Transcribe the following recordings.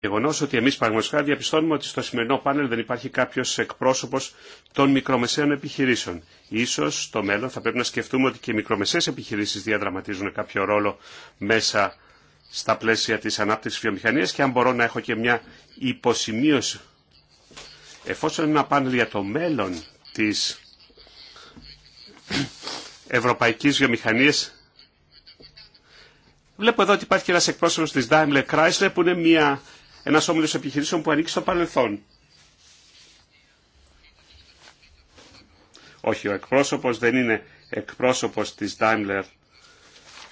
γεγονό ότι εμεί πραγματικά διαπιστώνουμε ότι στο σημερινό πάνελ δεν υπάρχει κάποιο εκπρόσωπο των μικρομεσαίων επιχειρήσεων. σω στο μέλλον θα πρέπει να σκεφτούμε ότι και οι μικρομεσαίε επιχειρήσει διαδραματίζουν κάποιο ρόλο μέσα στα πλαίσια τη ανάπτυξη βιομηχανία και αν μπορώ να έχω και μια υποσημείωση. Εφόσον ένα πάνελ για το μέλλον τη ευρωπαϊκή βιομηχανία Βλέπω εδώ ότι υπάρχει ένας εκπρόσωπος της Daimler Chrysler που είναι μια ένας όμιλος επιχειρήσεων που ανήκει στο παρελθόν. Όχι, ο εκπρόσωπος δεν είναι εκπρόσωπος της Daimler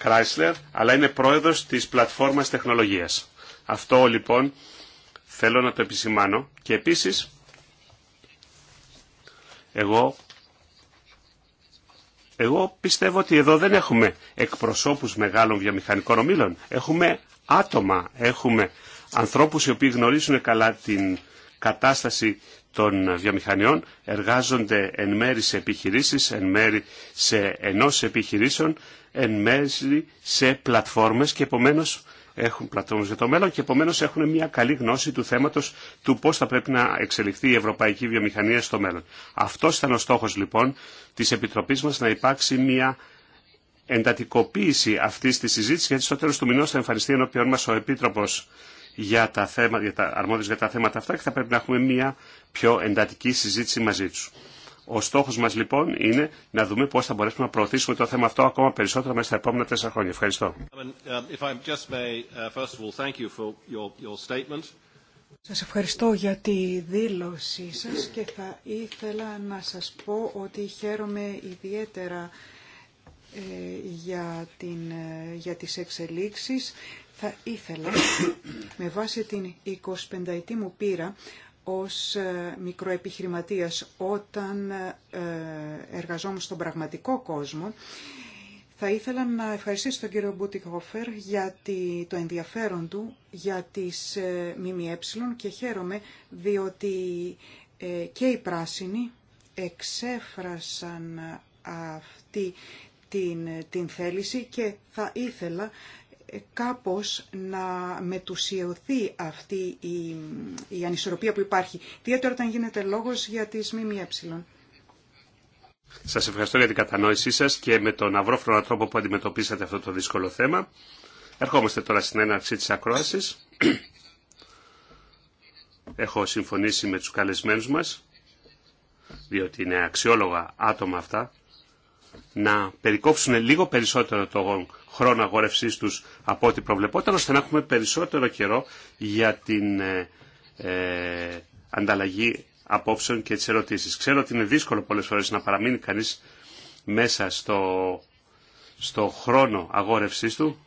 Chrysler, αλλά είναι πρόεδρος της πλατφόρμας τεχνολογίας. Αυτό λοιπόν θέλω να το επισημάνω και επίσης εγώ εγώ πιστεύω ότι εδώ δεν έχουμε εκπροσώπους μεγάλων βιομηχανικών ομίλων. Έχουμε άτομα, έχουμε ανθρώπους οι οποίοι γνωρίζουν καλά την κατάσταση των βιομηχανιών, εργάζονται εν μέρη σε επιχειρήσεις, εν μέρη σε ενός επιχειρήσεων, εν μέρη σε πλατφόρμες και επομένως έχουν πλατφόρμες για το μέλλον και επομένως έχουν μια καλή γνώση του θέματος του πώς θα πρέπει να εξελιχθεί η ευρωπαϊκή βιομηχανία στο μέλλον. Αυτός ήταν ο στόχος λοιπόν της Επιτροπής μας να υπάρξει μια εντατικοποίηση αυτή τη συζήτηση, γιατί στο τέλο του μηνός θα εμφανιστεί ενώπιον μα ο Επίτροπος για τα, θέματα, για τα για τα θέματα αυτά και θα πρέπει να έχουμε μια πιο εντατική συζήτηση μαζί τους. Ο στόχο μα λοιπόν είναι να δούμε πώ θα μπορέσουμε να προωθήσουμε το θέμα αυτό ακόμα περισσότερο μέσα στα επόμενα τέσσερα χρόνια. Ευχαριστώ. Σας ευχαριστώ για τη δήλωσή σας και θα ήθελα να σας πω ότι χαίρομαι ιδιαίτερα ε, για, την, ε, για τις εξελίξεις θα ήθελα, με βάση την 25η μου πείρα ως ε, μικροεπιχειρηματίας όταν ε, εργαζόμουν στον πραγματικό κόσμο, θα ήθελα να ευχαριστήσω τον κύριο Κόφερ για το ενδιαφέρον του για τις ε, ΜΜΕ και χαίρομαι διότι και οι πράσινοι εξέφρασαν αυτή την, την θέληση και θα ήθελα κάπως να μετουσιωθεί αυτή η, η ανισορροπία που υπάρχει, Τι έτσι όταν γίνεται λόγος για τις ΜΜΕ. Σας ευχαριστώ για την κατανόησή σας και με τον αυρόφρονα τρόπο που αντιμετωπίσατε αυτό το δύσκολο θέμα. Ερχόμαστε τώρα στην έναρξη της ακρόασης. Έχω συμφωνήσει με τους καλεσμένους μας, διότι είναι αξιόλογα άτομα αυτά να περικόψουν λίγο περισσότερο τον χρόνο αγόρευσής τους από ό,τι προβλεπόταν, ώστε να έχουμε περισσότερο καιρό για την ε, ε, ανταλλαγή απόψεων και τις ερωτήσεις. Ξέρω ότι είναι δύσκολο πολλές φορές να παραμείνει κανείς μέσα στο, στο χρόνο αγόρευσής του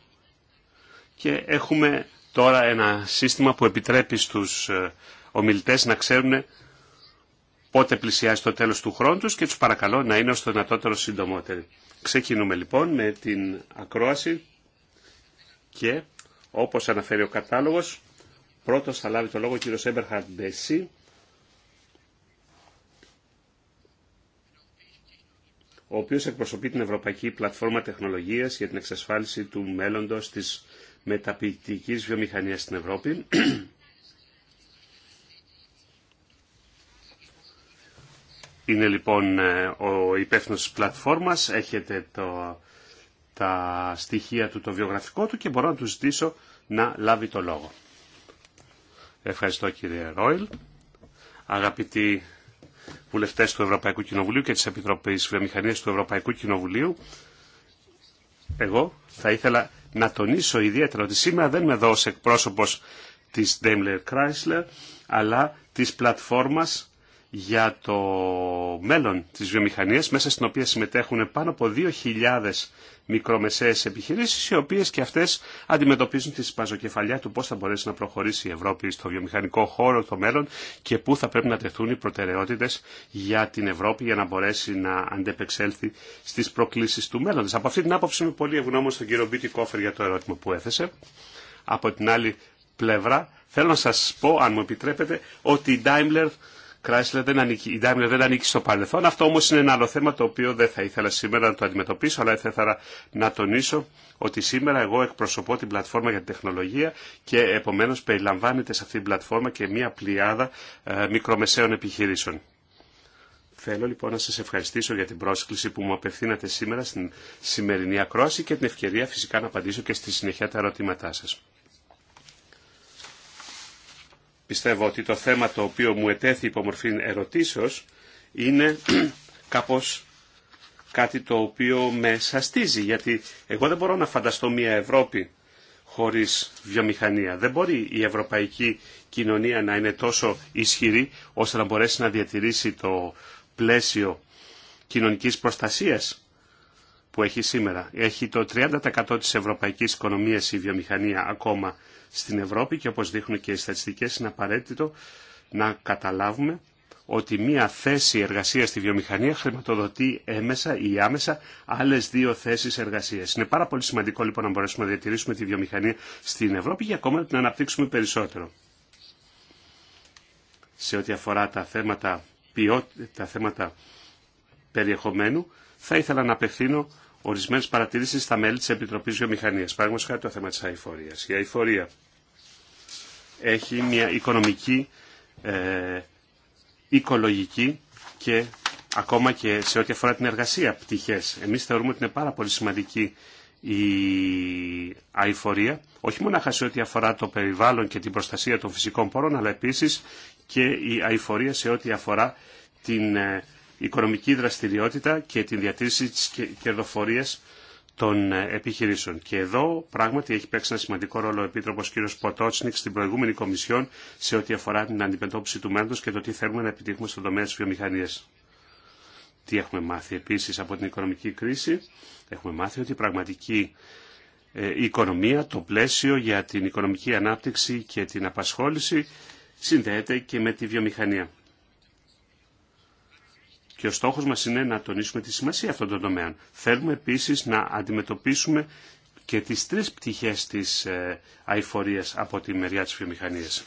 και έχουμε τώρα ένα σύστημα που επιτρέπει στους ε, ομιλητές να ξέρουν πότε πλησιάζει το τέλος του χρόνου τους και τους παρακαλώ να είναι ως το δυνατότερο συντομότεροι. Ξεκινούμε λοιπόν με την ακρόαση και όπως αναφέρει ο κατάλογος, πρώτος θα λάβει το λόγο ο κύριος Έμπερχαρντ Μπέση, ο οποίος εκπροσωπεί την Ευρωπαϊκή Πλατφόρμα Τεχνολογίας για την εξασφάλιση του μέλλοντος της μεταποιητικής βιομηχανίας στην Ευρώπη. Είναι λοιπόν ε, ο υπεύθυνο της πλατφόρμας, έχετε το, τα στοιχεία του, το βιογραφικό του και μπορώ να του ζητήσω να λάβει το λόγο. Ευχαριστώ κύριε Ρόιλ. Αγαπητοί βουλευτές του Ευρωπαϊκού Κοινοβουλίου και της Επιτροπής Βιομηχανίας του Ευρωπαϊκού Κοινοβουλίου, εγώ θα ήθελα να τονίσω ιδιαίτερα ότι σήμερα δεν είμαι εδώ ως εκπρόσωπος της Daimler Chrysler, αλλά της πλατφόρμας για το μέλλον της βιομηχανίας, μέσα στην οποία συμμετέχουν πάνω από 2.000 μικρομεσαίες επιχειρήσεις, οι οποίες και αυτές αντιμετωπίζουν τη σπαζοκεφαλιά του πώς θα μπορέσει να προχωρήσει η Ευρώπη στο βιομηχανικό χώρο το μέλλον και πού θα πρέπει να τεθούν οι προτεραιότητες για την Ευρώπη για να μπορέσει να αντεπεξέλθει στις προκλήσεις του μέλλοντος. Από αυτή την άποψη είμαι πολύ ευγνώμων στον κύριο Μπίτι Κόφερ για το ερώτημα που έθεσε. Από την άλλη πλευρά θέλω να σας πω, αν μου επιτρέπετε, ότι η Daimler Chrysler δεν ανήκει, η Daimler δεν ανήκει στο παρελθόν. Αυτό όμως είναι ένα άλλο θέμα το οποίο δεν θα ήθελα σήμερα να το αντιμετωπίσω, αλλά θα ήθελα να τονίσω ότι σήμερα εγώ εκπροσωπώ την πλατφόρμα για την τεχνολογία και επομένως περιλαμβάνεται σε αυτήν την πλατφόρμα και μια πλειάδα ε, μικρομεσαίων επιχειρήσεων. Θέλω λοιπόν να σας ευχαριστήσω για την πρόσκληση που μου απευθύνατε σήμερα στην σημερινή ακρόαση και την ευκαιρία φυσικά να απαντήσω και στη συνεχεία τα ερωτήματά σας. Πιστεύω ότι το θέμα το οποίο μου ετέθη υπό μορφή ερωτήσεως είναι κάπως κάτι το οποίο με σαστίζει, γιατί εγώ δεν μπορώ να φανταστώ μια Ευρώπη χωρίς βιομηχανία. Δεν μπορεί η ευρωπαϊκή κοινωνία να είναι τόσο ισχυρή ώστε να μπορέσει να διατηρήσει το πλαίσιο κοινωνικής προστασίας που έχει σήμερα. Έχει το 30% της ευρωπαϊκής οικονομίας η βιομηχανία ακόμα στην Ευρώπη και όπως δείχνουν και οι στατιστικές είναι απαραίτητο να καταλάβουμε ότι μία θέση εργασίας στη βιομηχανία χρηματοδοτεί έμεσα ή άμεσα άλλες δύο θέσεις εργασίας. Είναι πάρα πολύ σημαντικό λοιπόν να μπορέσουμε να διατηρήσουμε τη βιομηχανία στην Ευρώπη και ακόμα να την αναπτύξουμε περισσότερο. Σε ό,τι αφορά τα θέματα, τα θέματα περιεχομένου, θα ήθελα να απευθύνω ορισμένε παρατηρήσει στα μέλη τη Επιτροπή Βιομηχανία. Παραδείγματο χάρη το θέμα τη αηφορία. Η αηφορία έχει μια οικονομική, ε, οικολογική και ακόμα και σε ό,τι αφορά την εργασία πτυχέ. Εμεί θεωρούμε ότι είναι πάρα πολύ σημαντική η αηφορία, όχι μόνο σε ό,τι αφορά το περιβάλλον και την προστασία των φυσικών πόρων, αλλά επίση και η αηφορία σε ό,τι αφορά την ε, οικονομική δραστηριότητα και την διατήρηση της κερδοφορίας των ε, επιχειρήσεων. Και εδώ πράγματι έχει παίξει ένα σημαντικό ρόλο ο Επίτροπος κ. Ποτότσνικ στην προηγούμενη Κομισιόν σε ό,τι αφορά την αντιμετώπιση του μέλλοντος και το τι θέλουμε να επιτύχουμε στον τομέα της βιομηχανίας. Τι έχουμε μάθει επίσης από την οικονομική κρίση. Έχουμε μάθει ότι η πραγματική ε, οικονομία, το πλαίσιο για την οικονομική ανάπτυξη και την απασχόληση συνδέεται και με τη βιομηχανία. Και ο στόχος μας είναι να τονίσουμε τη σημασία αυτών των τομέων. Θέλουμε επίσης να αντιμετωπίσουμε και τις τρεις πτυχές της ε, αηφορίας από τη μεριά της βιομηχανίας.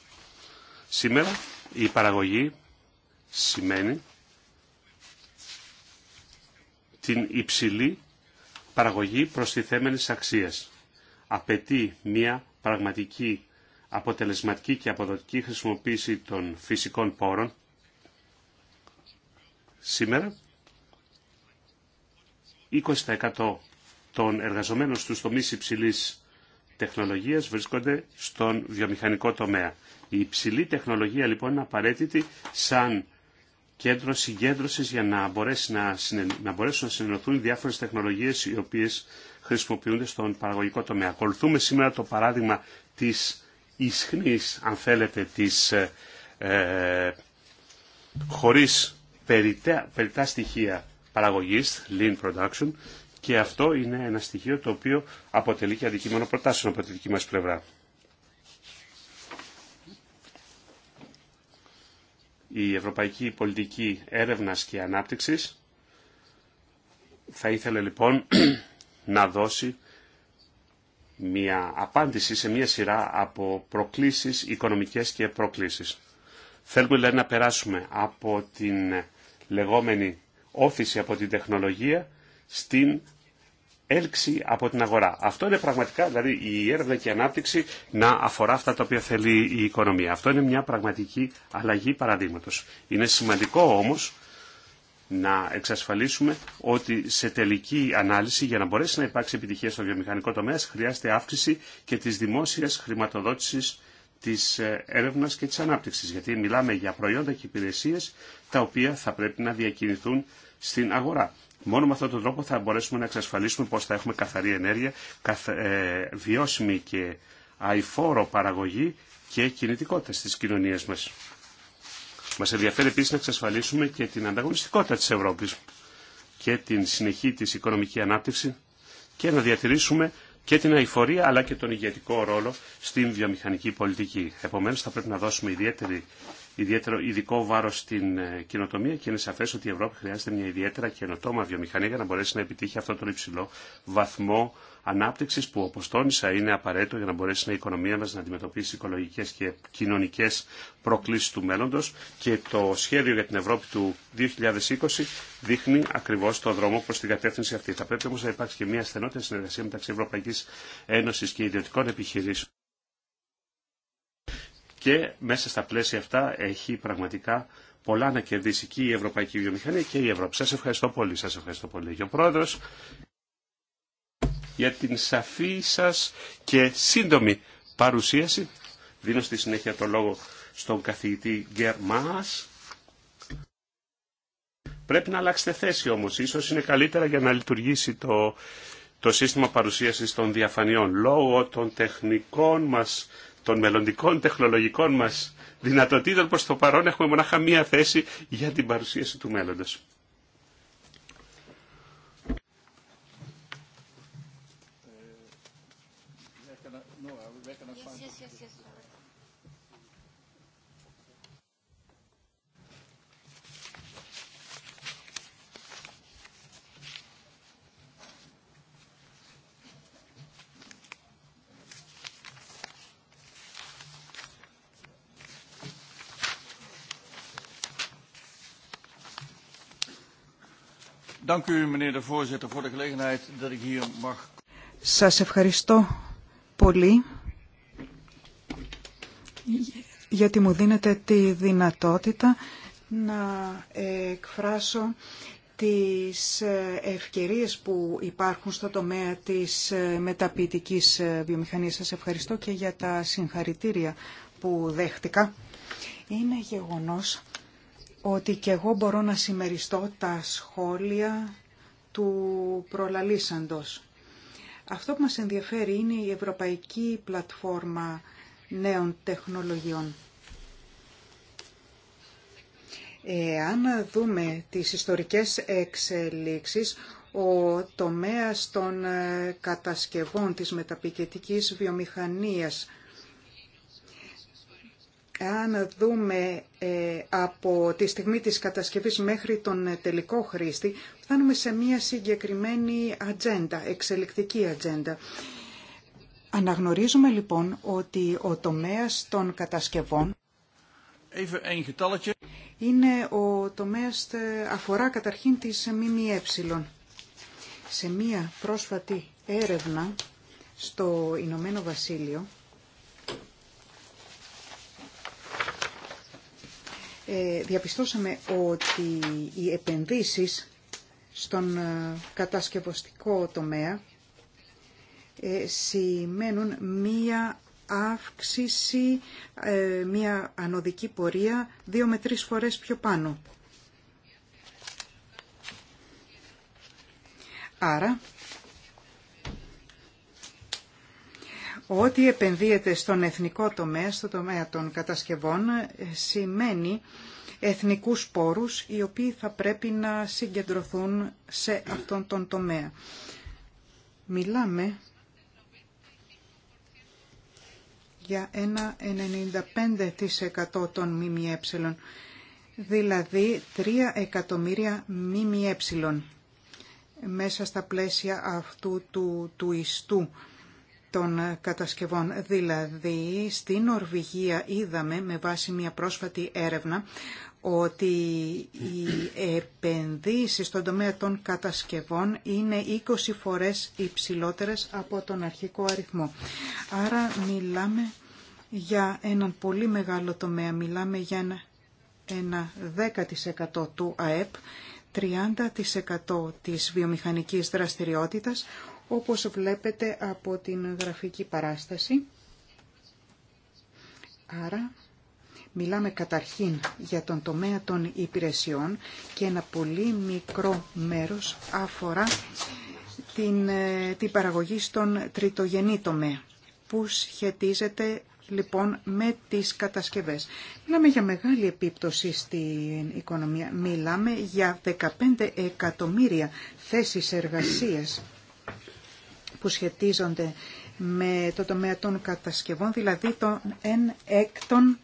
Σήμερα η παραγωγή σημαίνει την υψηλή παραγωγή προστιθέμενης αξίας. Απαιτεί μια πραγματική αποτελεσματική και αποδοτική χρησιμοποίηση των φυσικών πόρων σήμερα 20% των εργαζομένων στους τομείς υψηλής τεχνολογίας βρίσκονται στον βιομηχανικό τομέα. Η υψηλή τεχνολογία λοιπόν είναι απαραίτητη σαν κέντρο συγκέντρωσης για να, μπορέσει να, να μπορέσουν να συνενωθούν διάφορες τεχνολογίες οι οποίες χρησιμοποιούνται στον παραγωγικό τομέα. Ακολουθούμε σήμερα το παράδειγμα της ισχνής, αν θέλετε, της ε, ε χωρίς περιτά, στοιχεία παραγωγής, lean production, και αυτό είναι ένα στοιχείο το οποίο αποτελεί και αντικείμενο προτάσεων από τη δική μας πλευρά. Η Ευρωπαϊκή Πολιτική Έρευνας και Ανάπτυξης θα ήθελε λοιπόν να δώσει μια απάντηση σε μια σειρά από προκλήσεις οικονομικές και προκλήσεις. Θέλουμε λέει δηλαδή, να περάσουμε από την λεγόμενη όθηση από την τεχνολογία στην έλξη από την αγορά. Αυτό είναι πραγματικά, δηλαδή η έρευνα και η ανάπτυξη να αφορά αυτά τα οποία θέλει η οικονομία. Αυτό είναι μια πραγματική αλλαγή παραδείγματος. Είναι σημαντικό όμως να εξασφαλίσουμε ότι σε τελική ανάλυση για να μπορέσει να υπάρξει επιτυχία στο βιομηχανικό τομέα χρειάζεται αύξηση και της δημόσιας χρηματοδότησης της ε, έρευνας και της ανάπτυξης, γιατί μιλάμε για προϊόντα και υπηρεσίες τα οποία θα πρέπει να διακινηθούν στην αγορά. Μόνο με αυτόν τον τρόπο θα μπορέσουμε να εξασφαλίσουμε πως θα έχουμε καθαρή ενέργεια, ε, βιώσιμη και αηφόρο παραγωγή και κινητικότητα στις κοινωνίες μας. Μας ενδιαφέρει επίσης να εξασφαλίσουμε και την ανταγωνιστικότητα της Ευρώπης και την συνεχή της οικονομική ανάπτυξη και να διατηρήσουμε και την αηφορία αλλά και τον ηγετικό ρόλο στην βιομηχανική πολιτική. Επομένως θα πρέπει να δώσουμε ιδιαίτερη, ιδιαίτερο ειδικό βάρος στην ε, κοινοτομία και είναι σαφές ότι η Ευρώπη χρειάζεται μια ιδιαίτερα καινοτόμα βιομηχανία για να μπορέσει να επιτύχει αυτόν τον υψηλό βαθμό Ανάπτυξη που όπω τόνισα είναι απαραίτητο για να μπορέσει η οικονομία μα να αντιμετωπίσει οικολογικέ και κοινωνικέ προκλήσει του μέλλοντο και το σχέδιο για την Ευρώπη του 2020 δείχνει ακριβώ το δρόμο προ την κατεύθυνση αυτή. Θα πρέπει όμω να υπάρξει και μια στενότερη συνεργασία μεταξύ Ευρωπαϊκή Ένωση και ιδιωτικών επιχειρήσεων και μέσα στα πλαίσια αυτά έχει πραγματικά πολλά να κερδίσει και η ευρωπαϊκή βιομηχανία και η Ευρώπη. Σας ευχαριστώ πολύ, σας ευχαριστώ πολύ ο Πρόεδρος για την σαφή σας και σύντομη παρουσίαση. Δίνω στη συνέχεια το λόγο στον καθηγητή Γκέρ Πρέπει να αλλάξετε θέση όμως. Ίσως είναι καλύτερα για να λειτουργήσει το, το σύστημα παρουσίασης των διαφανειών. Λόγω των τεχνικών μας, των μελλοντικών τεχνολογικών μας δυνατοτήτων προς το παρόν έχουμε μονάχα μία θέση για την παρουσίαση του μέλλοντος. Yes, yes, yes, Σας ευχαριστώ πολύ γιατί μου δίνετε τη δυνατότητα να εκφράσω τις ευκαιρίες που υπάρχουν στο τομέα της μεταποιητικής βιομηχανίας. Σας ευχαριστώ και για τα συγχαρητήρια που δέχτηκα. Είναι γεγονός ότι και εγώ μπορώ να συμμεριστώ τα σχόλια του προλαλήσαντος. Αυτό που μας ενδιαφέρει είναι η Ευρωπαϊκή Πλατφόρμα νέων τεχνολογιών. Εάν δούμε τις ιστορικές εξελίξεις, ο τομέας των ε, κατασκευών της μεταπηκετικής βιομηχανίας αν δούμε ε, από τη στιγμή της κατασκευής μέχρι τον ε, τελικό χρήστη, φτάνουμε σε μια συγκεκριμένη ατζέντα, εξελικτική ατζέντα. Αναγνωρίζουμε λοιπόν ότι ο τομέας των κατασκευών είναι ο τομέας ε, αφορά καταρχήν της ΜΜΕ. Σε μία πρόσφατη έρευνα στο Ηνωμένο Βασίλειο ε, διαπιστώσαμε ότι οι επενδύσεις στον ε, κατασκευαστικό τομέα ε, σημαίνουν μία αύξηση, ε, μία ανωδική πορεία δύο με τρεις φορές πιο πάνω. Άρα, ό,τι επενδύεται στον εθνικό τομέα, στο τομέα των κατασκευών, ε, σημαίνει εθνικούς πόρους, οι οποίοι θα πρέπει να συγκεντρωθούν σε αυτόν τον τομέα. Μιλάμε για ένα 95% των ΜΜΕ, δηλαδή 3 εκατομμύρια ΜΜΕ μέσα στα πλαίσια αυτού του, του ιστού των κατασκευών. Δηλαδή, στην Νορβηγία είδαμε με βάση μια πρόσφατη έρευνα ότι οι επενδύσεις στον τομέα των κατασκευών είναι 20 φορές υψηλότερες από τον αρχικό αριθμό. Άρα μιλάμε για έναν πολύ μεγάλο τομέα, μιλάμε για ένα, ένα 10% του ΑΕΠ, 30% της βιομηχανικής δραστηριότητας, όπως βλέπετε από την γραφική παράσταση. Άρα Μιλάμε καταρχήν για τον τομέα των υπηρεσιών και ένα πολύ μικρό μέρος αφορά την, ε, την παραγωγή στον τριτογενή τομέα που σχετίζεται λοιπόν με τις κατασκευές. Μιλάμε για μεγάλη επίπτωση στην οικονομία. Μιλάμε για 15 εκατομμύρια θέσεις εργασίας που σχετίζονται με το τομέα των κατασκευών, δηλαδή των 1 έκτον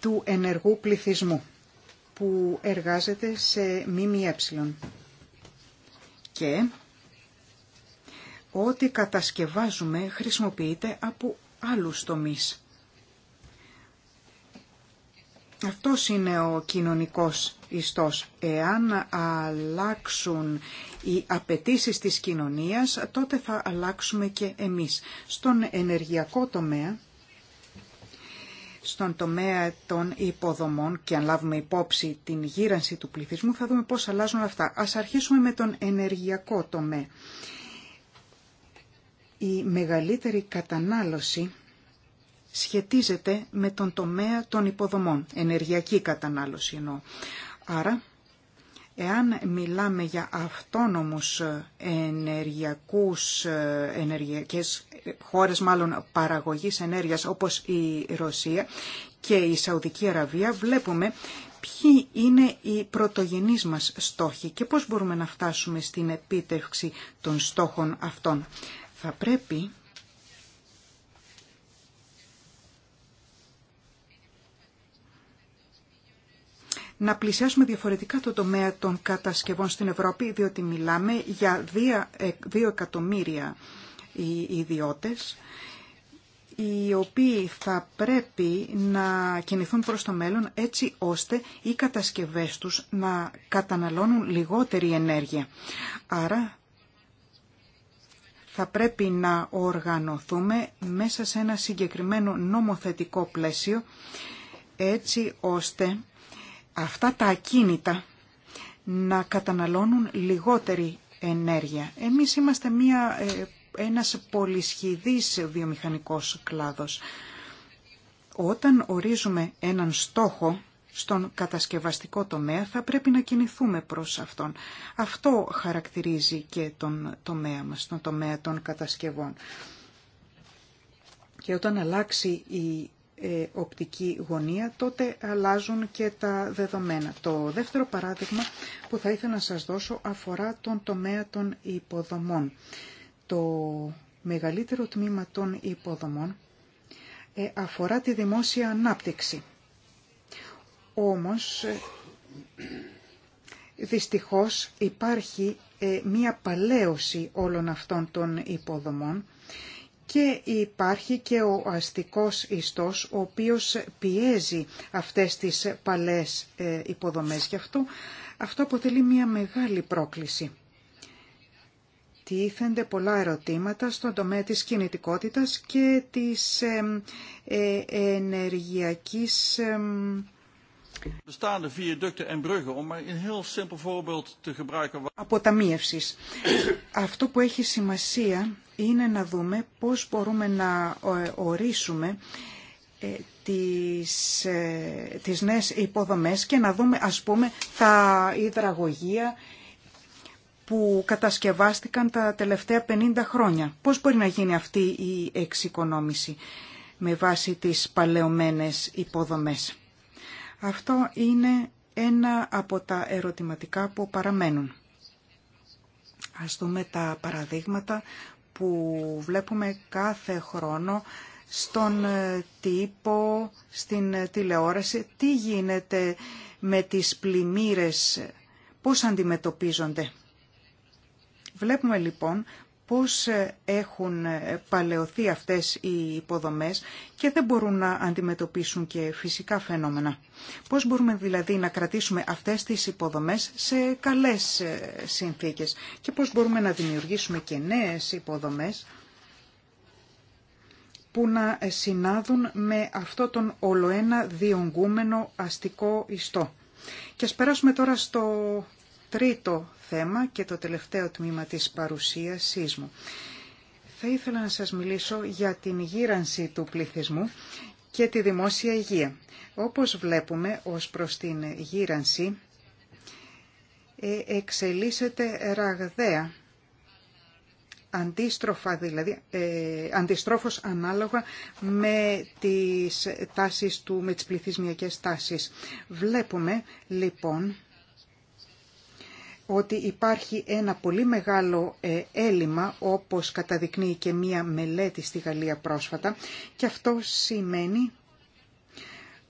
του ενεργού πληθυσμού που εργάζεται σε ΜΜΕ. Και ό,τι κατασκευάζουμε χρησιμοποιείται από άλλους τομείς. Αυτό είναι ο κοινωνικός ιστός. Εάν αλλάξουν οι απαιτήσει της κοινωνίας, τότε θα αλλάξουμε και εμείς. Στον ενεργειακό τομέα στον τομέα των υποδομών και αν λάβουμε υπόψη την γύρανση του πληθυσμού θα δούμε πώς αλλάζουν αυτά. Ας αρχίσουμε με τον ενεργειακό τομέα. Η μεγαλύτερη κατανάλωση σχετίζεται με τον τομέα των υποδομών, ενεργειακή κατανάλωση εννοώ. Άρα Εάν μιλάμε για αυτόνομους ε, ενεργειακούς, ε, ενεργειακές ε, χώρες μάλλον παραγωγής ενέργειας όπως η Ρωσία και η Σαουδική Αραβία, βλέπουμε ποιοι είναι οι πρωτογενείς μας στόχοι και πώς μπορούμε να φτάσουμε στην επίτευξη των στόχων αυτών. Θα πρέπει να πλησιάσουμε διαφορετικά το τομέα των κατασκευών στην Ευρώπη, διότι μιλάμε για δύο εκατομμύρια ιδιώτες, οι οποίοι θα πρέπει να κινηθούν προς το μέλλον έτσι ώστε οι κατασκευές τους να καταναλώνουν λιγότερη ενέργεια. Άρα θα πρέπει να οργανωθούμε μέσα σε ένα συγκεκριμένο νομοθετικό πλαίσιο έτσι ώστε αυτά τα ακίνητα να καταναλώνουν λιγότερη ενέργεια. Εμείς είμαστε μια, ε, ένας πολυσχηδής βιομηχανικός κλάδος. Όταν ορίζουμε έναν στόχο στον κατασκευαστικό τομέα θα πρέπει να κινηθούμε προς αυτόν. Αυτό χαρακτηρίζει και τον τομέα μας, τον τομέα των κατασκευών. Και όταν αλλάξει η ε, οπτική γωνία, τότε αλλάζουν και τα δεδομένα. Το δεύτερο παράδειγμα που θα ήθελα να σας δώσω αφορά τον τομέα των υποδομών. Το μεγαλύτερο τμήμα των υποδομών ε, αφορά τη δημόσια ανάπτυξη. Όμως, ε, δυστυχώς υπάρχει μία παλαίωση όλων αυτών των υποδομών και υπάρχει και ο αστικός ιστός ο οποίος πιέζει αυτές τις παλές ε, υποδομές γι' αυτό, αυτό αποτελεί μια μεγάλη πρόκληση. Τίθενται πολλά ερωτήματα στον τομέα της κινητικότητας και της ε, ε, ενεργειακής Αποταμίευσης. Αυτό που έχει σημασία είναι να δούμε πώς μπορούμε να ε, ορίσουμε ε, τις, ε, τις νέες υποδομές και να δούμε ας πούμε τα υδραγωγεία που κατασκευάστηκαν τα τελευταία 50 χρόνια. Πώς μπορεί να γίνει αυτή η εξοικονόμηση με βάση τις παλαιωμένες υποδομές. Αυτό είναι ένα από τα ερωτηματικά που παραμένουν. Ας δούμε τα παραδείγματα που βλέπουμε κάθε χρόνο στον ε, τύπο, στην ε, τηλεόραση. Τι γίνεται με τις πλημμύρες, πώς αντιμετωπίζονται. Βλέπουμε λοιπόν πώς έχουν παλαιωθεί αυτές οι υποδομές και δεν μπορούν να αντιμετωπίσουν και φυσικά φαινόμενα. Πώς μπορούμε δηλαδή να κρατήσουμε αυτές τις υποδομές σε καλές ε, συνθήκες και πώς μπορούμε να δημιουργήσουμε και νέες υποδομές που να συνάδουν με αυτό τον ολοένα διονγκούμενο αστικό ιστό. Και ας περάσουμε τώρα στο τρίτο θέμα και το τελευταίο τμήμα της παρουσίασής μου. Θα ήθελα να σας μιλήσω για την γύρανση του πληθυσμού και τη δημόσια υγεία. Όπως βλέπουμε ως προς την γύρανση ε, εξελίσσεται ραγδαία, αντίστροφα δηλαδή, ε, ανάλογα με τις, τάσεις του, με τις πληθυσμιακές τάσεις. Βλέπουμε λοιπόν ότι υπάρχει ένα πολύ μεγάλο ε, έλλειμμα, όπως καταδεικνύει και μία μελέτη στη Γαλλία πρόσφατα, και αυτό σημαίνει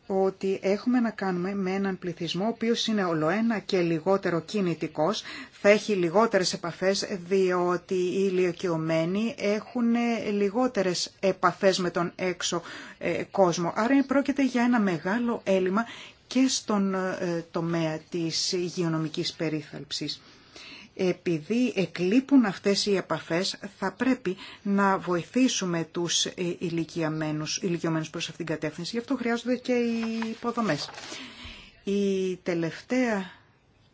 ότι έχουμε να κάνουμε με έναν πληθυσμό ο οποίος είναι ολοένα και λιγότερο κινητικός, θα έχει λιγότερες επαφές διότι οι ηλιοκιωμένοι έχουν ε, λιγότερες επαφές με τον έξω ε, κόσμο. Άρα πρόκειται για ένα μεγάλο έλλειμμα και στον ε, τομέα της υγειονομικής περίθαλψης. Επειδή εκλείπουν αυτές οι επαφές, θα πρέπει να βοηθήσουμε τους ε, ηλικιωμένους, ηλικιωμένους προς αυτήν την κατεύθυνση. Γι' αυτό χρειάζονται και οι υποδομές. Η τελευταία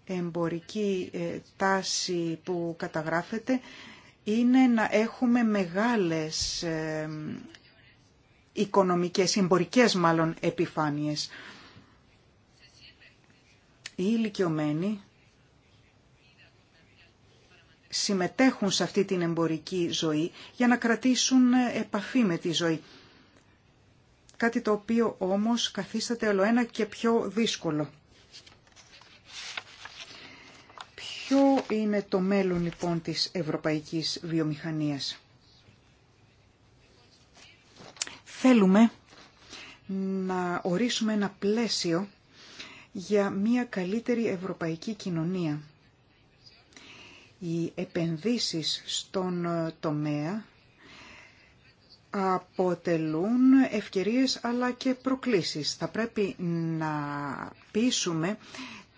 εμπορική ε, τάση που καταγράφεται είναι να έχουμε μεγάλες οικονομικές, εμπορικές μάλλον επιφάνειες οι ηλικιωμένοι συμμετέχουν σε αυτή την εμπορική ζωή για να κρατήσουν επαφή με τη ζωή. Κάτι το οποίο όμως καθίσταται ένα και πιο δύσκολο. Ποιο είναι το μέλλον λοιπόν της ευρωπαϊκής βιομηχανίας. Θέλουμε να ορίσουμε ένα πλαίσιο για μια καλύτερη ευρωπαϊκή κοινωνία. Οι επενδύσεις στον ε, τομέα αποτελούν ευκαιρίες αλλά και προκλήσεις. Θα πρέπει να πείσουμε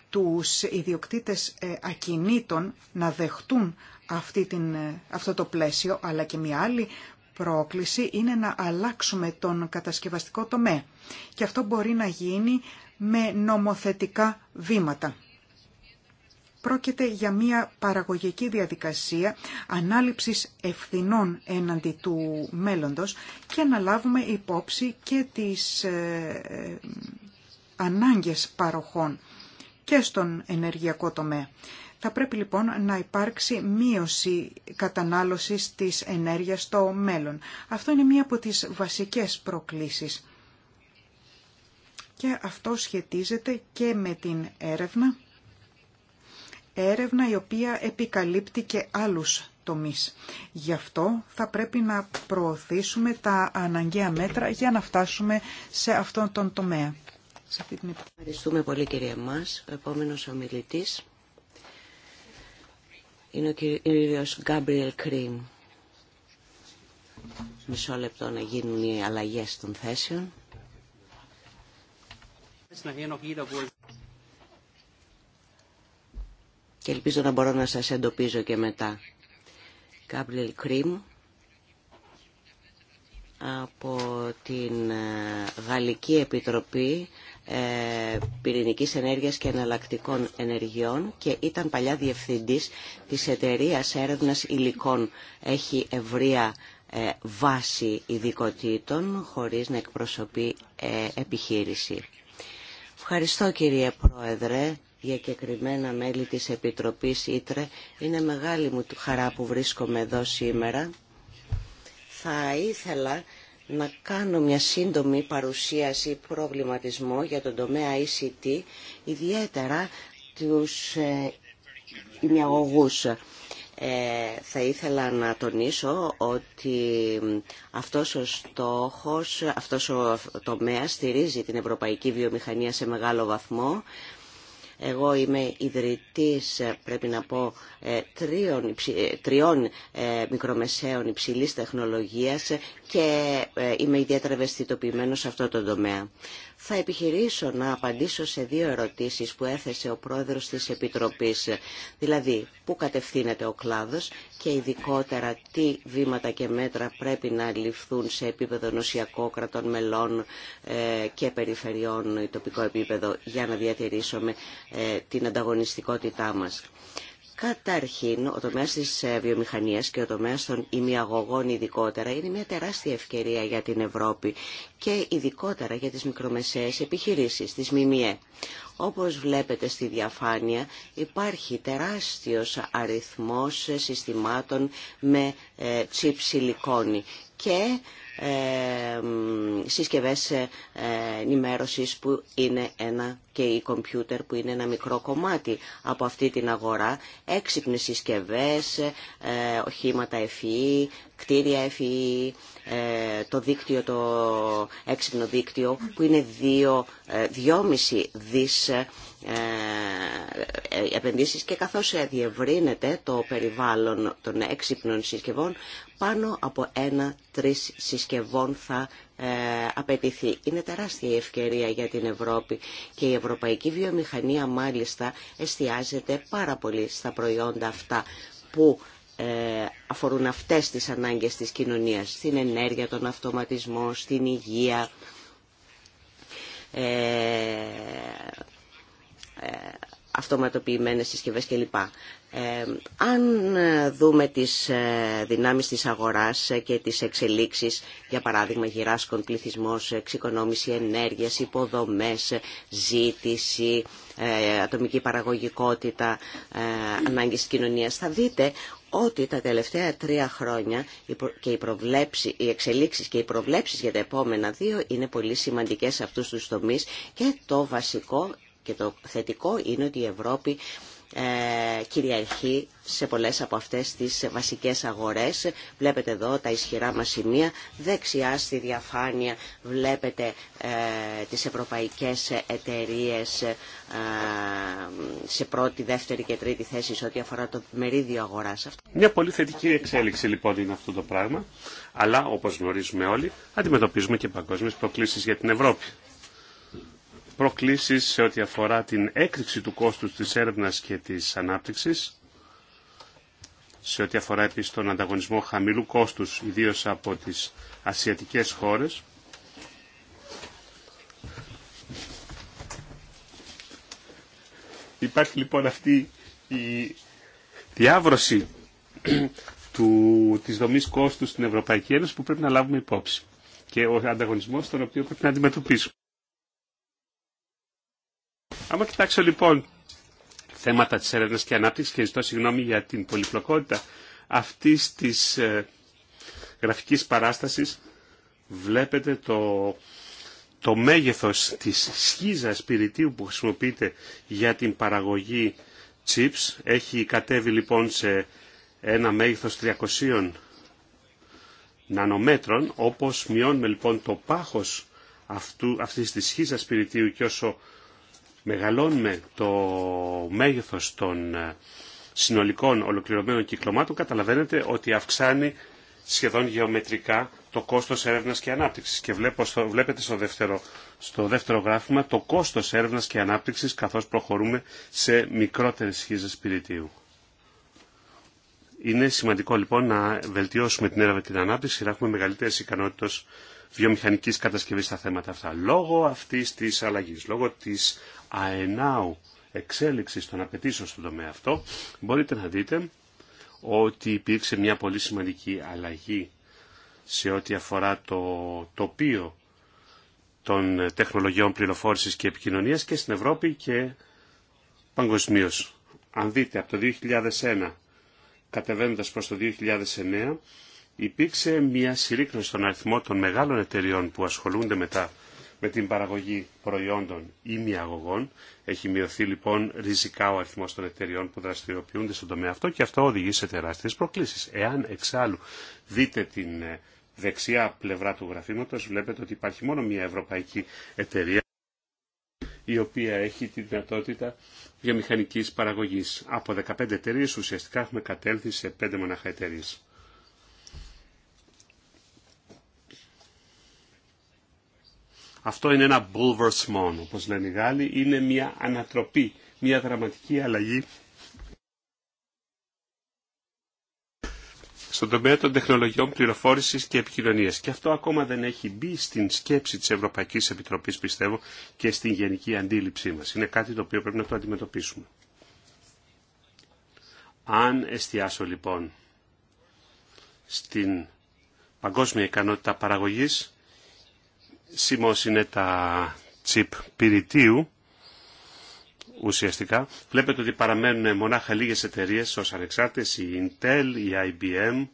τους ιδιοκτήτες ε, ακινήτων να δεχτούν αυτή την, ε, αυτό το πλαίσιο, αλλά και μια άλλη πρόκληση είναι να αλλάξουμε τον κατασκευαστικό τομέα. Και αυτό μπορεί να γίνει με νομοθετικά βήματα. Πρόκειται για μια παραγωγική διαδικασία ανάληψης ευθυνών έναντι του μέλλοντος και να λάβουμε υπόψη και τις ε, ε ανάγκες παροχών και στον ενεργειακό τομέα. Θα πρέπει λοιπόν να υπάρξει μείωση κατανάλωσης της ενέργειας στο μέλλον. Αυτό είναι μία από τις βασικές προκλήσεις. Και αυτό σχετίζεται και με την έρευνα, έρευνα η οποία επικαλύπτει και άλλους τομείς. Γι' αυτό θα πρέπει να προωθήσουμε τα αναγκαία μέτρα για να φτάσουμε σε αυτόν τον τομέα. Σε Ευχαριστούμε πολύ κύριε Μας. Ο επόμενος ομιλητής είναι ο κύριος Γκάμπριελ Κρίν. Μισό λεπτό να γίνουν οι αλλαγές των θέσεων. Και ελπίζω να μπορώ να σας εντοπίζω και μετά. Γκάμπριελ Κρίν από την ε, Γαλλική Επιτροπή ε, πυρηνικής ενέργειας και εναλλακτικών ενεργειών και ήταν παλιά διευθυντής της εταιρείας έρευνας υλικών. Έχει ευρεία ε, βάση ειδικοτήτων χωρίς να εκπροσωπεί ε, επιχείρηση. Ευχαριστώ κύριε Πρόεδρε για κεκριμένα μέλη της Επιτροπής Ήτρε. Είναι μεγάλη μου χαρά που βρίσκομαι εδώ σήμερα. Θα ήθελα να κάνω μια σύντομη παρουσίαση προβληματισμό για τον τομέα ICT, e ιδιαίτερα τους ε, ημιαγωγούς. Ε, θα ήθελα να τονίσω ότι αυτός ο στόχος, αυτός ο τομέας στηρίζει την ευρωπαϊκή βιομηχανία σε μεγάλο βαθμό εγώ είμαι ιδρυτής, ε, πρέπει να πω, ε, τριών, ε, μικρομεσαίων υψηλής τεχνολογίας και είμαι ιδιαίτερα ευαισθητοποιημένος σε αυτό το τομέα. Θα επιχειρήσω να απαντήσω σε δύο ερωτήσεις που έθεσε ο πρόεδρος της Επιτροπής, δηλαδή πού κατευθύνεται ο κλάδος και ειδικότερα τι βήματα και μέτρα πρέπει να ληφθούν σε επίπεδο νοσιακό κρατών μελών ε, και περιφερειών ή τοπικό επίπεδο για να διατηρήσουμε ε, την ανταγωνιστικότητά μας. Καταρχήν, ο τομέας της ε, βιομηχανίας και ο τομέας των ημιαγωγών ειδικότερα είναι μια τεράστια ευκαιρία για την Ευρώπη και ειδικότερα για τις μικρομεσαίες επιχειρήσεις, τις ΜΜΕ. Όπως βλέπετε στη διαφάνεια υπάρχει τεράστιος αριθμός συστημάτων με ε, τσιπ σιλικόνη και ε, συσκευές ε, ενημέρωσης που είναι ένα και η κομπιούτερ που είναι ένα μικρό κομμάτι από αυτή την αγορά, έξυπνες συσκευές, ε, οχήματα FEE, κτίρια FEE, το δίκτυο, το έξυπνο δίκτυο που είναι 2,5 δις ε, ε, επενδύσεις και καθώς διευρύνεται το περιβάλλον των έξυπνων συσκευών πάνω από ένα-τρεις συσκευών θα ε, απαιτηθεί. Είναι τεράστια η ευκαιρία για την Ευρώπη και η ευρωπαϊκή βιομηχανία μάλιστα εστιάζεται πάρα πολύ στα προϊόντα αυτά που αφορούν αυτές τις ανάγκες της κοινωνίας, στην ενέργεια, τον αυτοματισμό, στην υγεία, ε, αυτοματοποιημένες συσκευές κλπ. Ε, αν δούμε τις ε, δυνάμεις της αγοράς ε, και τις εξελίξεις, για παράδειγμα γυράσκων πληθυσμός, εξοικονόμηση ενέργειας, υποδομές, ζήτηση, ατομική παραγωγικότητα, ε, ανάγκες της θα δείτε ότι τα τελευταία τρία χρόνια και οι, προβλέψεις, οι εξελίξεις και οι προβλέψεις για τα επόμενα δύο είναι πολύ σημαντικές σε αυτούς τους τομείς και το βασικό και το θετικό είναι ότι η Ευρώπη ε, κυριαρχεί σε πολλές από αυτές τις βασικές αγορές. Βλέπετε εδώ τα ισχυρά μας σημεία. Δεξιά στη διαφάνεια βλέπετε ε, τις ευρωπαϊκές εταιρείες ε, σε πρώτη, δεύτερη και τρίτη θέση σε ό,τι αφορά το μερίδιο αγοράς. Μια πολύ θετική εξέλιξη λοιπόν είναι αυτό το πράγμα. Αλλά όπως γνωρίζουμε όλοι αντιμετωπίζουμε και παγκόσμιες προκλήσεις για την Ευρώπη προκλήσεις σε ό,τι αφορά την έκρηξη του κόστους της έρευνας και της ανάπτυξης, σε ό,τι αφορά επίσης τον ανταγωνισμό χαμηλού κόστους, ιδίως από τις ασιατικές χώρες. Υπάρχει λοιπόν αυτή η διάβρωση του, της δομής κόστους στην Ευρωπαϊκή Ένωση που πρέπει να λάβουμε υπόψη και ο ανταγωνισμός τον οποίο πρέπει να αντιμετωπίσουμε. Άμα κοιτάξω λοιπόν θέματα της έρευνας και ανάπτυξης και ζητώ συγγνώμη για την πολυπλοκότητα αυτής της ε, γραφικής παράστασης βλέπετε το, το μέγεθος της σχίζας πυρητίου που χρησιμοποιείται για την παραγωγή chips έχει κατέβει λοιπόν σε ένα μέγεθος 300 νανομέτρων όπως μειώνουμε λοιπόν το πάχος αυτού, αυτής της σχίζας πυρητίου και όσο μεγαλώνουμε το μέγεθος των ε, συνολικών ολοκληρωμένων κυκλωμάτων, καταλαβαίνετε ότι αυξάνει σχεδόν γεωμετρικά το κόστος έρευνας και ανάπτυξης. Και βλέπετε στο δεύτερο, στο δεύτερο γράφημα το κόστος έρευνας και ανάπτυξης καθώς προχωρούμε σε μικρότερες σχίζες πυρητίου. Είναι σημαντικό λοιπόν να βελτιώσουμε την έρευνα και την ανάπτυξη, να έχουμε μεγαλύτερε ικανότητε βιομηχανικής κατασκευής στα θέματα αυτά. Λόγω αυτής της αλλαγής, λόγω της αενάου εξέλιξης των απαιτήσεων στον τομέα αυτό, μπορείτε να δείτε ότι υπήρξε μια πολύ σημαντική αλλαγή σε ό,τι αφορά το τοπίο των τεχνολογιών πληροφόρηση και επικοινωνίας και στην Ευρώπη και παγκοσμίω. Αν δείτε από το 2001 κατεβαίνοντας προς το 2009 υπήρξε μια συρρήκνωση στον αριθμό των μεγάλων εταιριών που ασχολούνται μετά με την παραγωγή προϊόντων ή μιαγωγών. Έχει μειωθεί λοιπόν ριζικά ο αριθμός των εταιριών που δραστηριοποιούνται στον τομέα αυτό και αυτό οδηγεί σε τεράστιες προκλήσεις. Εάν εξάλλου δείτε την ε, δεξιά πλευρά του γραφήματος βλέπετε ότι υπάρχει μόνο μια ευρωπαϊκή εταιρεία η μοιαγωγων εχει μειωθει λοιπον ριζικα ο αριθμος των εταιριων που δραστηριοποιουνται στον τομεα αυτο και αυτο οδηγει σε τεραστιες έχει τη δυνατότητα βιομηχανικής παραγωγής. Από 15 εταιρείε ουσιαστικά έχουμε κατέλθει σε 5 μοναχα εταιρείες. Αυτό είναι ένα bulversmon, όπως λένε οι Γάλλοι, είναι μια ανατροπή, μια δραματική αλλαγή στον τομέα των τεχνολογιών πληροφόρησης και επικοινωνίας. Και αυτό ακόμα δεν έχει μπει στην σκέψη της Ευρωπαϊκής Επιτροπής, πιστεύω, και στην γενική αντίληψή μας. Είναι κάτι το οποίο πρέπει να το αντιμετωπίσουμε. Αν εστιάσω λοιπόν στην παγκόσμια ικανότητα παραγωγής, CMOS είναι τα τσιπ πυρητίου ουσιαστικά. Βλέπετε ότι παραμένουν μονάχα λίγες εταιρείες ως ανεξάρτητες, η Intel, η IBM,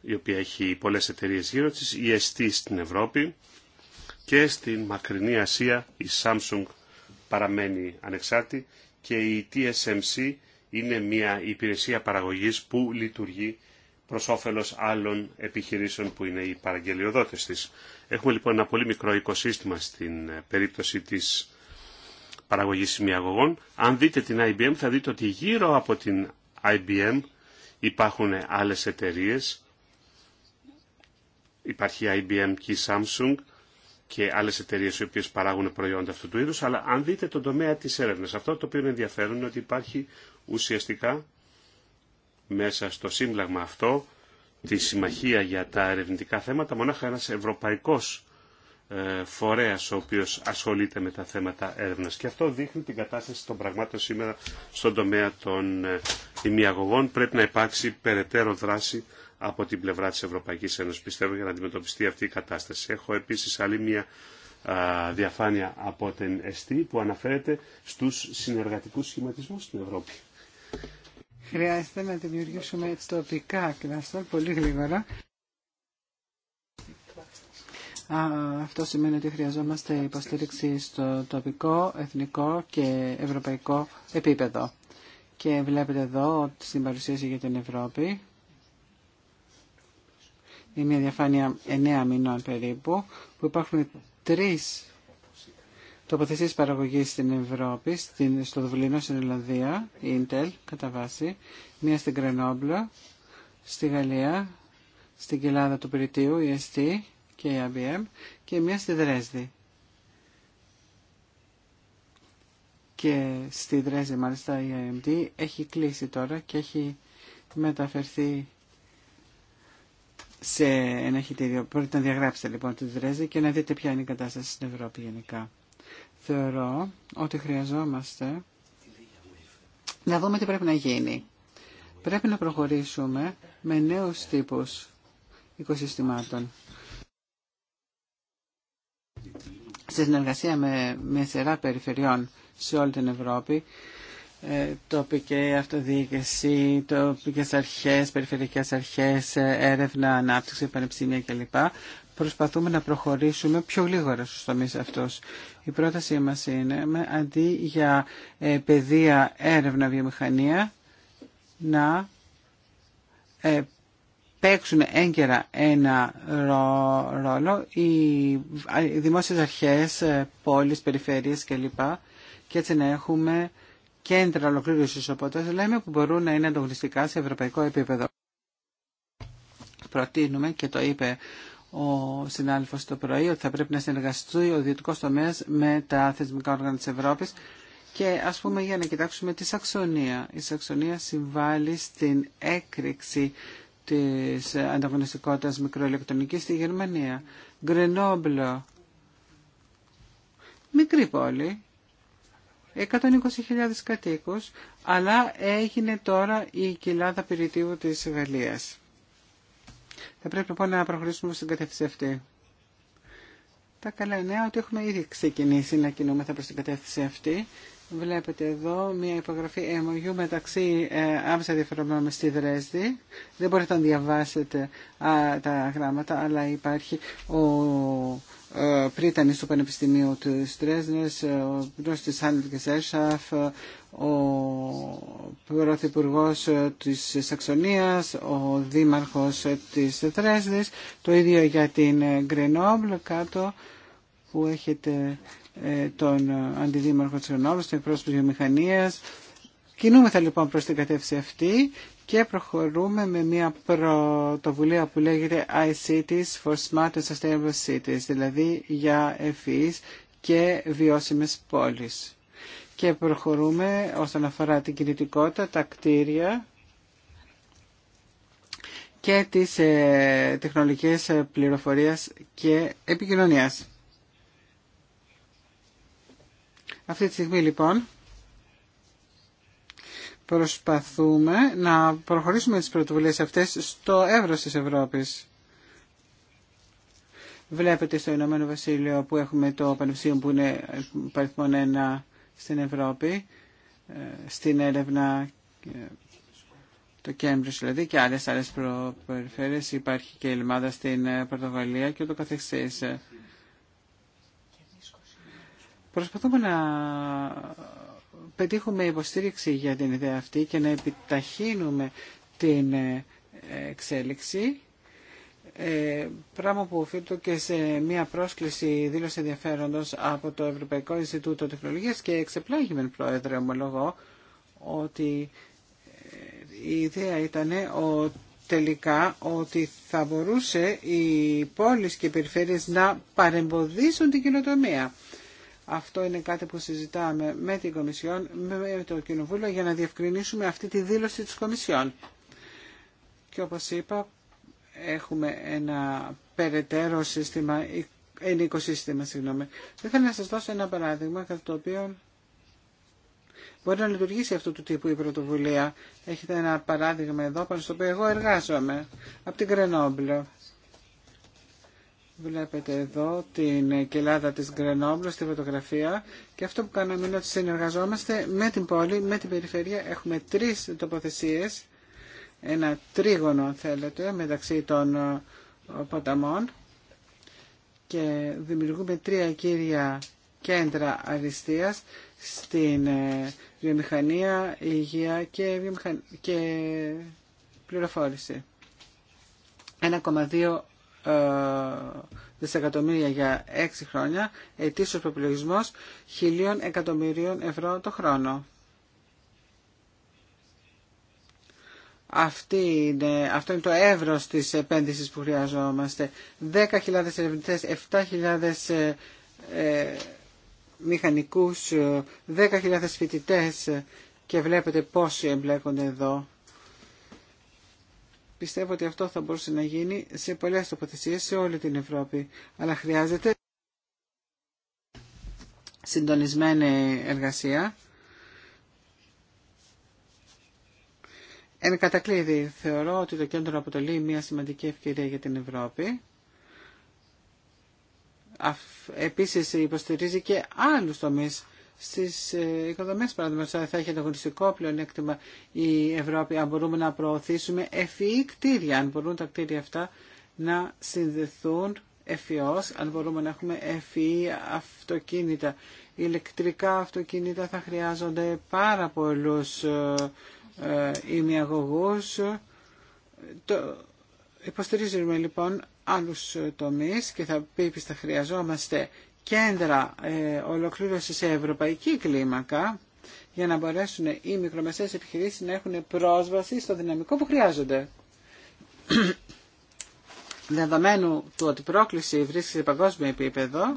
η οποία έχει πολλές εταιρείες γύρω της, η ST στην Ευρώπη και στην μακρινή Ασία η Samsung παραμένει ανεξάρτητη και η TSMC είναι μια υπηρεσία παραγωγής που λειτουργεί προς όφελος άλλων επιχειρήσεων που είναι οι παραγγελιοδότες της. Έχουμε λοιπόν ένα πολύ μικρό οικοσύστημα στην ε, περίπτωση της παραγωγής σημειαγωγών. Αν δείτε την IBM θα δείτε ότι γύρω από την IBM υπάρχουν άλλες εταιρείες. Υπάρχει IBM και η Samsung και άλλες εταιρείες οι οποίες παράγουν προϊόντα αυτού του είδους, αλλά αν δείτε τον τομέα της έρευνας, αυτό το οποίο είναι ενδιαφέρον είναι ότι υπάρχει ουσιαστικά μέσα στο σύμπλαγμα αυτό, τη Συμμαχία για τα ερευνητικά θέματα, μονάχα ένας ευρωπαϊκός ε, φορέας ο οποίος ασχολείται με τα θέματα έρευνας. Και αυτό δείχνει την κατάσταση των πραγμάτων σήμερα στον τομέα των ε, ημιαγωγών. Πρέπει να υπάρξει περαιτέρω δράση από την πλευρά της Ευρωπαϊκής Ένωσης, πιστεύω, για να αντιμετωπιστεί αυτή η κατάσταση. Έχω επίσης άλλη μια διαφάνεια από την ΕΣΤΗ που αναφέρεται στους συνεργατικούς σχηματισμούς στην Ευρώπη. Χρειάζεται να δημιουργήσουμε τοπικά κλάστερ πολύ γρήγορα. Αυτό σημαίνει ότι χρειαζόμαστε υποστήριξη στο τοπικό, εθνικό και ευρωπαϊκό επίπεδο. Και βλέπετε εδώ στην παρουσίαση για την Ευρώπη. Είναι μια διαφάνεια εννέα μηνών περίπου, που υπάρχουν τρεις τοποθεσίες παραγωγής στην Ευρώπη, στην, στο Δουβλίνο, στην Ολλανδία, η Intel κατά βάση, μία στην Κρενόμπλο, στη Γαλλία, στην κοιλάδα του Περιτίου, η ST και η IBM και μία στη Δρέσδη. Και στη Δρέσδη μάλιστα η AMD έχει κλείσει τώρα και έχει μεταφερθεί σε ένα χιτήριο. Μπορείτε να διαγράψετε λοιπόν τη Δρέσδη και να δείτε ποια είναι η κατάσταση στην Ευρώπη γενικά θεωρώ ότι χρειαζόμαστε να δούμε τι πρέπει να γίνει. Πρέπει να προχωρήσουμε με νέους τύπους οικοσυστημάτων. Σε συνεργασία με μια σειρά περιφερειών σε όλη την Ευρώπη, ε, τοπική αυτοδιοίκηση, τοπικές αρχές, περιφερειακές αρχές, ε, έρευνα, ανάπτυξη, πανεπιστήμια κλπ προσπαθούμε να προχωρήσουμε πιο γλίγορα στους τομείς αυτούς. Η πρότασή μας είναι με, αντί για ε, παιδεία έρευνα βιομηχανία να ε, παίξουν έγκαιρα ένα ρόλο οι δημόσιες αρχές, ε, πόλεις, περιφέρειες κλπ. Και έτσι να έχουμε κέντρα ολοκλήρωση οπότε λέμε που μπορούν να είναι ανταγωνιστικά σε ευρωπαϊκό επίπεδο. Προτείνουμε και το είπε ο συνάδελφος το πρωί ότι θα πρέπει να συνεργαστεί ο ιδιωτικό τομέας με τα θεσμικά όργανα τη Ευρώπη και ας πούμε για να κοιτάξουμε τη Σαξονία. Η Σαξονία συμβάλλει στην έκρηξη της ανταγωνιστικότητας μικροελεκτρονική στη Γερμανία. Γκρενόμπλο, μικρή πόλη, 120.000 κατοίκους, αλλά έγινε τώρα η κοιλάδα πυρητήβου της Γαλλίας. Θα πρέπει λοιπόν να προχωρήσουμε στην κατεύθυνση αυτή. Τα καλά νέα ότι έχουμε ήδη ξεκινήσει να κινούμεθα προς την κατεύθυνση αυτή. Βλέπετε εδώ μια υπογραφή MOU μεταξύ ε, άμεσα διαφορεμένων στη Δρέσδη. Δεν μπορείτε να διαβάσετε τα γράμματα, αλλά υπάρχει ο Πρίτανης του Πανεπιστημίου του Τρέσνε, ο τη της ΕΡΣΑΦ, ο Πρωθυπουργό τη Σαξονίας, ο Δήμαρχο της Δρέσδης, το ίδιο για την Γκρενόμπλ κάτω που έχετε ε, τον αντιδήμαρχο της Γκρενόμπλ, τον εκπρόσωπο της βιομηχανίας. Κινούμεθα λοιπόν προς την κατεύθυνση αυτή και προχωρούμε με μια πρωτοβουλία που λέγεται iCities for Smart and Sustainable Cities, δηλαδή για ευφυείς και βιώσιμες πόλεις. Και προχωρούμε όσον αφορά την κινητικότητα, τα κτίρια και τις ε, τεχνολογίες πληροφορίας και επικοινωνίας. Αυτή τη στιγμή λοιπόν προσπαθούμε να προχωρήσουμε τις πρωτοβουλίες αυτές στο εύρος της Ευρώπης. Βλέπετε στο Ηνωμένο Βασίλειο που έχουμε το Πανεπιστήμιο που είναι παριθμόν ένα στην Ευρώπη, ε, στην έρευνα ε, το Κέμπρις δηλαδή και άλλες άλλες προπεριφέρειες. Υπάρχει και η Ελμάδα στην ε, Πορτογαλία και το καθεξής. Προσπαθούμε να πετύχουμε υποστήριξη για την ιδέα αυτή και να επιταχύνουμε την ε, εξέλιξη, ε, πράγμα που οφείλεται και σε μια πρόσκληση δήλωση ενδιαφέροντος από το Ευρωπαϊκό Ινστιτούτο Τεχνολογίας και εξεπλάγημεν πρόεδρε ομολογώ ότι ε, η ιδέα ήταν ο, τελικά ότι θα μπορούσε οι πόλεις και οι περιφέρειες να παρεμποδίσουν την κοινοτομία. Αυτό είναι κάτι που συζητάμε με την Κομισιόν, με το Κοινοβούλιο για να διευκρινίσουμε αυτή τη δήλωση της Κομισιόν. Και όπως είπα, έχουμε ένα περαιτέρω σύστημα, ένα οικοσύστημα, συγγνώμη. Δεν θέλω να σας δώσω ένα παράδειγμα κατά το οποίο μπορεί να λειτουργήσει αυτού του τύπου η πρωτοβουλία. Έχετε ένα παράδειγμα εδώ πάνω στο οποίο εγώ εργάζομαι, από την Κρενόμπλο. Βλέπετε εδώ την κελάδα της Γκρενόμπλου στη φωτογραφία και αυτό που κάναμε είναι ότι συνεργαζόμαστε με την πόλη, με την περιφέρεια. Έχουμε τρεις τοποθεσίες, ένα τρίγωνο θέλετε μεταξύ των ε, ποταμών και δημιουργούμε τρία κύρια κέντρα αριστείας στην ε, βιομηχανία, υγεία και, βιομηχαν... και πληροφόρηση. 1,2 ε, δισεκατομμύρια για 6 χρόνια, ετήσιος προπολογισμός χιλίων εκατομμυρίων ευρώ το χρόνο. Αυτή είναι, αυτό είναι το εύρος της επένδυσης που χρειαζόμαστε. 10.000 ερευνητές, 7.000 ε, ε, μηχανικούς, 10.000 ε, φοιτητές και βλέπετε πόσοι εμπλέκονται εδώ. Πιστεύω ότι αυτό θα μπορούσε να γίνει σε πολλές τοποθεσίες σε όλη την Ευρώπη. Αλλά χρειάζεται συντονισμένη εργασία. Εν κατακλείδη, θεωρώ ότι το κέντρο αποτελεί μια σημαντική ευκαιρία για την Ευρώπη. Επίσης υποστηρίζει και άλλους τομείς Στι ε, οικοδομέ. παράδειγμα θα έχει ανταγωνιστικό πλεονέκτημα η Ευρώπη αν μπορούμε να προωθήσουμε ευφυή κτίρια, αν μπορούν τα κτίρια αυτά να συνδεθούν ευφυώς, αν μπορούμε να έχουμε ευφυή αυτοκίνητα. Οι ηλεκτρικά αυτοκίνητα θα χρειάζονται πάρα πολλούς ε, ε, ημιαγωγούς. Το, υποστηρίζουμε λοιπόν άλλους ε, τομείς και θα πει θα χρειαζόμαστε κέντρα ε, ολοκλήρωση σε ευρωπαϊκή κλίμακα για να μπορέσουν οι μικρομεσαίες επιχειρήσεις να έχουν πρόσβαση στο δυναμικό που χρειάζονται. Δεδομένου του ότι η πρόκληση βρίσκεται σε παγκόσμιο επίπεδο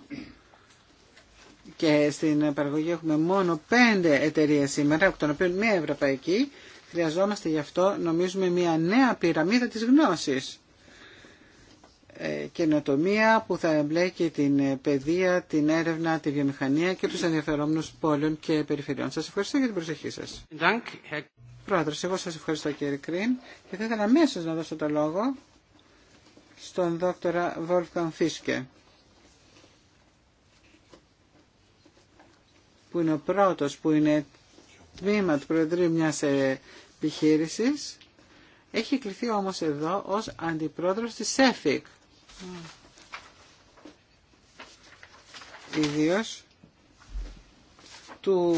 και στην παραγωγή έχουμε μόνο πέντε εταιρείες σήμερα, από τον οποίο μία ευρωπαϊκή, χρειαζόμαστε γι' αυτό νομίζουμε μία νέα πυραμίδα της γνώσης ε, καινοτομία που θα εμπλέκει την παιδεία, την έρευνα, τη βιομηχανία και τους ενδιαφερόμενους πόλεων και περιφερειών. Σας ευχαριστώ για την προσοχή σας. Πρόεδρος, εγώ σας ευχαριστώ κύριε Κρίν και θα ήθελα αμέσω να δώσω το λόγο στον δόκτωρα Βόλφκαν Φίσκε που είναι ο πρώτος που είναι τμήμα του Προεδρείου μιας επιχείρησης έχει κληθεί όμως εδώ ως αντιπρόεδρος της ΕΦΙΚ Ιδίω του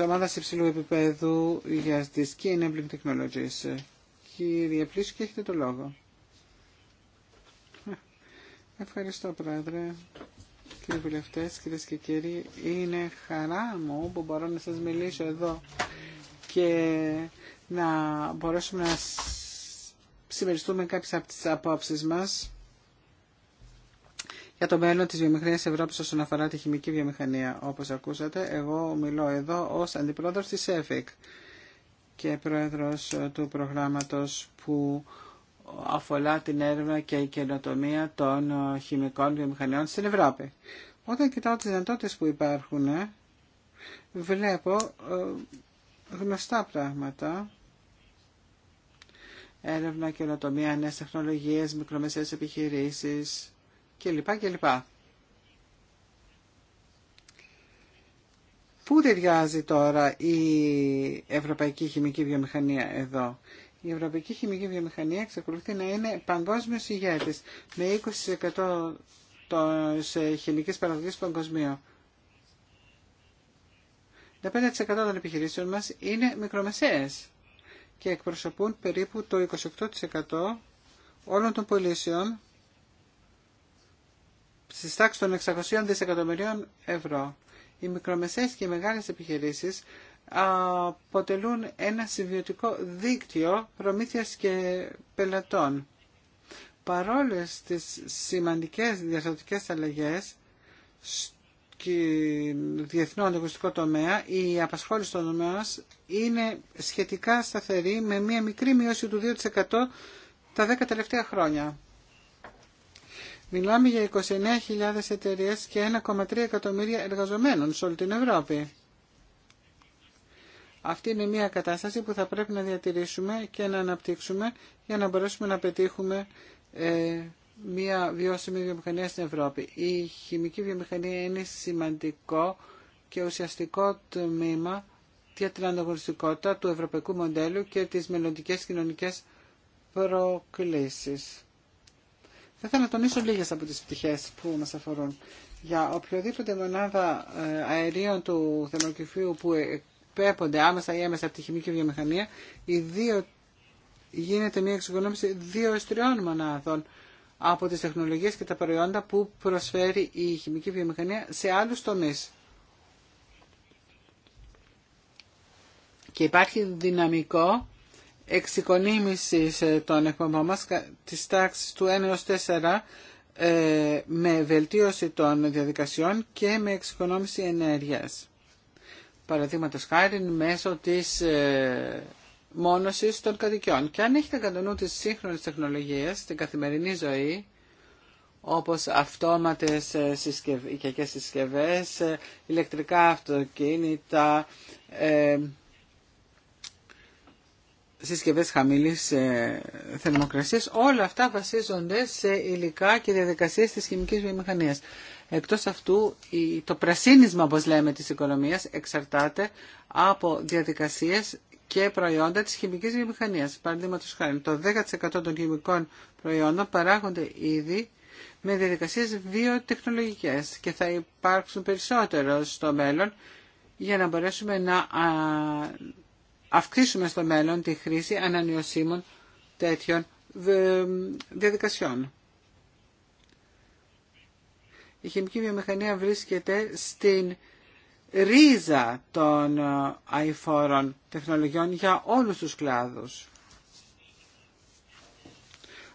ομάδα υψηλού επίπεδου για τις Key Enabling Technologies. Κύριε και έχετε το λόγο. Ευχαριστώ, Πρόεδρε. Κύριε Βουλευτέ, κυρίε και κύριοι, είναι χαρά μου που μπορώ να σα μιλήσω εδώ και να μπορέσουμε να συμμεριστούμε κάποιε από τι απόψει μα για το μέλλον της βιομηχανίας Ευρώπης όσον αφορά τη χημική βιομηχανία. Όπως ακούσατε, εγώ μιλώ εδώ ως αντιπρόεδρος της ΕΦΙΚ και πρόεδρος του προγράμματος που αφορά την έρευνα και η καινοτομία των χημικών βιομηχανιών στην Ευρώπη. Όταν κοιτάω τις δυνατότητες που υπάρχουν, ε, βλέπω ε, γνωστά πράγματα, έρευνα, καινοτομία, νέες τεχνολογίες, μικρομεσαίες επιχειρήσεις, κλπ. κλπ. Πού ταιριάζει τώρα η Ευρωπαϊκή Χημική Βιομηχανία εδώ. Η Ευρωπαϊκή Χημική Βιομηχανία εξακολουθεί να είναι παγκόσμιο ηγέτη με 20% τη ε, χημική παραγωγή παγκοσμίω. 15% των επιχειρήσεων μας είναι μικρομεσαίες και εκπροσωπούν περίπου το 28% όλων των πωλήσεων στις τάξεις των 600 δισεκατομμυρίων ευρώ. Οι μικρομεσαίες και οι μεγάλες επιχειρήσεις αποτελούν ένα συμβιωτικό δίκτυο προμήθειας και πελατών. Παρόλες τις σημαντικές διαστατικές αλλαγές στην διεθνό ανταγωνιστικό τομέα, η απασχόληση των τομέα είναι σχετικά σταθερή με μία μικρή μείωση του 2% τα 10 τελευταία χρόνια. Μιλάμε για 29.000 εταιρείε και 1,3 εκατομμύρια εργαζομένων σε όλη την Ευρώπη. Αυτή είναι μια κατάσταση που θα πρέπει να διατηρήσουμε και να αναπτύξουμε για να μπορέσουμε να πετύχουμε ε, μια βιώσιμη βιομηχανία στην Ευρώπη. Η χημική βιομηχανία είναι σημαντικό και ουσιαστικό τμήμα για την ανταγωνιστικότητα του ευρωπαϊκού μοντέλου και τις μελλοντικέ κοινωνικές προκλήσεις. Θα ήθελα να τονίσω λίγες από τις πτυχέ που μας αφορούν. Για οποιοδήποτε μονάδα ε, αερίων του θερμοκηφίου που εκπέπονται άμεσα ή έμεσα από τη χημική βιομηχανία, οι δύο, γίνεται μια εξοικονομηση δύο τριών μονάδων από τις τεχνολογίες και τα προϊόντα που προσφέρει η χημική βιομηχανία σε άλλους τομεί. Και υπάρχει δυναμικό εξοικονίμησης ε, των εκπομπών της τάξης του 1 4 ε, με βελτίωση των διαδικασιών και με εξοικονόμηση ενέργειας. Παραδείγματος χάρη μέσω της ε, μόνωσης των κατοικιών. Και αν έχετε κατά νου τις σύγχρονες τεχνολογίες στην καθημερινή ζωή, όπως αυτόματες οικιακές συσκευές, ηλεκτρικά αυτοκίνητα, συσκευές χαμηλής ε, θερμοκρασίας, όλα αυτά βασίζονται σε υλικά και διαδικασίε τη χημική βιομηχανία. Εκτός αυτού, το πρασίνισμα, όπω λέμε, τη οικονομίας εξαρτάται από διαδικασίες και προϊόντα της χημικής βιομηχανία. Παραδείγματο χάρη, το 10% των χημικών προϊόντων παράγονται ήδη με διαδικασίε βιοτεχνολογικέ και θα υπάρξουν περισσότερο στο μέλλον για να μπορέσουμε να αυξήσουμε στο μέλλον τη χρήση ανανεωσίμων τέτοιων διαδικασιών. Η χημική βιομηχανία βρίσκεται στην ρίζα των ε, αηφόρων τεχνολογιών για όλους τους κλάδους.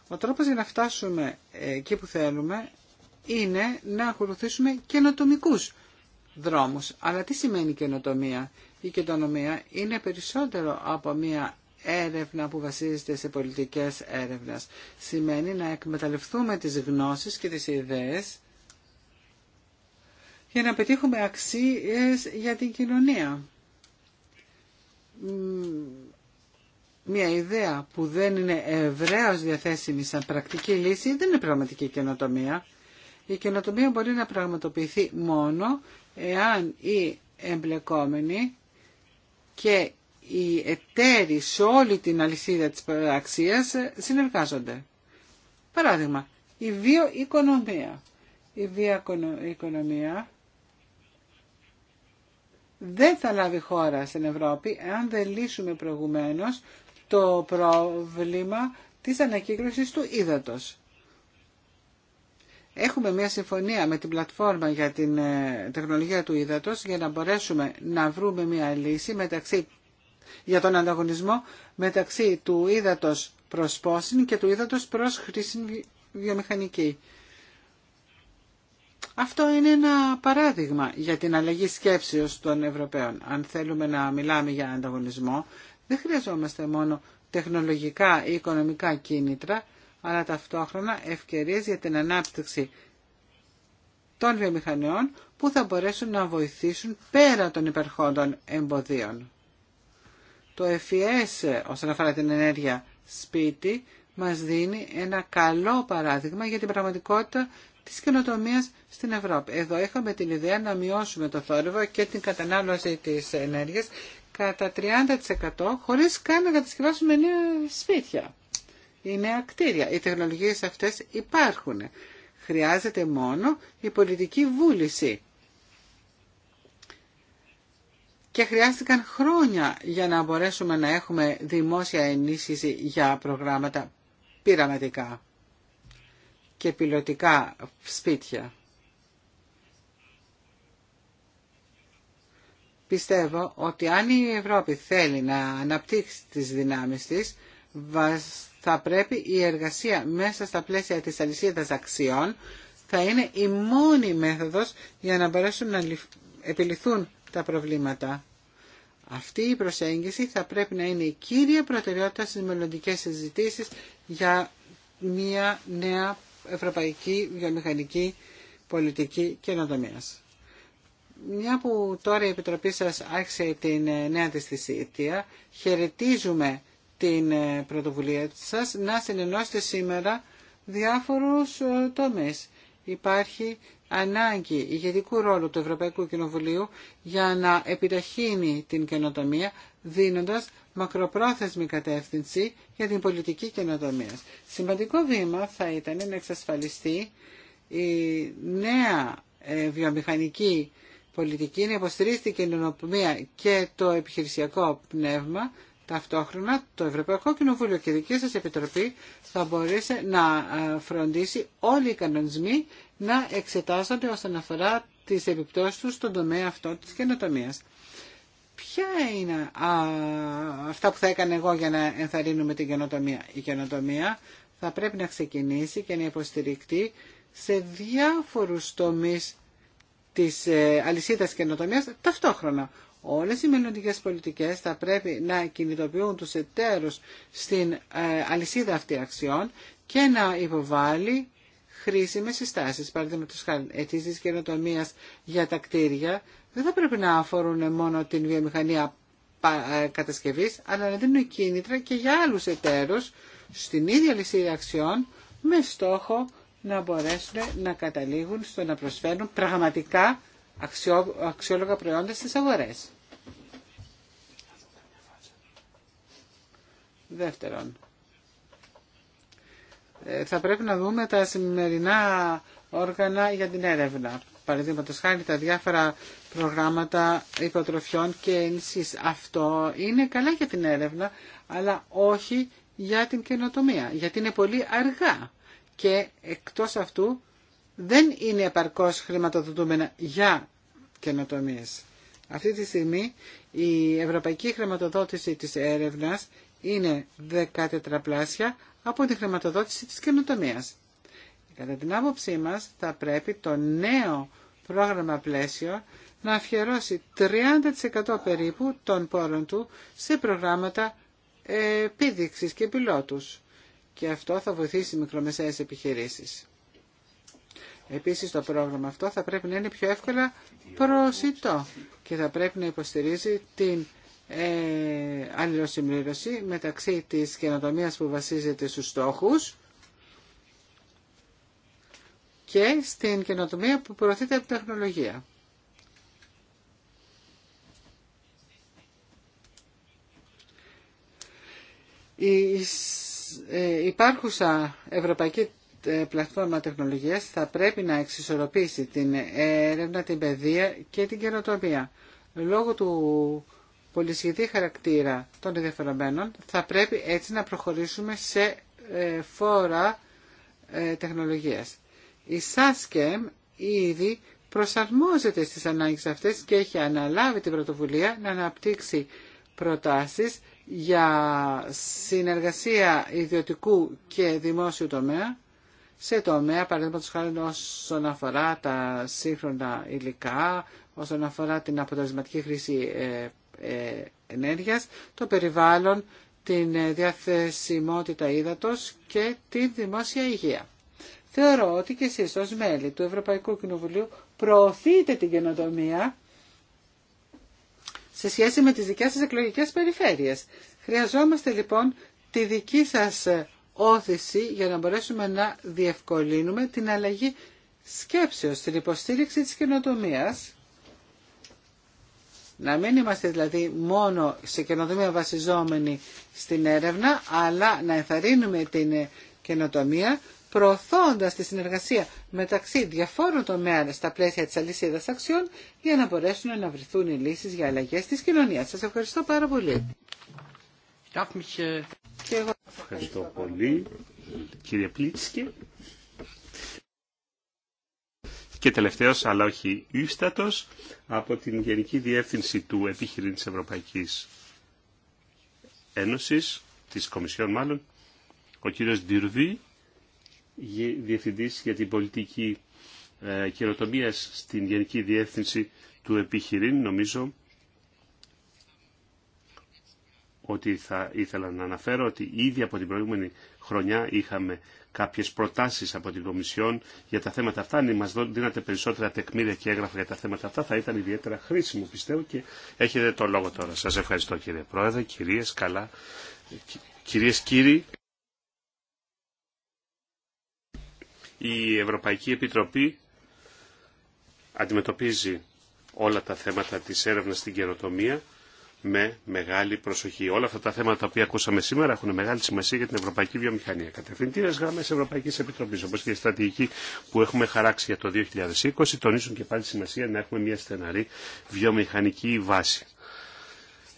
Ο τρόπος για να φτάσουμε ε, εκεί που θέλουμε είναι να ακολουθήσουμε καινοτομικούς δρόμους. Αλλά τι σημαίνει καινοτομία η κεντονομία είναι περισσότερο από μια έρευνα που βασίζεται σε πολιτικές έρευνας. Σημαίνει να εκμεταλλευτούμε τις γνώσεις και τις ιδέες για να πετύχουμε αξίες για την κοινωνία. Μια ιδέα που δεν είναι ευρέως διαθέσιμη σαν πρακτική λύση δεν είναι πραγματική καινοτομία. Η καινοτομία μπορεί να πραγματοποιηθεί μόνο εάν οι εμπλεκόμενοι και οι εταίροι σε όλη την αλυσίδα της αξίας συνεργάζονται. Παράδειγμα, η βιοοικονομία. Η βιοοικονομία δεν θα λάβει χώρα στην Ευρώπη αν δεν λύσουμε προηγουμένως το πρόβλημα της ανακύκλωσης του ύδατος. Έχουμε μια συμφωνία με την πλατφόρμα για την ε, τεχνολογία του ύδατος για να μπορέσουμε να βρούμε μια λύση μεταξύ, για τον ανταγωνισμό μεταξύ του ύδατος προς πόσιν και του ύδατος προς χρήση βιομηχανική. Αυτό είναι ένα παράδειγμα για την αλλαγή σκέψεως των Ευρωπαίων. Αν θέλουμε να μιλάμε για ανταγωνισμό, δεν χρειαζόμαστε μόνο τεχνολογικά ή οικονομικά κίνητρα, αλλά ταυτόχρονα ευκαιρίες για την ανάπτυξη των βιομηχανιών που θα μπορέσουν να βοηθήσουν πέρα των υπερχόντων εμποδίων. Το FES όσον αφορά την ενέργεια σπίτι μας δίνει ένα καλό παράδειγμα για την πραγματικότητα της καινοτομία στην Ευρώπη. Εδώ είχαμε την ιδέα να μειώσουμε το θόρυβο και την κατανάλωση της ενέργειας κατά 30% χωρίς καν να κατασκευάσουμε νέα σπίτια ή νέα κτίρια. Οι τεχνολογίες αυτές υπάρχουν. Χρειάζεται μόνο η πολιτική βούληση. Και χρειάστηκαν χρόνια για να μπορέσουμε να έχουμε δημόσια ενίσχυση για προγράμματα πειραματικά και πιλωτικά σπίτια. Πιστεύω ότι αν η Ευρώπη θέλει να αναπτύξει τις δυνάμεις της, βασ θα πρέπει η εργασία μέσα στα πλαίσια της αλυσίδας αξιών θα είναι η μόνη μέθοδος για να μπορέσουν να επιληθούν τα προβλήματα. Αυτή η προσέγγιση θα πρέπει να είναι η κύρια προτεραιότητα στις μελλοντικές συζητήσεις για μια νέα ευρωπαϊκή βιομηχανική πολιτική καινοτομία. Μια που τώρα η Επιτροπή σας άρχισε την ε, νέα της θυσίτια, χαιρετίζουμε την ε, πρωτοβουλία σας να συνενώσετε σήμερα διάφορους ε, τομείς. Υπάρχει ανάγκη ηγετικού ρόλου του Ευρωπαϊκού Κοινοβουλίου για να επιταχύνει την καινοτομία δίνοντας μακροπρόθεσμη κατεύθυνση για την πολιτική καινοτομία. Σημαντικό βήμα θα ήταν να εξασφαλιστεί η νέα ε, βιομηχανική πολιτική να υποστηρίζει την καινοτομία και το επιχειρησιακό πνεύμα Ταυτόχρονα το Ευρωπαϊκό Κοινοβούλιο και η δική σας Επιτροπή θα μπορέσει να ε, φροντίσει όλοι οι κανονισμοί να εξετάζονται όσον αφορά τις επιπτώσεις του στον τομέα αυτό της καινοτομίας. Ποια είναι α, αυτά που θα έκανα εγώ για να ενθαρρύνουμε την καινοτομία. Η καινοτομία θα πρέπει να ξεκινήσει και να υποστηρικτεί σε διάφορους τομείς της ε, αλυσίδας καινοτομίας ταυτόχρονα. Όλες οι μελλοντικές πολιτικές θα πρέπει να κινητοποιούν τους εταίρους στην ε, αλυσίδα αυτή αξιών και να υποβάλει χρήσιμες συστάσεις, παραδείγματο χάρη αιτήσεις καινοτομία για τα κτίρια, δεν θα πρέπει να αφορούν μόνο την βιομηχανία ε, κατασκευής, αλλά να δίνουν κίνητρα και για άλλους εταίρους στην ίδια αλυσίδα αξιών με στόχο να μπορέσουν να καταλήγουν στο να προσφέρουν πραγματικά αξιόλογα προϊόντα στις αγορές. Δεύτερον, ε, θα πρέπει να δούμε τα σημερινά όργανα για την έρευνα. Παραδείγματος χάρη τα διάφορα προγράμματα υποτροφιών και ενσύς. Αυτό είναι καλά για την έρευνα, αλλά όχι για την καινοτομία, γιατί είναι πολύ αργά. Και εκτός αυτού δεν είναι επαρκώς χρηματοδοτούμενα για καινοτομίες. Αυτή τη στιγμή η ευρωπαϊκή χρηματοδότηση της έρευνας είναι 14 πλάσια από τη χρηματοδότηση της καινοτομίας. Κατά την άποψή μας θα πρέπει το νέο πρόγραμμα πλαίσιο να αφιερώσει 30% περίπου των πόρων του σε προγράμματα επίδειξης και πιλότους. Και αυτό θα βοηθήσει μικρομεσαίες επιχειρήσεις. Επίσης το πρόγραμμα αυτό θα πρέπει να είναι πιο εύκολα προσιτό και θα πρέπει να υποστηρίζει την ε, αλληλοσυμπλήρωση μεταξύ της καινοτομίας που βασίζεται στους στόχους και στην καινοτομία που προωθείται από τεχνολογία. Η ε, υπάρχουσα ευρωπαϊκή ε, πλατφόρμα τεχνολογίας θα πρέπει να εξισορροπήσει την έρευνα, την παιδεία και την καινοτομία. Λόγω του πολυσχεδί χαρακτήρα των ενδιαφερομένων θα πρέπει έτσι να προχωρήσουμε σε ε, φόρα ε, τεχνολογίας. Η ΣΑΣΚΕΜ ήδη προσαρμόζεται στις ανάγκες αυτές και έχει αναλάβει την πρωτοβουλία να αναπτύξει προτάσεις για συνεργασία ιδιωτικού και δημόσιου τομέα σε τομέα παραδείγματο χάρη όσον αφορά τα σύγχρονα υλικά, όσον αφορά την αποτελεσματική χρήση ε, ε, ενέργειας, το περιβάλλον, την ε, διαθεσιμότητα ύδατος και την δημόσια υγεία. Θεωρώ ότι και εσείς ως μέλη του Ευρωπαϊκού Κοινοβουλίου προωθείτε την καινοτομία σε σχέση με τις δικές σας εκλογικές περιφέρειες. Χρειαζόμαστε λοιπόν τη δική σας όθηση για να μπορέσουμε να διευκολύνουμε την αλλαγή σκέψεως, την υποστήριξη της καινοτομία. Να μην είμαστε δηλαδή μόνο σε καινοτομία βασιζόμενοι στην έρευνα, αλλά να ενθαρρύνουμε την καινοτομία προωθώντας τη συνεργασία μεταξύ διαφόρων τομέων στα πλαίσια της αλυσίδας αξιών για να μπορέσουν να βρεθούν οι λύσεις για αλλαγές της κοινωνίας. Σας ευχαριστώ πάρα πολύ. Ε, και εγώ. Ευχαριστώ πολύ, κύριε Και τελευταίος, αλλά όχι ύστατος, από την Γενική Διεύθυνση του Επιχειρήν της Ευρωπαϊκής Ένωσης, της Κομισιόν μάλλον, ο κύριος Ντυρβή, Διευθυντής για την Πολιτική ε, στην Γενική Διεύθυνση του Επιχειρήν, νομίζω ότι θα ήθελα να αναφέρω ότι ήδη από την προηγούμενη χρονιά είχαμε κάποιες προτάσεις από την Κομισιόν για τα θέματα αυτά. Αν μας δίνατε περισσότερα τεκμήρια και έγγραφα για τα θέματα αυτά θα ήταν ιδιαίτερα χρήσιμο πιστεύω και έχετε το λόγο τώρα. Σας ευχαριστώ κύριε Πρόεδρε, κυρίες, καλά, κυρίες, κύριοι. Η Ευρωπαϊκή Επιτροπή αντιμετωπίζει όλα τα θέματα της έρευνας στην καινοτομία με μεγάλη προσοχή. Όλα αυτά τα θέματα τα οποία ακούσαμε σήμερα έχουν μεγάλη σημασία για την ευρωπαϊκή βιομηχανία. Κατευθυντήρε γραμμέ Ευρωπαϊκή Επιτροπή, όπω και η στρατηγική που έχουμε χαράξει για το 2020, τονίζουν και πάλι σημασία να έχουμε μια στεναρή βιομηχανική βάση.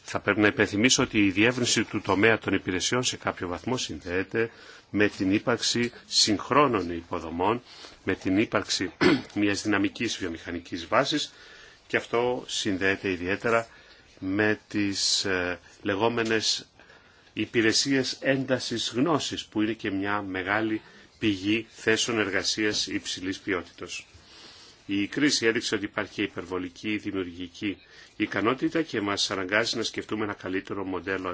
Θα πρέπει να υπενθυμίσω ότι η διεύρυνση του τομέα των υπηρεσιών σε κάποιο βαθμό συνδέεται με την ύπαρξη συγχρόνων υποδομών, με την ύπαρξη μιας δυναμικής βιομηχανικής βάσης και αυτό συνδέεται ιδιαίτερα με τις ε, λεγόμενες υπηρεσίες έντασης γνώσης που είναι και μια μεγάλη πηγή θέσεων εργασίας υψηλής ποιότητας. Η κρίση έδειξε ότι υπάρχει υπερβολική δημιουργική ικανότητα και μας αναγκάζει να σκεφτούμε ένα καλύτερο μοντέλο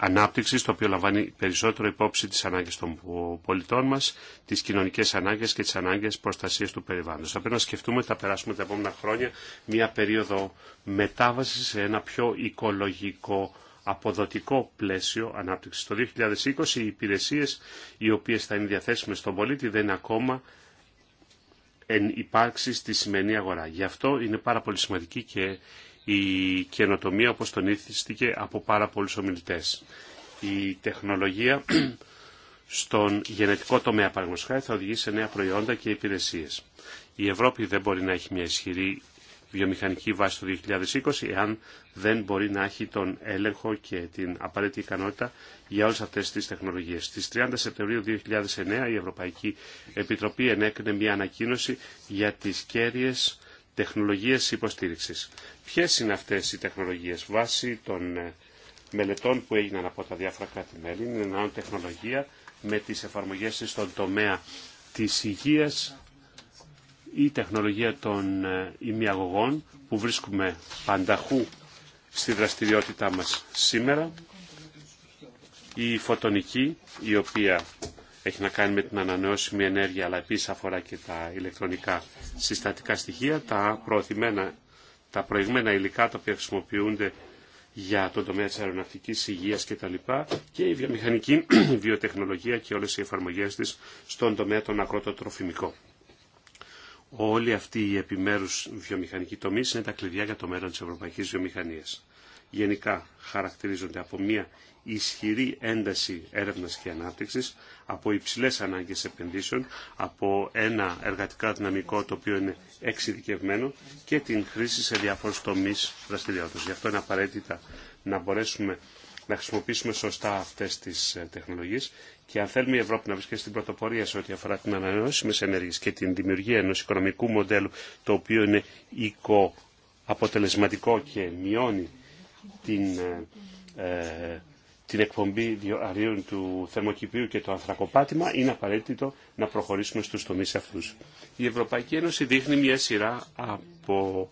Ανάπτυξη, το οποίο λαμβάνει περισσότερο υπόψη τις ανάγκες των πολιτών μα, τι κοινωνικέ ανάγκε και τι ανάγκε προστασία του περιβάλλοντος. Θα πρέπει να σκεφτούμε, θα περάσουμε τα επόμενα χρόνια μια περίοδο μετάβαση σε ένα πιο οικολογικό αποδοτικό πλαίσιο ανάπτυξη. Το 2020 οι υπηρεσίες οι οποίες θα είναι διαθέσιμε στον πολίτη δεν είναι ακόμα εν υπάρξει στη σημερινή αγορά. Γι' αυτό είναι πάρα πολύ σημαντική και η καινοτομία όπως τονίστηκε από πάρα πολλούς ομιλητές. Η τεχνολογία στον γενετικό τομέα παραγωγικά θα οδηγήσει σε νέα προϊόντα και υπηρεσίες. Η Ευρώπη δεν μπορεί να έχει μια ισχυρή βιομηχανική βάση το 2020 εάν δεν μπορεί να έχει τον έλεγχο και την απαραίτητη ικανότητα για όλες αυτές τις τεχνολογίες. Στις 30 Σεπτεμβρίου 2009 η Ευρωπαϊκή Επιτροπή ενέκρινε μια ανακοίνωση για τις κέρυες τεχνολογίες υποστήριξης. Ποιες είναι αυτές οι τεχνολογίες βάσει των ε, μελετών που έγιναν από τα διάφορα κράτη-μέλη. Είναι μια τεχνολογία με τις εφαρμογές στον τομέα της υγείας η τεχνολογία των ε, ημιαγωγών που βρίσκουμε πανταχού στη δραστηριότητά μας σήμερα. Η φωτονική, η οποία έχει να κάνει με την ανανεώσιμη ενέργεια, αλλά επίσης αφορά και τα ηλεκτρονικά συστατικά στοιχεία, τα προωθημένα τα προηγμένα υλικά τα οποία χρησιμοποιούνται για τον τομέα της αεροναυτικής υγείας τα Και, και η βιομηχανική βιοτεχνολογία και όλες οι εφαρμογές της στον τομέα των ακρότοτροφημικών. Όλοι αυτοί οι επιμέρους βιομηχανικοί τομείς είναι τα κλειδιά για το μέλλον της ευρωπαϊκής βιομηχανίας γενικά χαρακτηρίζονται από μια ισχυρή ένταση έρευνας και ανάπτυξης, από υψηλές ανάγκες επενδύσεων, από ένα εργατικά δυναμικό το οποίο είναι εξειδικευμένο και την χρήση σε διάφορους τομείς δραστηριότητας. Γι' αυτό είναι απαραίτητα να μπορέσουμε να χρησιμοποιήσουμε σωστά αυτές τις ε, τεχνολογίες και αν θέλουμε η Ευρώπη να βρίσκεται στην πρωτοπορία σε ό,τι αφορά την ανανεώσιμη ενέργεια και την δημιουργία ενός οικονομικού μοντέλου το οποίο είναι οικο αποτελεσματικό και μειώνει την, ε, την εκπομπή αριών του θερμοκηπίου και το ανθρακοπάτημα, είναι απαραίτητο να προχωρήσουμε στους τομείς αυτούς. Η Ευρωπαϊκή Ένωση δείχνει μια σειρά από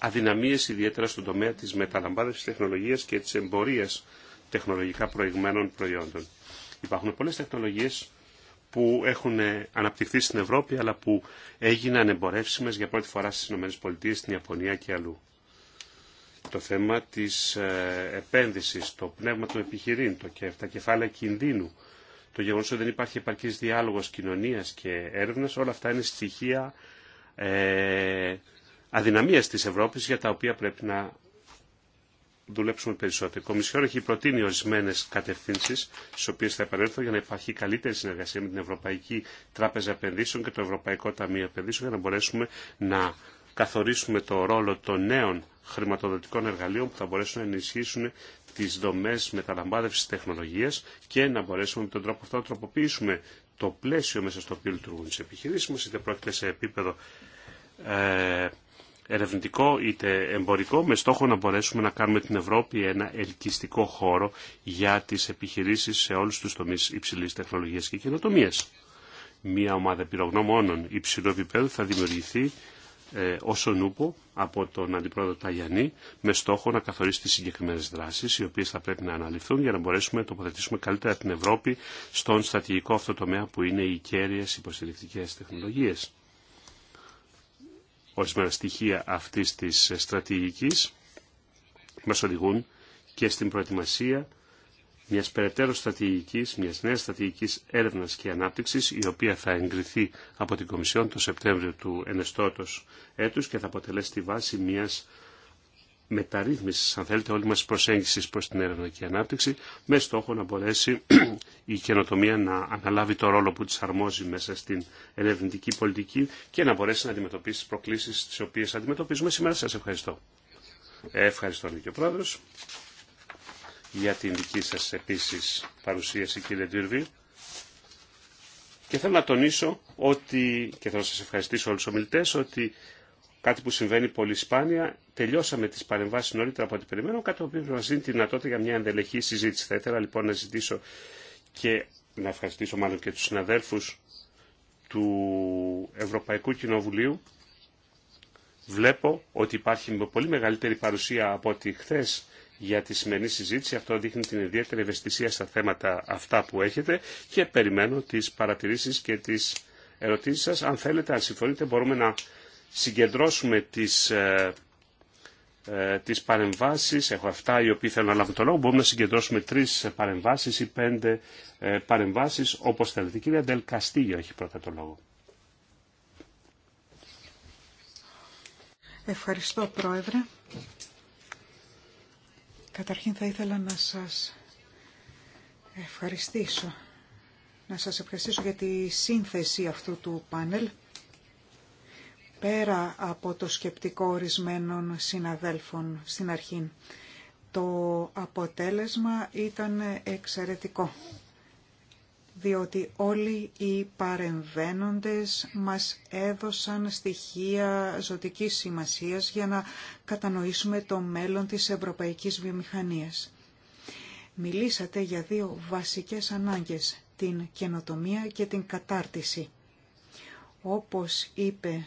αδυναμίες ιδιαίτερα στον τομέα της μεταλαμβάνευσης τεχνολογίας και της εμπορίας τεχνολογικά προηγμένων προϊόντων. Υπάρχουν πολλές τεχνολογίες που έχουν αναπτυχθεί στην Ευρώπη αλλά που έγιναν εμπορεύσιμες για πρώτη φορά στις ΗΠΑ, στην Ιαπωνία και αλλού το θέμα της ε, επένδυσης, το πνεύμα του επιχειρήν, το και, τα κεφάλαια κινδύνου, το γεγονός ότι δεν υπάρχει επαρκής διάλογος κοινωνίας και έρευνας, όλα αυτά είναι στοιχεία ε, αδυναμίας της Ευρώπης για τα οποία πρέπει να δουλέψουμε περισσότερο. Η Κομισιόν έχει προτείνει ορισμένε κατευθύνσει, στι οποίε θα επανέλθω, για να υπάρχει καλύτερη συνεργασία με την Ευρωπαϊκή Τράπεζα Επενδύσεων και το Ευρωπαϊκό Ταμείο Επενδύσεων, για να μπορέσουμε να καθορίσουμε το ρόλο των νέων χρηματοδοτικών εργαλείων που θα μπορέσουν να ενισχύσουν τις δομές μεταλαμπάδευσης τεχνολογίας και να μπορέσουμε με τον τρόπο αυτό να τροποποιήσουμε το πλαίσιο μέσα στο οποίο λειτουργούν τις επιχειρήσεις μας, είτε πρόκειται σε επίπεδο ε, ερευνητικό είτε εμπορικό, με στόχο να μπορέσουμε να κάνουμε την Ευρώπη ένα ελκυστικό χώρο για τις επιχειρήσεις σε όλους τους τομείς υψηλής τεχνολογίας και καινοτομίας. Μία ομάδα πυρογνώμων υψηλού επίπεδου θα δημιουργηθεί ε, όσο από τον Αντιπρόεδρο Ταγιανή με στόχο να καθορίσει τις συγκεκριμένες δράσεις οι οποίες θα πρέπει να αναλυθούν για να μπορέσουμε να τοποθετήσουμε καλύτερα την Ευρώπη στον στρατηγικό αυτό τομέα που είναι οι κέρυες υποστηρικτικές τεχνολογίες. Ορισμένα στοιχεία αυτής της στρατηγικής μας οδηγούν και στην προετοιμασία μια περαιτέρω στρατηγική, μια νέα στρατηγική έρευνα και ανάπτυξη, η οποία θα εγκριθεί από την Κομισιόν το Σεπτέμβριο του ενεστώτο έτου και θα αποτελέσει τη βάση μια μεταρρύθμιση, αν θέλετε, όλη μα προσέγγιση προ την έρευνα και ανάπτυξη, με στόχο να μπορέσει η καινοτομία να αναλάβει το ρόλο που τη αρμόζει μέσα στην ερευνητική πολιτική και να μπορέσει να αντιμετωπίσει τι προκλήσει τι οποίε αντιμετωπίζουμε σήμερα. Σα ευχαριστώ. Ε, ευχαριστώ, Πρόεδρος για την δική σας επίσης παρουσίαση κύριε Ντύρβη. Και θέλω να τονίσω ότι, και θέλω να σας ευχαριστήσω όλους τους ομιλητές, ότι κάτι που συμβαίνει πολύ σπάνια, τελειώσαμε τις παρεμβάσεις νωρίτερα από ό,τι περιμένω, κάτι που μα δίνει τη δυνατότητα για μια ενδελεχή συζήτηση. Θα ήθελα λοιπόν να ζητήσω και να ευχαριστήσω μάλλον και τους συναδέλφους του Ευρωπαϊκού Κοινοβουλίου. Βλέπω ότι υπάρχει με πολύ μεγαλύτερη παρουσία από ότι χθε για τη σημερινή συζήτηση. Αυτό δείχνει την ιδιαίτερη ευαισθησία στα θέματα αυτά που έχετε και περιμένω τις παρατηρήσεις και τις ερωτήσεις σας. Αν θέλετε, αν συμφωνείτε, μπορούμε να συγκεντρώσουμε τις, ε, ε τις παρεμβάσεις. Έχω αυτά οι οποίοι θέλουν να λάβουν το λόγο. Μπορούμε να συγκεντρώσουμε τρεις παρεμβάσεις ή πέντε ε, παρεμβάσεις όπως θέλετε. Η κυρία έχει πρώτα το λόγο. Ευχαριστώ Πρόεδρε. Καταρχήν θα ήθελα να σας ευχαριστήσω. Να σας ευχαριστήσω για τη σύνθεση αυτού του πάνελ. Πέρα από το σκεπτικό ορισμένων συναδέλφων στην αρχή, το αποτέλεσμα ήταν εξαιρετικό διότι όλοι οι παρεμβαίνοντες μας έδωσαν στοιχεία ζωτικής σημασίας για να κατανοήσουμε το μέλλον της ευρωπαϊκής βιομηχανίας. Μιλήσατε για δύο βασικές ανάγκες, την καινοτομία και την κατάρτιση. Όπως είπε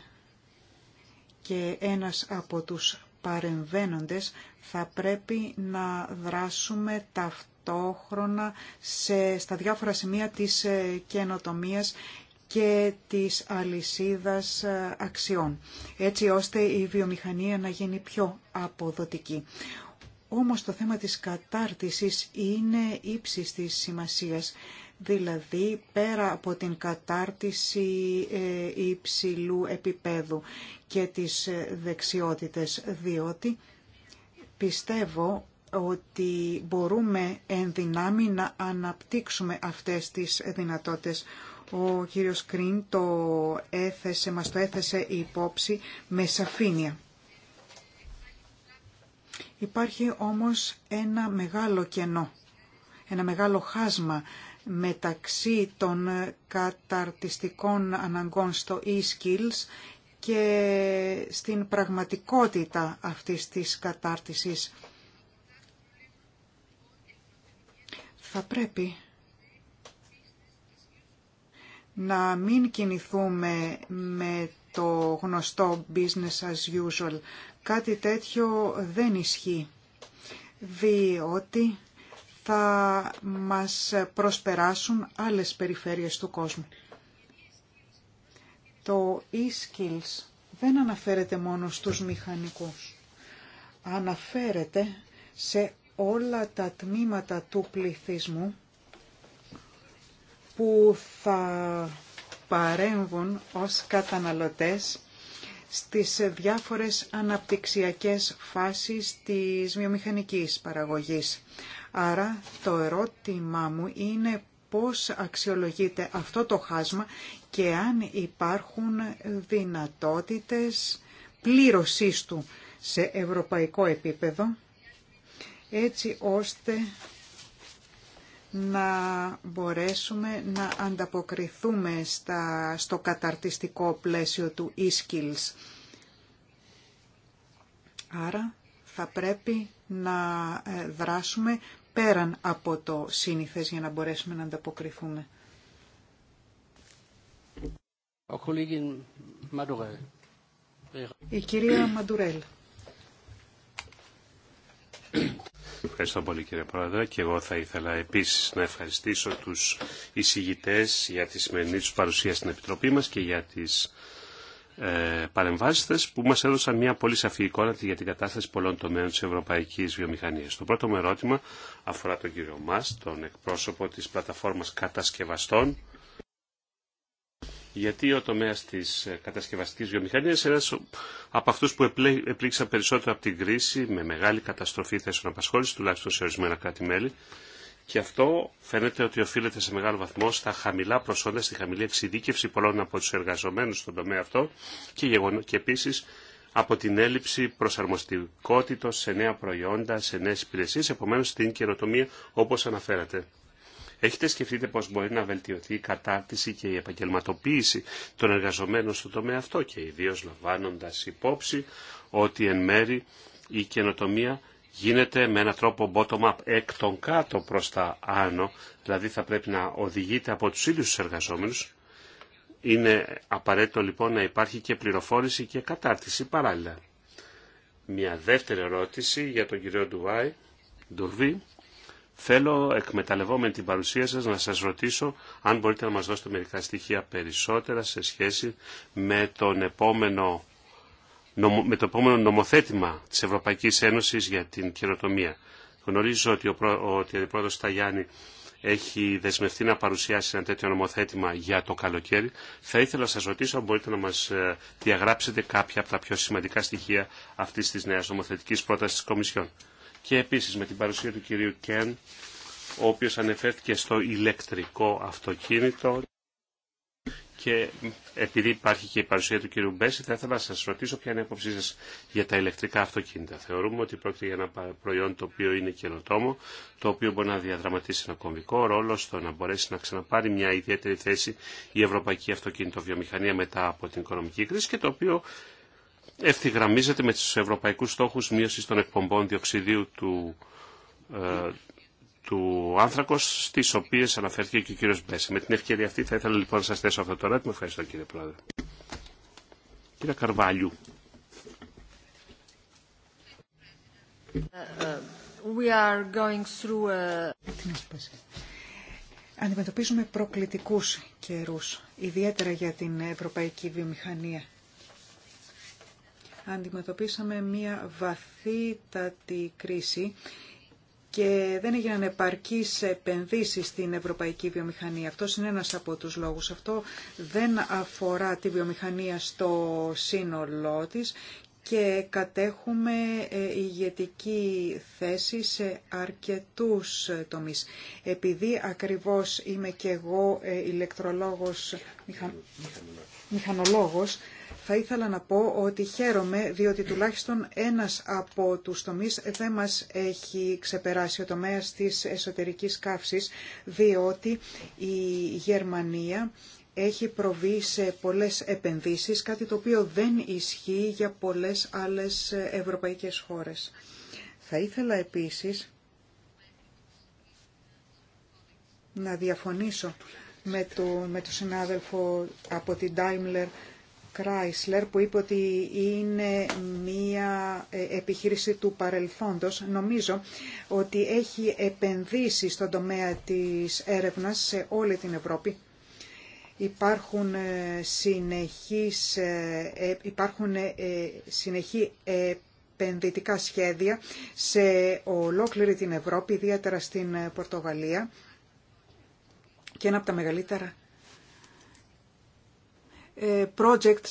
και ένας από τους παρεμβαίνοντες, θα πρέπει να δράσουμε ταυτόχρονα ταυτόχρονα σε, στα διάφορα σημεία της ε, καινοτομίας και της αλυσίδας ε, αξιών, έτσι ώστε η βιομηχανία να γίνει πιο αποδοτική. Όμως το θέμα της κατάρτισης είναι ύψης της σημασίας, δηλαδή πέρα από την κατάρτιση ε, υψηλού επίπεδου και τις δεξιότητες, διότι πιστεύω ότι μπορούμε εν δυνάμει να αναπτύξουμε αυτές τις δυνατότητες. Ο κύριος Κρίν το έθεσε, μας το έθεσε η υπόψη με σαφήνεια. Υπάρχει όμως ένα μεγάλο κενό, ένα μεγάλο χάσμα μεταξύ των καταρτιστικών αναγκών στο e-skills και στην πραγματικότητα αυτής της κατάρτισης θα πρέπει να μην κινηθούμε με το γνωστό business as usual. Κάτι τέτοιο δεν ισχύει, διότι θα μας προσπεράσουν άλλες περιφέρειες του κόσμου. Το e-skills δεν αναφέρεται μόνο στους μηχανικούς. Αναφέρεται σε όλα τα τμήματα του πληθυσμού που θα παρέμβουν ως καταναλωτές στις διάφορες αναπτυξιακές φάσεις της βιομηχανικής παραγωγής. Άρα το ερώτημά μου είναι πώς αξιολογείται αυτό το χάσμα και αν υπάρχουν δυνατότητες πλήρωσής του σε ευρωπαϊκό επίπεδο έτσι ώστε να μπορέσουμε να ανταποκριθούμε στα, στο καταρτιστικό πλαίσιο του e-skills. Άρα θα πρέπει να ε, δράσουμε πέραν από το σύνηθες για να μπορέσουμε να ανταποκριθούμε. Η κυρία Μαντουρέλ. Ευχαριστώ πολύ κύριε Πρόεδρε και εγώ θα ήθελα επίσης να ευχαριστήσω τους εισηγητές για τη σημερινή τους παρουσία στην Επιτροπή μας και για τις ε, παρεμβάσεις που μας έδωσαν μια πολύ σαφή εικόνα για την κατάσταση πολλών τομέων της ευρωπαϊκής βιομηχανίας. Το πρώτο μου ερώτημα αφορά τον κύριο Μας, τον εκπρόσωπο της πλατφόρμας κατασκευαστών γιατί ο τομέα τη ε, κατασκευαστική βιομηχανία, είναι ένας από αυτού που επλήξαν περισσότερο από την κρίση με μεγάλη καταστροφή θέσεων απασχόληση, τουλάχιστον σε ορισμένα κράτη-μέλη. Και αυτό φαίνεται ότι οφείλεται σε μεγάλο βαθμό στα χαμηλά προσόντα, στη χαμηλή εξειδίκευση πολλών από του εργαζομένου στον τομέα αυτό και, και επίσης από την έλλειψη προσαρμοστικότητα σε νέα προϊόντα, σε νέε υπηρεσίε, επομένω στην καινοτομία όπω αναφέρατε. Έχετε σκεφτείτε πώς μπορεί να βελτιωθεί η κατάρτιση και η επαγγελματοποίηση των εργαζομένων στο τομέα αυτό και ιδίω λαμβάνοντα υπόψη ότι εν μέρη η καινοτομία γίνεται με έναν τρόπο bottom-up εκ των κάτω προς τα άνω, δηλαδή θα πρέπει να οδηγείται από τους ίδιους τους εργαζόμενους. Είναι απαραίτητο λοιπόν να υπάρχει και πληροφόρηση και κατάρτιση παράλληλα. Μια δεύτερη ερώτηση για τον κύριο Ντουβάη, Ντουρβή. Θέλω, εκμεταλλευόμενη την παρουσία σας, να σας ρωτήσω αν μπορείτε να μας δώσετε μερικά στοιχεία περισσότερα σε σχέση με, τον επόμενο, με το επόμενο νομοθέτημα της Ευρωπαϊκής Ένωσης για την καινοτομία. Γνωρίζω ότι ο, ότι ο πρόεδρος Ταγιάννη έχει δεσμευτεί να παρουσιάσει ένα τέτοιο νομοθέτημα για το καλοκαίρι. Θα ήθελα να σας ρωτήσω αν μπορείτε να μας ε, διαγράψετε κάποια από τα πιο σημαντικά στοιχεία αυτής της νέας νομοθετικής πρότασης της Κομισιόν και επίσης με την παρουσία του κυρίου Κέν, ο οποίος ανεφέρθηκε στο ηλεκτρικό αυτοκίνητο και επειδή υπάρχει και η παρουσία του κυρίου Μπέση, θα ήθελα να σας ρωτήσω ποια είναι η άποψή σας για τα ηλεκτρικά αυτοκίνητα. Θεωρούμε ότι πρόκειται για ένα προϊόν το οποίο είναι καινοτόμο, το οποίο μπορεί να διαδραματίσει ένα κομβικό ρόλο στο να μπορέσει να ξαναπάρει μια ιδιαίτερη θέση η ευρωπαϊκή αυτοκινητοβιομηχανία μετά από την οικονομική κρίση και το οποίο ευθυγραμμίζεται με τους ευρωπαϊκούς στόχους μείωσης των εκπομπών διοξιδίου του, ε, του άνθρακος, στις οποίες αναφέρθηκε και ο κύριος Μπέση. Με την ευκαιρία αυτή θα ήθελα λοιπόν να σας θέσω αυτό το ερώτημα. Ευχαριστώ κύριε Πρόεδρε. Κύριε Καρβάλιου. We are going through a... Αντιμετωπίζουμε προκλητικούς καιρούς, ιδιαίτερα για την ευρωπαϊκή βιομηχανία αντιμετωπίσαμε μία βαθύτατη κρίση και δεν έγιναν επαρκείς επενδύσεις στην ευρωπαϊκή βιομηχανία. Αυτό είναι ένας από τους λόγους. Αυτό δεν αφορά τη βιομηχανία στο σύνολό της και κατέχουμε ε, ηγετική θέση σε αρκετούς ε, τομείς. Επειδή ακριβώς είμαι και εγώ ε, ηλεκτρολόγος, μηχα... μηχανολόγος, θα ήθελα να πω ότι χαίρομαι διότι τουλάχιστον ένας από τους τομείς δεν μας έχει ξεπεράσει ο τομέας της εσωτερικής καύσης διότι η Γερμανία έχει προβεί σε πολλές επενδύσεις, κάτι το οποίο δεν ισχύει για πολλές άλλες ευρωπαϊκές χώρες. Θα ήθελα επίσης να διαφωνήσω με, το, με τον συνάδελφο από την Daimler Chrysler που είπε ότι είναι μία ε, επιχείρηση του παρελθόντος. Νομίζω ότι έχει επενδύσει στον τομέα της έρευνας σε όλη την Ευρώπη. Υπάρχουν ε, συνεχείς, ε, υπάρχουν συνεχή επενδυτικά σχέδια σε ολόκληρη την Ευρώπη, ιδιαίτερα στην Πορτογαλία και ένα από τα μεγαλύτερα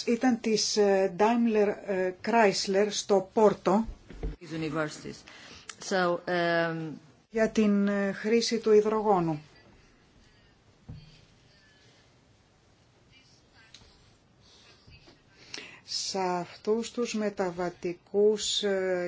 ήταν της ε, Daimler ε, Chrysler στο Πόρτο um, για την ε, χρήση του υδρογόνου. Σε αυτούς τους μεταβατικούς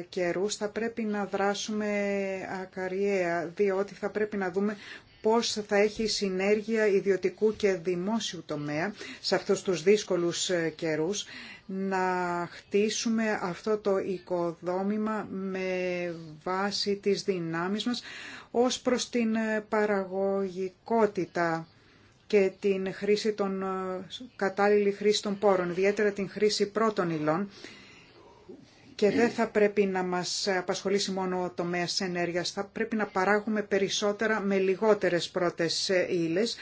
καιρούς θα πρέπει να δράσουμε ακαριέα, διότι θα πρέπει να δούμε πώς θα έχει συνέργεια ιδιωτικού και δημόσιου τομέα σε αυτούς τους δύσκολους ε, καιρούς να χτίσουμε αυτό το οικοδόμημα με βάση τις δυνάμεις μας ως προς την ε, παραγωγικότητα και την χρήση των, ε, κατάλληλη χρήση των πόρων, ιδιαίτερα την χρήση πρώτων υλών και δεν θα πρέπει να μας απασχολήσει μόνο ο τομέας ενέργειας. Θα πρέπει να παράγουμε περισσότερα με λιγότερες πρώτες ύλες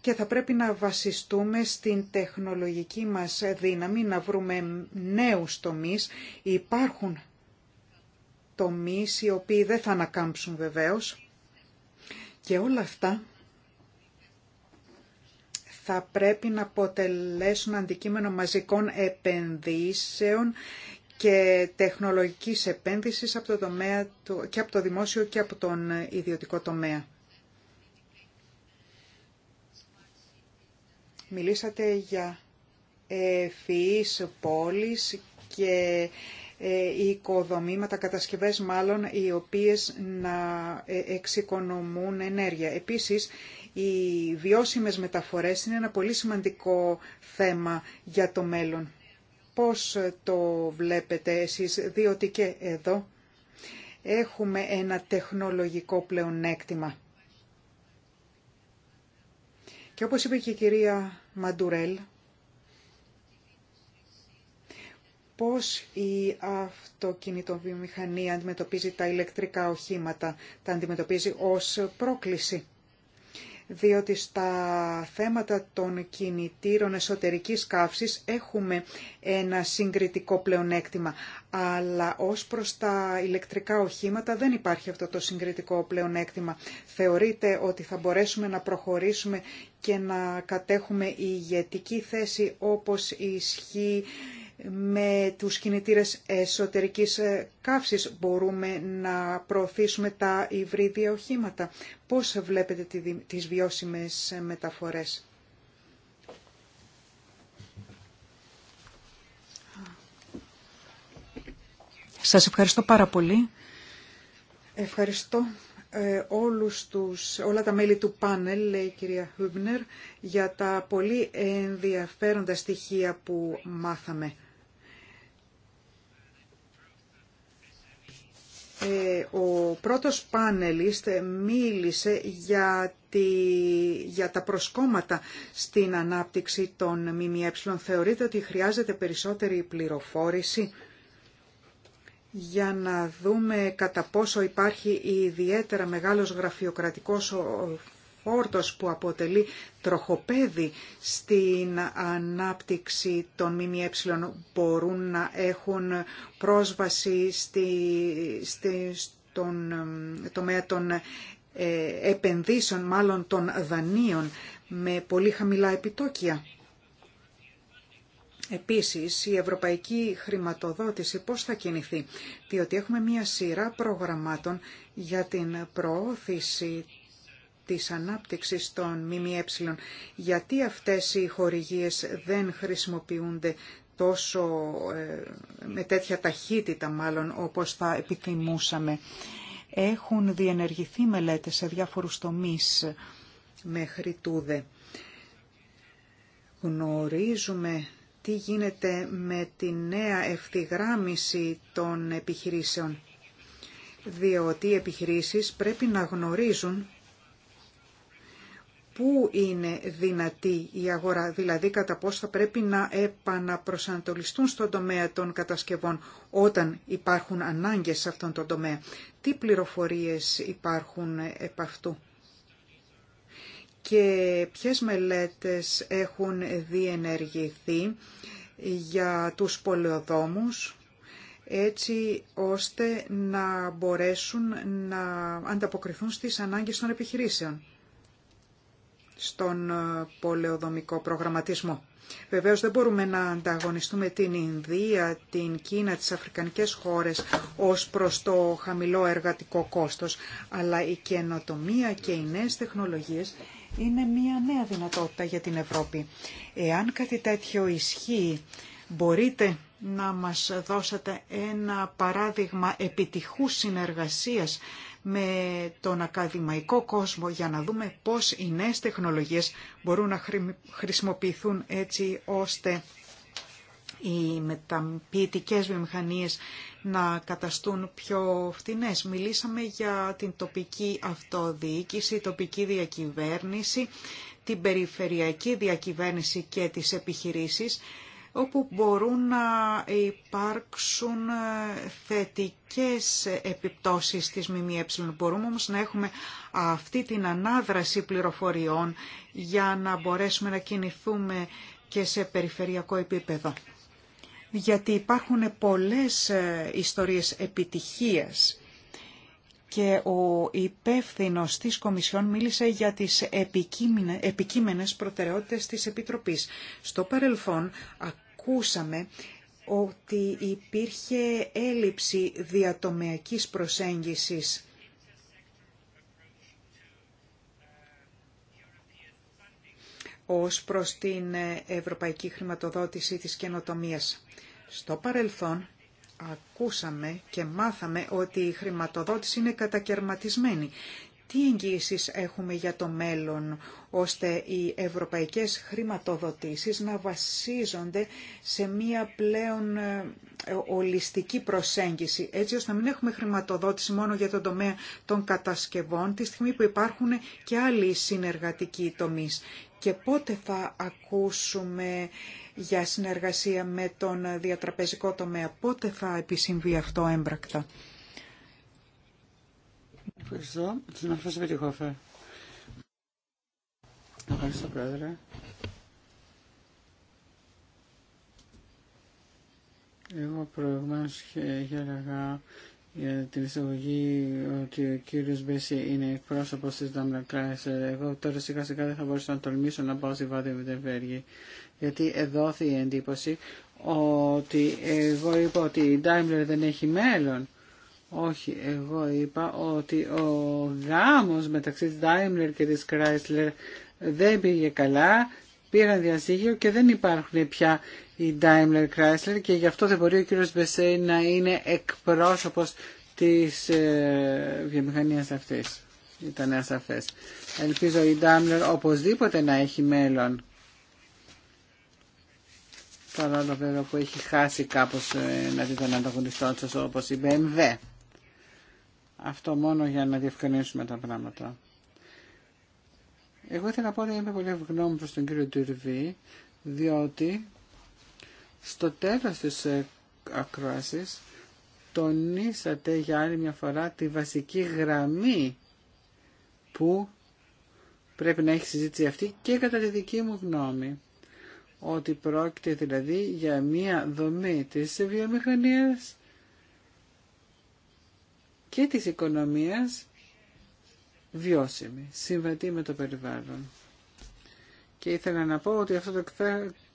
και θα πρέπει να βασιστούμε στην τεχνολογική μας δύναμη, να βρούμε νέους τομείς. Υπάρχουν τομείς οι οποίοι δεν θα ανακάμψουν βεβαίως και όλα αυτά θα πρέπει να αποτελέσουν αντικείμενο μαζικών επενδύσεων και τεχνολογική επένδυσης από το τομέα και από το δημόσιο και από τον ιδιωτικό τομέα. Μιλήσατε για ευφυείς πόλεις και ε, οικοδομήματα, κατασκευές μάλλον, οι οποίες να ε, εξοικονομούν ενέργεια. Επίσης, οι βιώσιμες μεταφορές είναι ένα πολύ σημαντικό θέμα για το μέλλον πώς το βλέπετε εσείς, διότι και εδώ έχουμε ένα τεχνολογικό πλεονέκτημα. Και όπως είπε και η κυρία Μαντουρέλ, πώς η αυτοκινητοβιομηχανία αντιμετωπίζει τα ηλεκτρικά οχήματα, τα αντιμετωπίζει ως πρόκληση διότι στα θέματα των κινητήρων εσωτερικής καύσης έχουμε ένα συγκριτικό πλεονέκτημα, αλλά ως προς τα ηλεκτρικά οχήματα δεν υπάρχει αυτό το συγκριτικό πλεονέκτημα. Θεωρείτε ότι θα μπορέσουμε να προχωρήσουμε και να κατέχουμε η ηγετική θέση όπως ισχύει με τους κινητήρες εσωτερικής ε, καύσης μπορούμε να προωθήσουμε τα υβρίδια οχήματα. Πώς βλέπετε τις βιώσιμες μεταφορές. Σας ευχαριστώ πάρα πολύ. Ευχαριστώ ε, όλους τους, όλα τα μέλη του πάνελ, λέει η κυρία Χούμπνερ, για τα πολύ ενδιαφέροντα στοιχεία που μάθαμε. Ε, ο πρώτος πάνελιστ μίλησε για, τα προσκόμματα στην ανάπτυξη των ΜΜΕ. Θεωρείτε ότι χρειάζεται περισσότερη πληροφόρηση για να δούμε κατά πόσο υπάρχει ιδιαίτερα μεγάλος γραφειοκρατικός που αποτελεί τροχοπέδι στην ανάπτυξη των ΜΜΕ μπορούν να έχουν πρόσβαση στη, στη, στον ε, τομέα των ε, επενδύσεων, μάλλον των δανείων, με πολύ χαμηλά επιτόκια. Επίσης, η ευρωπαϊκή χρηματοδότηση πώς θα κινηθεί, διότι έχουμε μία σειρά προγραμμάτων για την προώθηση της ανάπτυξης των ΜΜΕ. Γιατί αυτές οι χορηγίες δεν χρησιμοποιούνται τόσο, ε, με τέτοια ταχύτητα μάλλον όπως θα επιθυμούσαμε. Έχουν διενεργηθεί μελέτες σε διάφορους τομείς μέχρι τούδε. Γνωρίζουμε τι γίνεται με τη νέα ευθυγράμμιση των επιχειρήσεων διότι οι επιχειρήσεις πρέπει να γνωρίζουν πού είναι δυνατή η αγορά, δηλαδή κατά πώς θα πρέπει να επαναπροσανατολιστούν στον τομέα των κατασκευών όταν υπάρχουν ανάγκες σε αυτόν τον τομέα. Τι πληροφορίες υπάρχουν επ' αυτού και ποιες μελέτες έχουν διενεργηθεί για τους πολεοδόμους έτσι ώστε να μπορέσουν να ανταποκριθούν στις ανάγκες των επιχειρήσεων στον ε, πολεοδομικό προγραμματισμό. Βεβαίως δεν μπορούμε να ανταγωνιστούμε την Ινδία, την Κίνα, τις αφρικανικές χώρες ως προς το χαμηλό εργατικό κόστος, αλλά η καινοτομία και οι νέες τεχνολογίες είναι μια νέα δυνατότητα για την Ευρώπη. Εάν κάτι τέτοιο ισχύει, μπορείτε να μας δώσετε ένα παράδειγμα επιτυχούς συνεργασίας με τον ακαδημαϊκό κόσμο για να δούμε πώς οι νέες τεχνολογίες μπορούν να χρησιμοποιηθούν έτσι ώστε οι μεταποιητικές βιομηχανίες να καταστούν πιο φτηνές. Μιλήσαμε για την τοπική αυτοδιοίκηση, τοπική διακυβέρνηση, την περιφερειακή διακυβέρνηση και τις επιχειρήσεις όπου μπορούν να υπάρξουν ε, θετικές επιπτώσεις της ΜΜΕ. Μπορούμε όμως να έχουμε αυτή την ανάδραση πληροφοριών για να μπορέσουμε να κινηθούμε και σε περιφερειακό επίπεδο. Γιατί υπάρχουν πολλές ε, ιστορίες επιτυχίας και ο υπεύθυνο της Κομισιόν μίλησε για τις επικείμενες προτεραιότητες της Επιτροπής. Στο παρελθόν, ακούσαμε ότι υπήρχε έλλειψη διατομεακής προσέγγισης ως προς την ευρωπαϊκή χρηματοδότηση της καινοτομίας. Στο παρελθόν ακούσαμε και μάθαμε ότι η χρηματοδότηση είναι κατακαιρματισμένη τι εγγύησεις έχουμε για το μέλλον, ώστε οι ευρωπαϊκές χρηματοδοτήσεις να βασίζονται σε μία πλέον ε, ολιστική προσέγγιση, έτσι ώστε να μην έχουμε χρηματοδότηση μόνο για τον τομέα των κατασκευών, τη στιγμή που υπάρχουν και άλλοι συνεργατικοί τομείς. Και πότε θα ακούσουμε για συνεργασία με τον διατραπεζικό τομέα, πότε θα επισυμβεί αυτό έμπρακτα. Ευχαριστώ. τη Βιτυχόφερ. Ευχαριστώ, Πρόεδρε. Εγώ προηγουμένως είχε έλεγα για την εισαγωγή ότι ο κύριος Μπέση είναι εκπρόσωπος της Ντάμνα Κράισερ. Εγώ τώρα σιγά σιγά δεν θα μπορούσα να τολμήσω να πάω στη Βάδη Βιντεβέργη. Γιατί εδόθη η εντύπωση ότι εγώ είπα ότι η Ντάιμλερ δεν έχει μέλλον. Όχι, εγώ είπα ότι ο γάμος μεταξύ της Daimler και της Chrysler δεν πήγε καλά, πήραν διαζύγιο και δεν υπάρχουν πια οι Daimler Chrysler και γι' αυτό δεν μπορεί ο κύριος Μπεσέι να είναι εκπρόσωπος της ε, βιομηχανίας αυτής. Ήταν ασαφές. Ελπίζω η Daimler οπωσδήποτε να έχει μέλλον. Παρόλο βέβαια που έχει χάσει κάπως ε, να δει τον ανταγωνιστό όπως η BMW. Αυτό μόνο για να διευκρινίσουμε τα πράγματα. Εγώ ήθελα να πω ότι είμαι πολύ ευγνώμη προς τον κύριο Τουρβή, διότι στο τέλος της ε, ακρόασης τονίσατε για άλλη μια φορά τη βασική γραμμή που πρέπει να έχει συζήτηση αυτή και κατά τη δική μου γνώμη ότι πρόκειται δηλαδή για μια δομή της βιομηχανίας και της οικονομίας βιώσιμη, συμβατή με το περιβάλλον. Και ήθελα να πω ότι αυτό το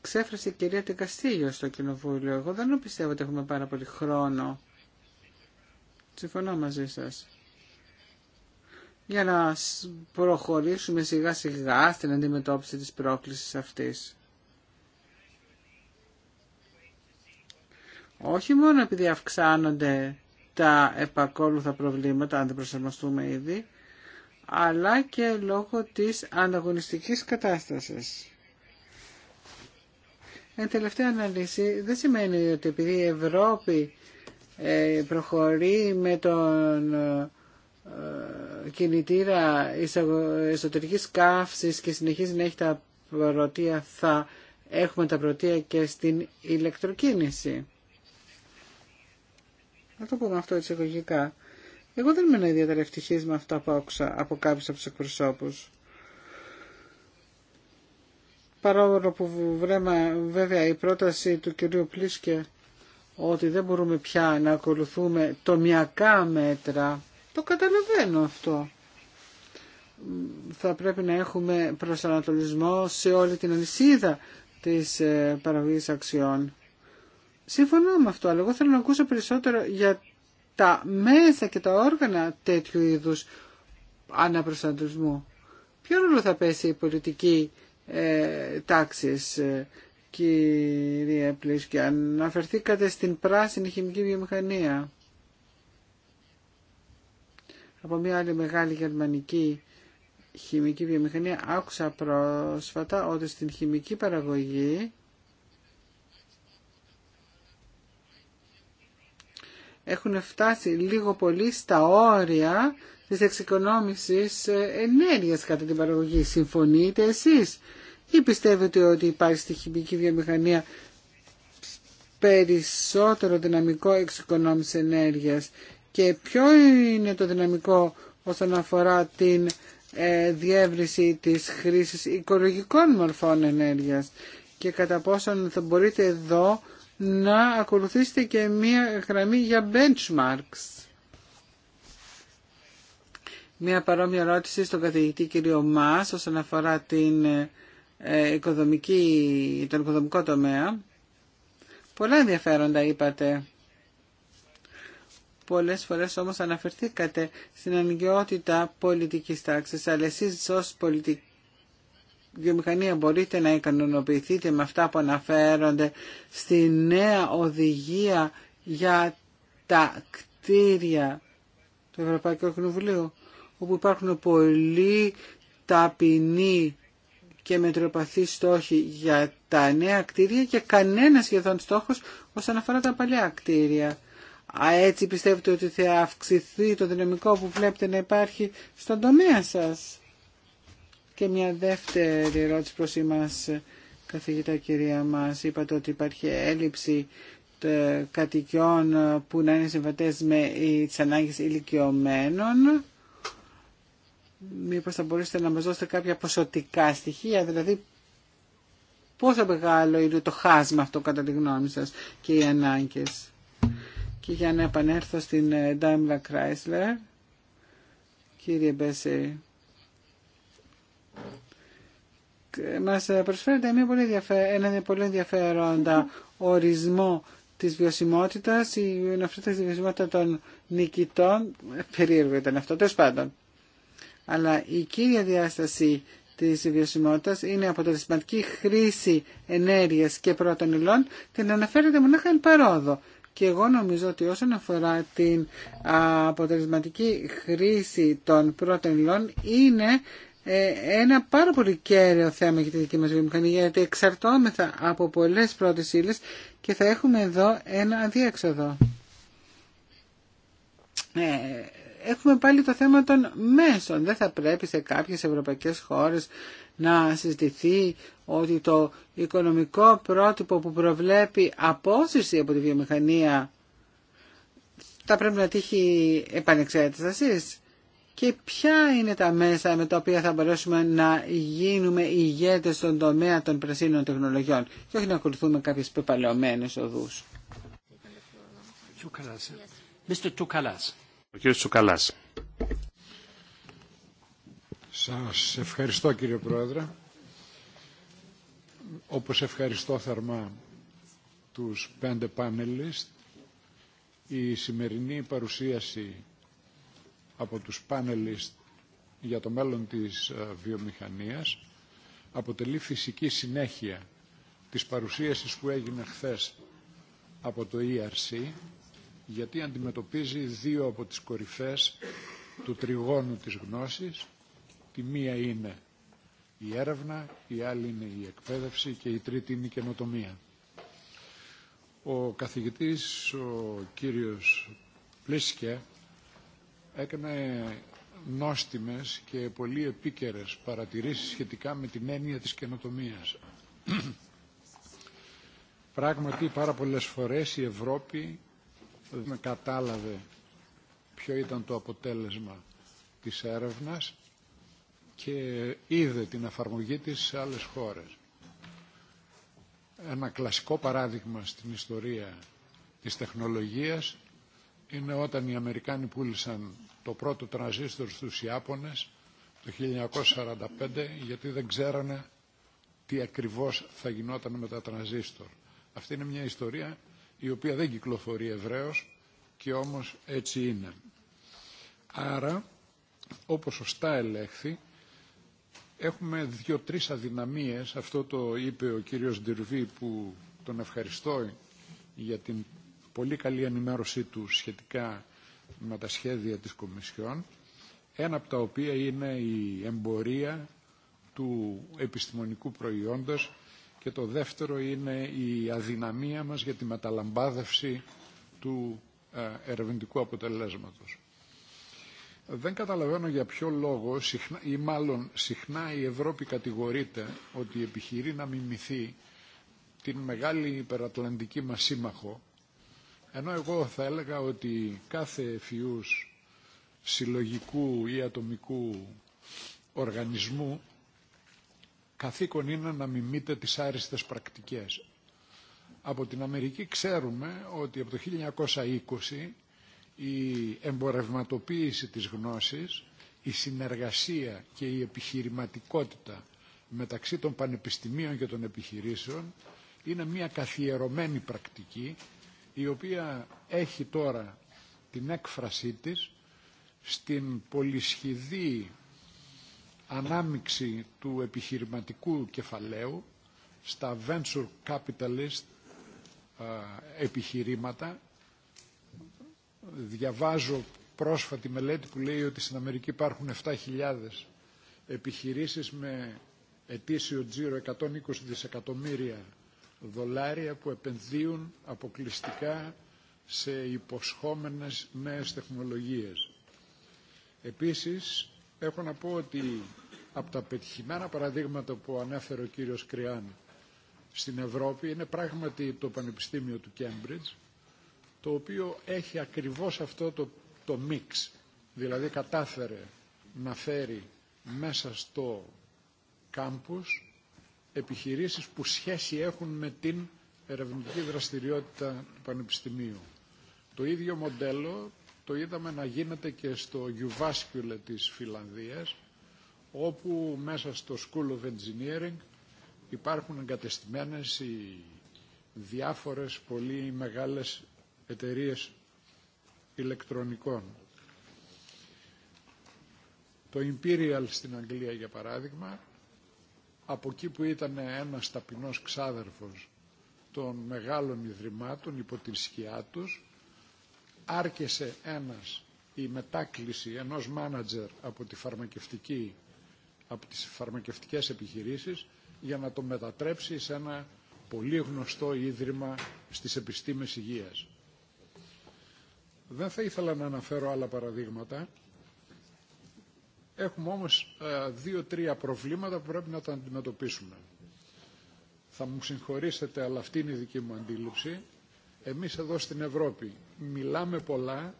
ξέφρασε η κυρία Τεκαστήλιο στο κοινοβούλιο. Εγώ δεν πιστεύω ότι έχουμε πάρα πολύ χρόνο. Συμφωνώ μαζί σας. Για να προχωρήσουμε σιγά σιγά στην αντιμετώπιση της πρόκλησης αυτής. Όχι μόνο επειδή αυξάνονται τα επακόλουθα προβλήματα, αν δεν προσαρμοστούμε ήδη, αλλά και λόγω της ανταγωνιστικής κατάστασης. Εν τελευταία αναλύση δεν σημαίνει ότι επειδή η Ευρώπη ε, προχωρεί με τον ε, κινητήρα εσωτερικής καύσης και συνεχίζει να έχει τα πρωτεία θα έχουμε τα πρωτεία και στην ηλεκτροκίνηση. Να το πούμε αυτό έτσι εγωγικά. Εγώ δεν ήμουν ιδιαίτερα ευτυχή με αυτά που άκουσα από κάποιου από του εκπροσώπου. Παρόλο που βρέμα, βέβαια η πρόταση του κυρίου Πλίσκε ότι δεν μπορούμε πια να ακολουθούμε τομιακά μέτρα, το καταλαβαίνω αυτό. Θα πρέπει να έχουμε προσανατολισμό σε όλη την αλυσίδα της ε, παραγωγής αξιών. Συμφωνώ με αυτό, αλλά εγώ θέλω να ακούσω περισσότερο για τα μέσα και τα όργανα τέτοιου είδους αναπροσανατολισμού. Ποιο ρόλο θα πέσει η πολιτική ε, τάξης, ε, κυρία αν αναφερθήκατε στην πράσινη χημική βιομηχανία. Από μια άλλη μεγάλη γερμανική χημική βιομηχανία άκουσα πρόσφατα ότι στην χημική παραγωγή έχουν φτάσει λίγο πολύ στα όρια της εξοικονόμησης ενέργειας κατά την παραγωγή. Συμφωνείτε εσείς ή πιστεύετε ότι υπάρχει στη χημική βιομηχανία περισσότερο δυναμικό εξοικονόμηση ενέργειας και ποιο είναι το δυναμικό όσον αφορά την ε, διεύρυνση της χρήσης οικολογικών μορφών ενέργειας και κατά πόσον θα μπορείτε εδώ να ακολουθήσετε και μία γραμμή για benchmarks. Μία παρόμοια ερώτηση στον καθηγητή κύριο Μας όσον αφορά την, ε, οικοδομική, τον οικοδομικό τομέα. Πολλά ενδιαφέροντα είπατε. Πολλές φορές όμως αναφερθήκατε στην αναγκαιότητα πολιτικής τάξης, αλλά εσείς ως πολιτικοί βιομηχανία μπορείτε να ικανοποιηθείτε με αυτά που αναφέρονται στη νέα οδηγία για τα κτίρια του Ευρωπαϊκού Κοινοβουλίου όπου υπάρχουν πολλοί ταπεινοί και μετροπαθή στόχοι για τα νέα κτίρια και κανένα σχεδόν στόχος όσον αφορά τα παλιά κτίρια. Α, έτσι πιστεύετε ότι θα αυξηθεί το δυναμικό που βλέπετε να υπάρχει στον τομέα σας. Και μια δεύτερη ερώτηση προς εμάς, καθηγητά κυρία μας. Είπατε ότι υπάρχει έλλειψη ε, κατοικιών ε, που να είναι συμβατές με τις ανάγκες ηλικιωμένων. Μήπως θα μπορούσατε να μας δώσετε κάποια ποσοτικά στοιχεία, δηλαδή πόσο μεγάλο είναι το χάσμα αυτό κατά τη γνώμη σας και οι ανάγκες. Και για να επανέλθω στην ε, Daimler Chrysler, κύριε Μπέση, μας ε, προσφέρεται ένα πολύ ενδιαφέρον πολύ ενδιαφέροντα ορισμό της βιωσιμότητας, η ναυτότητα τη βιωσιμότητα των νικητών, ε, περίεργο ήταν αυτό, τέλο πάντων. Αλλά η κύρια διάσταση της βιωσιμότητας είναι αποτελεσματική χρήση ενέργειας και πρώτων υλών, την αναφέρεται μονάχα εν παρόδο. Και εγώ νομίζω ότι όσον αφορά την αποτελεσματική χρήση των πρώτων υλών είναι ε, ένα πάρα πολύ κέραιο θέμα για τη δική μας βιομηχανία γιατί εξαρτώμεθα από πολλές πρώτες ύλες και θα έχουμε εδώ ένα αδίέξοδο. Ε, έχουμε πάλι το θέμα των μέσων. Δεν θα πρέπει σε κάποιες ευρωπαϊκές χώρες να συζητηθεί ότι το οικονομικό πρότυπο που προβλέπει απόσυρση από τη βιομηχανία θα πρέπει να τύχει επανεξέτασης και ποια είναι τα μέσα με τα οποία θα μπορέσουμε να γίνουμε ηγέτες στον τομέα των πρασίνων τεχνολογιών και όχι να ακολουθούμε κάποιες πεπαλαιωμένες οδούς. Ο κύριος Τσουκαλάς. Σας ευχαριστώ κύριε Πρόεδρε. Όπως ευχαριστώ θερμά τους πέντε πάνελιστ, η σημερινή παρουσίαση από τους πάνελιστ για το μέλλον της ε, βιομηχανίας αποτελεί φυσική συνέχεια της παρουσίασης που έγινε χθες από το ERC γιατί αντιμετωπίζει δύο από τις κορυφές του τριγώνου της γνώσης. Τη μία είναι η έρευνα, η άλλη είναι η εκπαίδευση και η τρίτη είναι η καινοτομία. Ο καθηγητής, ο κύριος Πλίσκε, έκανε νόστιμες και πολύ επίκαιρες παρατηρήσεις σχετικά με την έννοια της καινοτομίας. Πράγματι, πάρα πολλές φορές η Ευρώπη δεν κατάλαβε ποιο ήταν το αποτέλεσμα της έρευνας και είδε την εφαρμογή της σε άλλες χώρες. Ένα κλασικό παράδειγμα στην ιστορία της τεχνολογίας είναι όταν οι Αμερικάνοι πούλησαν το πρώτο τρανζίστορ στους Ιάπωνες το 1945 γιατί δεν ξέρανε τι ακριβώς θα γινόταν με τα τρανζίστορ. Αυτή είναι μια ιστορία η οποία δεν κυκλοφορεί ευρέως και όμως έτσι είναι. Άρα, όπως σωστά ελέγχθη, έχουμε δύο-τρεις αδυναμίες. Αυτό το είπε ο κύριος Ντυρβή που τον ευχαριστώ για την πολύ καλή ενημέρωσή του σχετικά με τα σχέδια της Κομισιόν, ένα από τα οποία είναι η εμπορία του επιστημονικού προϊόντος και το δεύτερο είναι η αδυναμία μας για τη μεταλαμπάδευση του ε, ερευνητικού αποτελέσματος. Δεν καταλαβαίνω για ποιο λόγο συχνά, ή μάλλον συχνά η Ευρώπη κατηγορείται ότι επιχειρεί να μιμηθεί την μεγάλη υπερατλαντική μας σύμμαχο ενώ εγώ θα έλεγα ότι κάθε εφιούς συλλογικού ή ατομικού οργανισμού καθήκον είναι να μιμείται τις άριστες πρακτικές. Από την Αμερική ξέρουμε ότι από το 1920 η εμπορευματοποίηση της γνώσης, η συνεργασία και η επιχειρηματικότητα μεταξύ των πανεπιστημίων και των επιχειρήσεων είναι μια καθιερωμένη πρακτική η οποία έχει τώρα την έκφρασή της στην πολυσχηδή ανάμιξη του επιχειρηματικού κεφαλαίου στα venture capitalist επιχειρήματα. Διαβάζω πρόσφατη μελέτη που λέει ότι στην Αμερική υπάρχουν 7.000 επιχειρήσεις με ετήσιο τζίρο 120 δισεκατομμύρια δολάρια που επενδύουν αποκλειστικά σε υποσχόμενες νέες τεχνολογίες. Επίσης, έχω να πω ότι από τα πετυχημένα παραδείγματα που ανέφερε ο κύριος Κριάν στην Ευρώπη είναι πράγματι το Πανεπιστήμιο του Κέμπριτζ, το οποίο έχει ακριβώς αυτό το, το μίξ, δηλαδή κατάφερε να φέρει μέσα στο κάμπους επιχειρήσεις που σχέση έχουν με την ερευνητική δραστηριότητα του Πανεπιστημίου. Το ίδιο μοντέλο το είδαμε να γίνεται και στο Γιουβάσκιουλε της Φιλανδίας, όπου μέσα στο School of Engineering υπάρχουν εγκατεστημένες οι διάφορες πολύ μεγάλες εταιρείες ηλεκτρονικών. Το Imperial στην Αγγλία, για παράδειγμα, από εκεί που ήταν ένας ταπεινός ξάδερφος των μεγάλων ιδρυμάτων υπό την σκιά τους, άρκεσε ένας η μετάκληση ενός μάνατζερ από, τη φαρμακευτική, από τις φαρμακευτικές επιχειρήσεις για να το μετατρέψει σε ένα πολύ γνωστό ίδρυμα στις επιστήμες υγείας. Δεν θα ήθελα να αναφέρω άλλα παραδείγματα, Έχουμε όμως ε, δύο-τρία προβλήματα που πρέπει να τα αντιμετωπίσουμε. Θα μου συγχωρήσετε, αλλά αυτή είναι η δική μου αντίληψη. Εμείς εδώ στην Ευρώπη μιλάμε πολλά,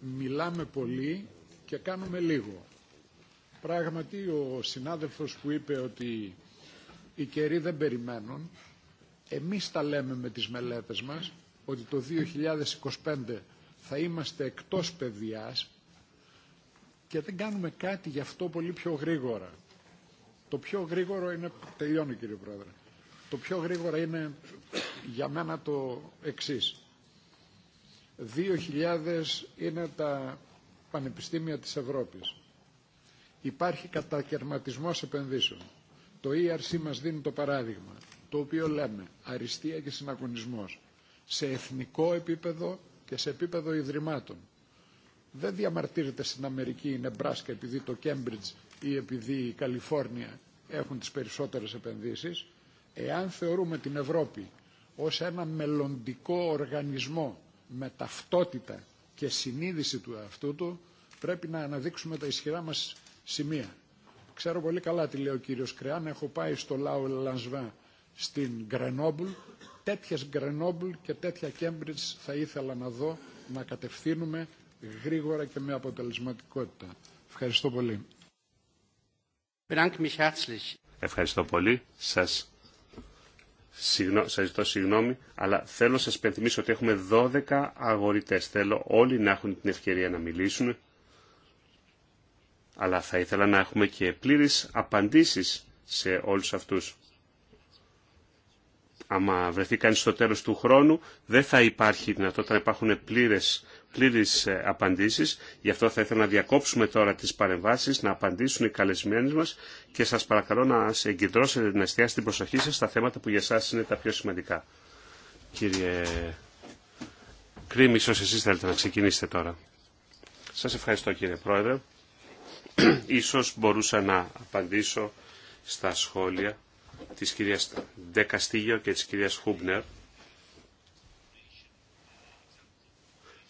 μιλάμε πολύ και κάνουμε λίγο. Πράγματι, ο συνάδελφος που είπε ότι οι καιροί δεν περιμένουν, εμείς τα λέμε με τις μελέτες μας ότι το 2025 θα είμαστε εκτός παιδιάς, και δεν κάνουμε κάτι γι' αυτό πολύ πιο γρήγορα. Το πιο γρήγορο είναι... τελειώνει κύριε Πρόεδρε. Το πιο γρήγορο είναι για μένα το εξής. 2.000 είναι τα πανεπιστήμια της Ευρώπης. Υπάρχει κατακαιρματισμός επενδύσεων. Το ERC μας δίνει το παράδειγμα, το οποίο λέμε αριστεία και συναγωνισμός σε εθνικό επίπεδο και σε επίπεδο ιδρυμάτων δεν διαμαρτύρεται στην Αμερική η Νεμπράσκα επειδή το Κέμπριτζ ή επειδή η Καλιφόρνια έχουν τις περισσότερες επενδύσεις. Εάν θεωρούμε την Ευρώπη ως ένα μελλοντικό οργανισμό με ταυτότητα και συνείδηση του αυτού του, πρέπει να αναδείξουμε τα ισχυρά μας σημεία. Ξέρω πολύ καλά τι λέει ο κύριος Κρεάν, έχω πάει στο Λάο Λανσβά στην Γκρενόμπουλ, τέτοιες Γκρενόμπουλ και τέτοια Κέμπριτζ θα ήθελα να δω να κατευθύνουμε γρήγορα και με αποτελεσματικότητα. Ευχαριστώ πολύ. Ευχαριστώ πολύ. Σας, συγνώ, σας ζητώ συγγνώμη, αλλά θέλω να σας πενθυμίσω ότι έχουμε 12 αγορητές. Θέλω όλοι να έχουν την ευκαιρία να μιλήσουν, αλλά θα ήθελα να έχουμε και πλήρες απαντήσεις σε όλους αυτούς. Άμα βρεθεί κανείς στο τέλος του χρόνου, δεν θα υπάρχει δυνατότητα να υπάρχουν πλήρες Πλήρε ε, απαντήσεις. Γι' αυτό θα ήθελα να διακόψουμε τώρα τις παρεμβάσεις, να απαντήσουν οι καλεσμένοι μας και σας παρακαλώ να συγκεντρώσετε την εστιάσετε την προσοχή σας στα θέματα που για σας είναι τα πιο σημαντικά. Κύριε Κρίμη, ίσως εσείς θέλετε να ξεκινήσετε τώρα. Σας ευχαριστώ κύριε Πρόεδρε. Ίσως μπορούσα να απαντήσω στα σχόλια της κυρίας Ντεκαστήγιο και της κυρίας Χούμπνερ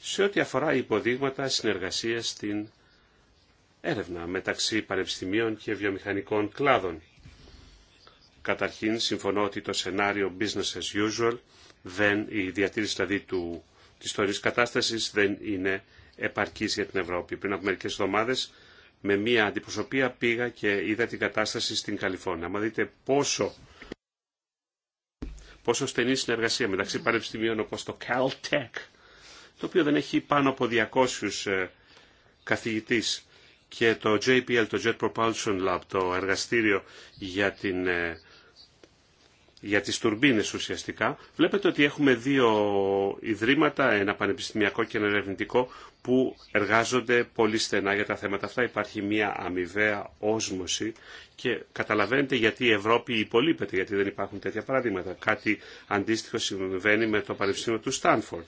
σε ό,τι αφορά υποδείγματα συνεργασίας στην έρευνα μεταξύ πανεπιστημίων και βιομηχανικών κλάδων. Καταρχήν, συμφωνώ ότι το σενάριο business as usual, δεν, η διατήρηση δηλαδή του, της τωρής κατάστασης δεν είναι επαρκής για την Ευρώπη. Πριν από μερικές εβδομάδες, με μία αντιπροσωπεία πήγα και είδα την κατάσταση στην Καλιφόρνια. Μα δείτε πόσο, πόσο στενή συνεργασία μεταξύ πανεπιστημίων όπως το Caltech, το οποίο δεν έχει πάνω από 200 ε, καθηγητής και το JPL, το Jet Propulsion Lab, το εργαστήριο για, την, ε, για τις τουρμπίνες ουσιαστικά, βλέπετε ότι έχουμε δύο ιδρύματα, ένα πανεπιστημιακό και ένα ερευνητικό, που εργάζονται πολύ στενά για τα θέματα αυτά. Υπάρχει μια αμοιβαία όσμωση και καταλαβαίνετε γιατί η Ευρώπη υπολείπεται, γιατί δεν υπάρχουν τέτοια παραδείγματα. Κάτι αντίστοιχο συμβαίνει με το Πανεπιστήμιο του Στάνφορντ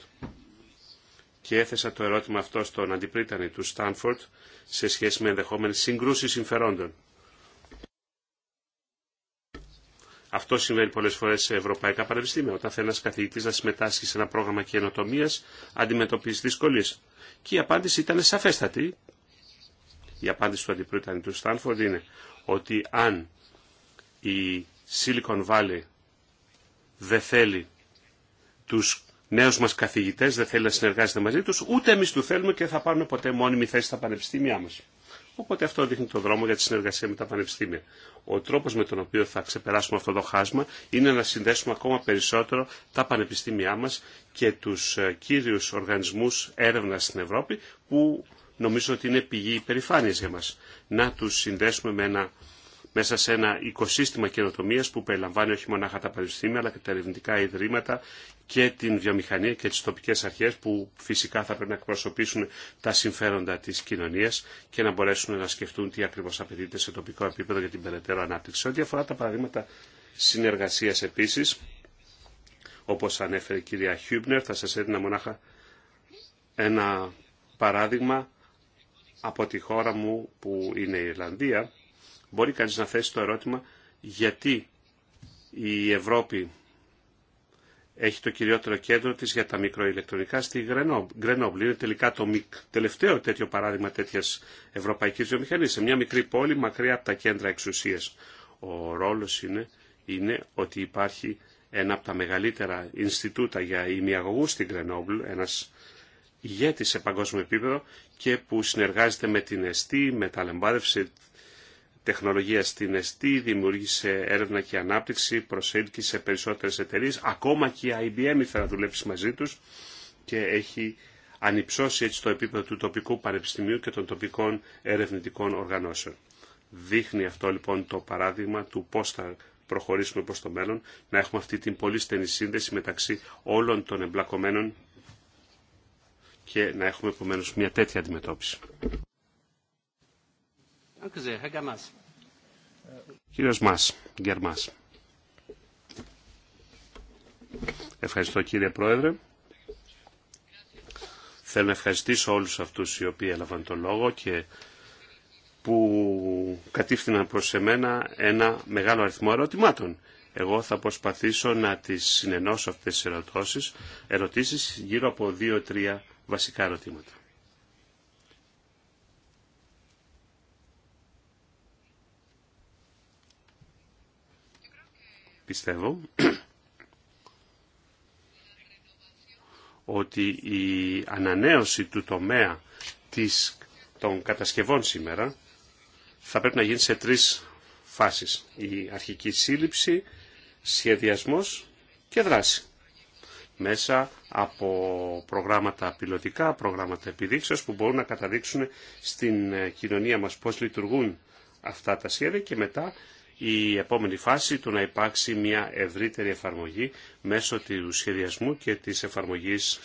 και έθεσα το ερώτημα αυτό στον αντιπρίτανη του Στάνφορντ σε σχέση με ενδεχόμενες συγκρούσεις συμφερόντων. Αυτό συμβαίνει πολλέ φορέ σε ευρωπαϊκά πανεπιστήμια. Όταν θέλει ένα καθηγητή να συμμετάσχει σε ένα πρόγραμμα καινοτομία, αντιμετωπίζει δυσκολίε. Και η απάντηση ήταν σαφέστατη. Η απάντηση του αντιπρίτανη του Στάνφορντ είναι ότι αν η Silicon Valley δεν θέλει τους νέους μας καθηγητές δεν θέλει να συνεργάζεται μαζί τους, ούτε εμείς του θέλουμε και θα πάρουμε ποτέ μόνιμη θέση στα πανεπιστήμια μας. Οπότε αυτό δείχνει το δρόμο για τη συνεργασία με τα πανεπιστήμια. Ο τρόπο με τον οποίο θα ξεπεράσουμε αυτό το χάσμα είναι να συνδέσουμε ακόμα περισσότερο τα πανεπιστήμια μα και του ε, κύριου οργανισμού έρευνα στην Ευρώπη που νομίζω ότι είναι πηγή υπερηφάνεια για μα. Να του συνδέσουμε με ένα μέσα σε ένα οικοσύστημα καινοτομία που περιλαμβάνει όχι μονάχα τα πανεπιστήμια αλλά και τα ερευνητικά ιδρύματα και την βιομηχανία και τι τοπικέ αρχέ που φυσικά θα πρέπει να εκπροσωπήσουν τα συμφέροντα τη κοινωνία και να μπορέσουν να σκεφτούν τι ακριβώ απαιτείται σε τοπικό επίπεδο για την περαιτέρω ανάπτυξη. Ό,τι αφορά τα παραδείγματα συνεργασία επίση, όπω ανέφερε η κυρία Χιούμπνερ, θα σας έδινα μονάχα ένα παράδειγμα από τη χώρα μου που είναι η Ιρλανδία, Μπορεί κανείς να θέσει το ερώτημα γιατί η Ευρώπη έχει το κυριότερο κέντρο της για τα μικροηλεκτρονικά στη Γκρενόμπλ. Είναι τελικά το τελευταίο τέτοιο παράδειγμα τέτοιας ευρωπαϊκής βιομηχανίας. Σε μια μικρή πόλη μακριά από τα κέντρα εξουσίας. Ο ρόλος είναι, είναι ότι υπάρχει ένα από τα μεγαλύτερα Ινστιτούτα για ημιαγωγού στην Γκρενόμπλ, ένας ηγέτης σε παγκόσμιο επίπεδο και που συνεργάζεται με την ΕΣΤΗ, με τα λεμπάδευση τεχνολογία στην ΕΣΤΗ, δημιούργησε έρευνα και ανάπτυξη, προσέλκυσε περισσότερες εταιρείε, ακόμα και η IBM ήθελε να δουλέψει μαζί τους και έχει ανυψώσει έτσι το επίπεδο του τοπικού πανεπιστημίου και των τοπικών ερευνητικών οργανώσεων. Δείχνει αυτό λοιπόν το παράδειγμα του πώ θα προχωρήσουμε προς το μέλλον, να έχουμε αυτή την πολύ στενή σύνδεση μεταξύ όλων των εμπλακωμένων και να έχουμε επομένως μια τέτοια αντιμετώπιση. Κύριος Μας, Γερμάς. Ευχαριστώ κύριε Πρόεδρε. Θέλω να ευχαριστήσω όλους αυτούς οι οποίοι έλαβαν το λόγο και που κατήφθηναν προς εμένα ένα μεγάλο αριθμό ερωτημάτων. Εγώ θα προσπαθήσω να τις συνενώσω αυτές τις ερωτήσεις, ερωτήσεις γύρω από δύο-τρία βασικά ερωτήματα. πιστεύω ότι η ανανέωση του τομέα της, των κατασκευών σήμερα θα πρέπει να γίνει σε τρεις φάσεις. Η αρχική σύλληψη, σχεδιασμός και δράση. Μέσα από προγράμματα πιλωτικά, προγράμματα επιδείξεως που μπορούν να καταδείξουν στην ε, κοινωνία μας πώς λειτουργούν αυτά τα σχέδια και μετά η επόμενη φάση του να υπάρξει μια ευρύτερη εφαρμογή μέσω του σχεδιασμού και της εφαρμογής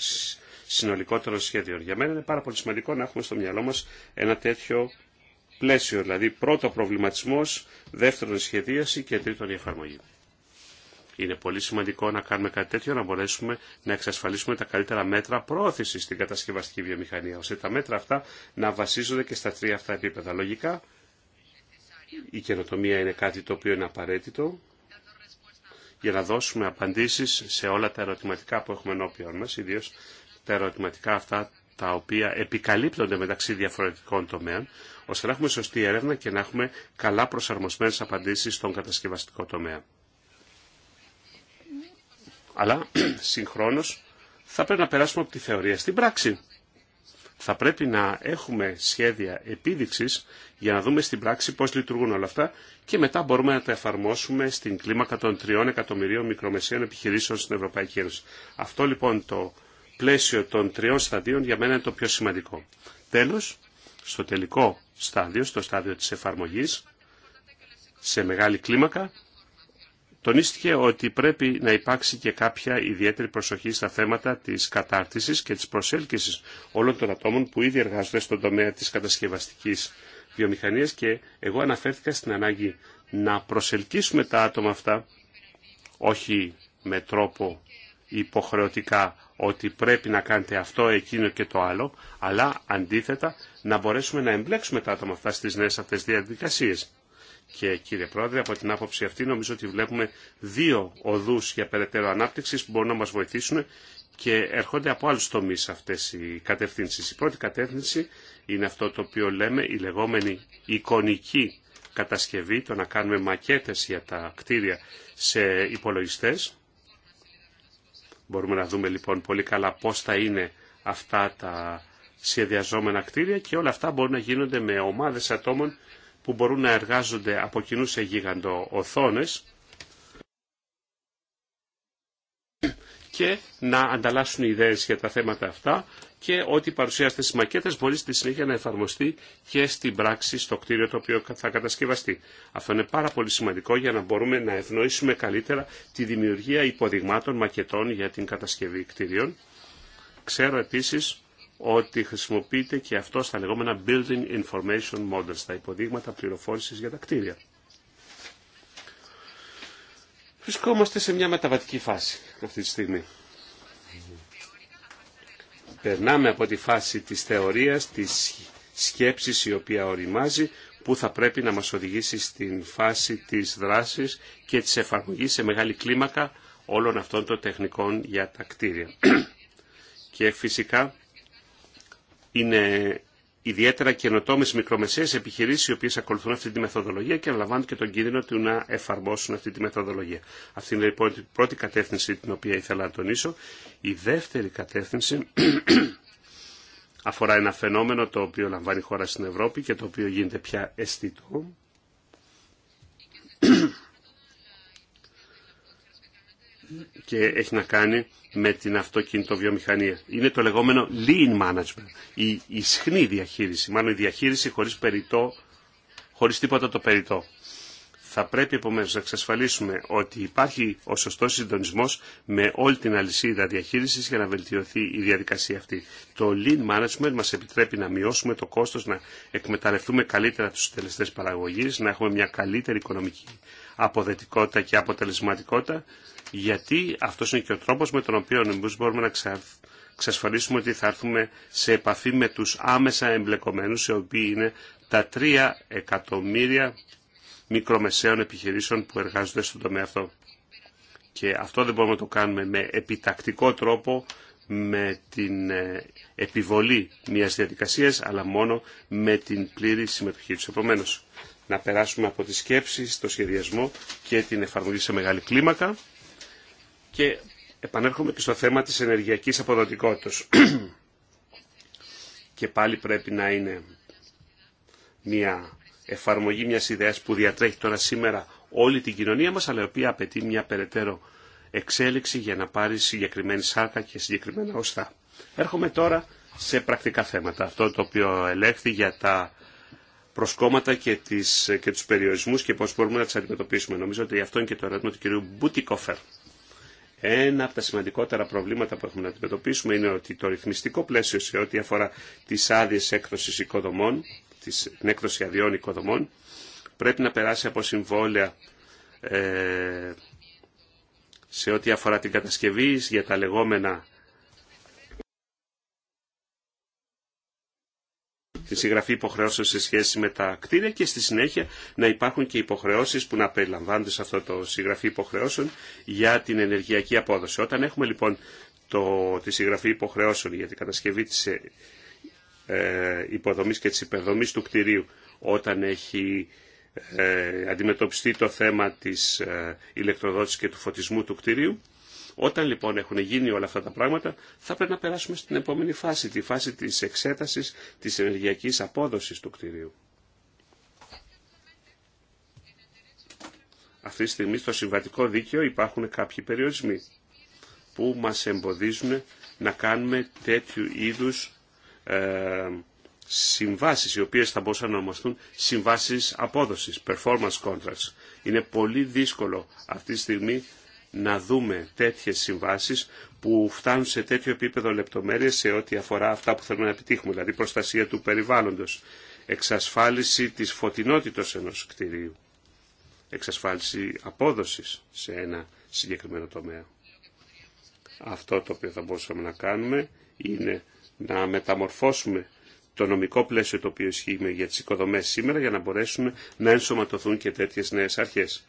συνολικότερων σχέδιων. Για μένα είναι πάρα πολύ σημαντικό να έχουμε στο μυαλό μας ένα τέτοιο πλαίσιο, δηλαδή πρώτο προβληματισμός, δεύτερον σχεδίαση και τρίτον η εφαρμογή. Είναι πολύ σημαντικό να κάνουμε κάτι τέτοιο, να μπορέσουμε να εξασφαλίσουμε τα καλύτερα μέτρα πρόθεση στην κατασκευαστική βιομηχανία, ώστε τα μέτρα αυτά να βασίζονται και στα τρία αυτά επίπεδα. Λογικά, η καινοτομία είναι κάτι το οποίο είναι απαραίτητο για να δώσουμε απαντήσεις σε όλα τα ερωτηματικά που έχουμε ενώπιον μας, ιδίως τα ερωτηματικά αυτά τα οποία επικαλύπτονται μεταξύ διαφορετικών τομέων, ώστε να έχουμε σωστή έρευνα και να έχουμε καλά προσαρμοσμένες απαντήσεις στον κατασκευαστικό τομέα. Αλλά συγχρόνως θα πρέπει να περάσουμε από τη θεωρία στην πράξη. Θα πρέπει να έχουμε σχέδια επίδειξης για να δούμε στην πράξη πώς λειτουργούν όλα αυτά και μετά μπορούμε να τα εφαρμόσουμε στην κλίμακα των τριών εκατομμυρίων μικρομεσαίων επιχειρήσεων στην Ευρωπαϊκή Ένωση. Αυτό λοιπόν το πλαίσιο των τριών σταδίων για μένα είναι το πιο σημαντικό. Τέλος, στο τελικό στάδιο, στο στάδιο της εφαρμογής, σε μεγάλη κλίμακα, τονίστηκε ότι πρέπει να υπάρξει και κάποια ιδιαίτερη προσοχή στα θέματα της κατάρτισης και της προσέλκυσης όλων των ατόμων που ήδη εργάζονται στον τομέα της κατασκευαστικής βιομηχανίας και εγώ αναφέρθηκα στην ανάγκη να προσελκύσουμε τα άτομα αυτά όχι με τρόπο υποχρεωτικά ότι πρέπει να κάνετε αυτό, εκείνο και το άλλο, αλλά αντίθετα να μπορέσουμε να εμπλέξουμε τα άτομα αυτά στις νέες αυτές διαδικασίες. Και κύριε Πρόεδρε, από την άποψη αυτή νομίζω ότι βλέπουμε δύο οδούς για περαιτέρω ανάπτυξη που μπορούν να μας βοηθήσουν και έρχονται από άλλους τομείς αυτές οι κατευθύνσεις. Η πρώτη κατεύθυνση είναι αυτό το οποίο λέμε η λεγόμενη εικονική κατασκευή, το να κάνουμε μακέτες για τα κτίρια σε υπολογιστές. Μπορούμε να δούμε λοιπόν πολύ καλά πώς θα είναι αυτά τα σχεδιαζόμενα κτίρια και όλα αυτά μπορούν να γίνονται με ομάδες ατόμων που μπορούν να εργάζονται από κοινού σε γίγαντο οθόνες και να ανταλλάσσουν ιδέες για τα θέματα αυτά και ό,τι παρουσιάζεται στις μακέτες μπορεί στη συνέχεια να εφαρμοστεί και στην πράξη στο κτίριο το οποίο θα κατασκευαστεί. Αυτό είναι πάρα πολύ σημαντικό για να μπορούμε να ευνοήσουμε καλύτερα τη δημιουργία υποδειγμάτων μακετών για την κατασκευή κτίριων. Ξέρω επίσης ότι χρησιμοποιείται και αυτό στα λεγόμενα Building Information Models, τα υποδείγματα πληροφόρησης για τα κτίρια. Βρισκόμαστε σε μια μεταβατική φάση αυτή τη στιγμή. Περνάμε από τη φάση της θεωρίας, της σκέψης η οποία οριμάζει, που θα πρέπει να μας οδηγήσει στην φάση της δράσης και της εφαρμογής σε μεγάλη κλίμακα όλων αυτών των τεχνικών για τα κτίρια. και φυσικά είναι ιδιαίτερα καινοτόμε μικρομεσαίε επιχειρήσει οι οποίε ακολουθούν αυτή τη μεθοδολογία και αναλαμβάνουν και τον κίνδυνο του να εφαρμόσουν αυτή τη μεθοδολογία. Αυτή είναι λοιπόν η πρώτη κατεύθυνση την οποία ήθελα να τονίσω. Η δεύτερη κατεύθυνση αφορά ένα φαινόμενο το οποίο λαμβάνει η χώρα στην Ευρώπη και το οποίο γίνεται πια αισθητό και έχει να κάνει με την αυτοκινητοβιομηχανία. Είναι το λεγόμενο lean management, η ισχνή διαχείριση, μάλλον η διαχείριση χωρίς, περιτό, χωρίς τίποτα το περιττό. Θα πρέπει επομένως να εξασφαλίσουμε ότι υπάρχει ο σωστός συντονισμός με όλη την αλυσίδα διαχείρισης για να βελτιωθεί η διαδικασία αυτή. Το lean management μας επιτρέπει να μειώσουμε το κόστος, να εκμεταλλευτούμε καλύτερα τους τελεστές παραγωγής, να έχουμε μια καλύτερη οικονομική αποδετικότητα και αποτελεσματικότητα, γιατί αυτός είναι και ο τρόπος με τον οποίο μπορούμε να εξασφαλίσουμε ότι θα έρθουμε σε επαφή με του άμεσα εμπλεκομένους, οι οποίοι είναι τα τρία εκατομμύρια μικρομεσαίων επιχειρήσεων που εργάζονται στον τομέα αυτό. Και αυτό δεν μπορούμε να το κάνουμε με επιτακτικό τρόπο, με την ε, επιβολή μιας διαδικασίας, αλλά μόνο με την πλήρη συμμετοχή τους. Επομένως, να περάσουμε από τις σκέψεις, το σχεδιασμό και την εφαρμογή σε μεγάλη κλίμακα και επανέρχομαι και στο θέμα της ενεργειακής αποδοτικότητας. και πάλι πρέπει να είναι μια εφαρμογή μιας ιδέας που διατρέχει τώρα σήμερα όλη την κοινωνία μας, αλλά η οποία απαιτεί μια περαιτέρω εξέλιξη για να πάρει συγκεκριμένη σάρκα και συγκεκριμένα οστά. Έρχομαι τώρα σε πρακτικά θέματα. Αυτό το οποίο ελέγχθη για τα προσκόμματα και, τις, και τους περιορισμούς και πώς μπορούμε να τις αντιμετωπίσουμε. Νομίζω ότι αυτό είναι και το ερώτημα του κυρίου Μπουτικόφερ. Ένα από τα σημαντικότερα προβλήματα που έχουμε να αντιμετωπίσουμε είναι ότι το ρυθμιστικό πλαίσιο σε ό,τι αφορά τις άδειες έκδοσης οικοδομών, τις, την έκδοση αδειών οικοδομών, πρέπει να περάσει από συμβόλαια ε, σε ό,τι αφορά την κατασκευή για τα λεγόμενα τη συγγραφή υποχρεώσεων σε σχέση με τα κτίρια και στη συνέχεια να υπάρχουν και υποχρεώσεις που να περιλαμβάνονται σε αυτό το συγγραφή υποχρεώσεων για την ενεργειακή απόδοση. Όταν έχουμε λοιπόν το, τη συγγραφή υποχρεώσεων για την κατασκευή της ε, ε υποδομής και της υπερδομής του κτηρίου όταν έχει ε, αντιμετωπιστεί το θέμα της ε, ηλεκτροδότησης και του φωτισμού του κτηρίου όταν λοιπόν έχουν γίνει όλα αυτά τα πράγματα, θα πρέπει να περάσουμε στην επόμενη φάση, τη φάση της εξέτασης της ενεργειακής απόδοσης του κτηρίου. Αυτή τη στιγμή στο συμβατικό δίκαιο υπάρχουν κάποιοι περιορισμοί που μας εμποδίζουν να κάνουμε τέτοιου είδους ε, συμβάσεις, οι οποίες θα μπορούσαν να ονομαστούν συμβάσεις απόδοσης, performance contracts. Είναι πολύ δύσκολο αυτή τη στιγμή να δούμε τέτοιες συμβάσεις που φτάνουν σε τέτοιο επίπεδο λεπτομέρειες σε ό,τι αφορά αυτά που θέλουμε να επιτύχουμε, δηλαδή προστασία του περιβάλλοντος, εξασφάλιση της φωτεινότητας ενός κτηρίου, εξασφάλιση απόδοσης σε ένα συγκεκριμένο τομέα. Αυτό το οποίο θα μπορούσαμε να κάνουμε είναι να μεταμορφώσουμε το νομικό πλαίσιο το οποίο ισχύει για τις οικοδομές σήμερα για να μπορέσουμε να ενσωματωθούν και τέτοιες νέες αρχές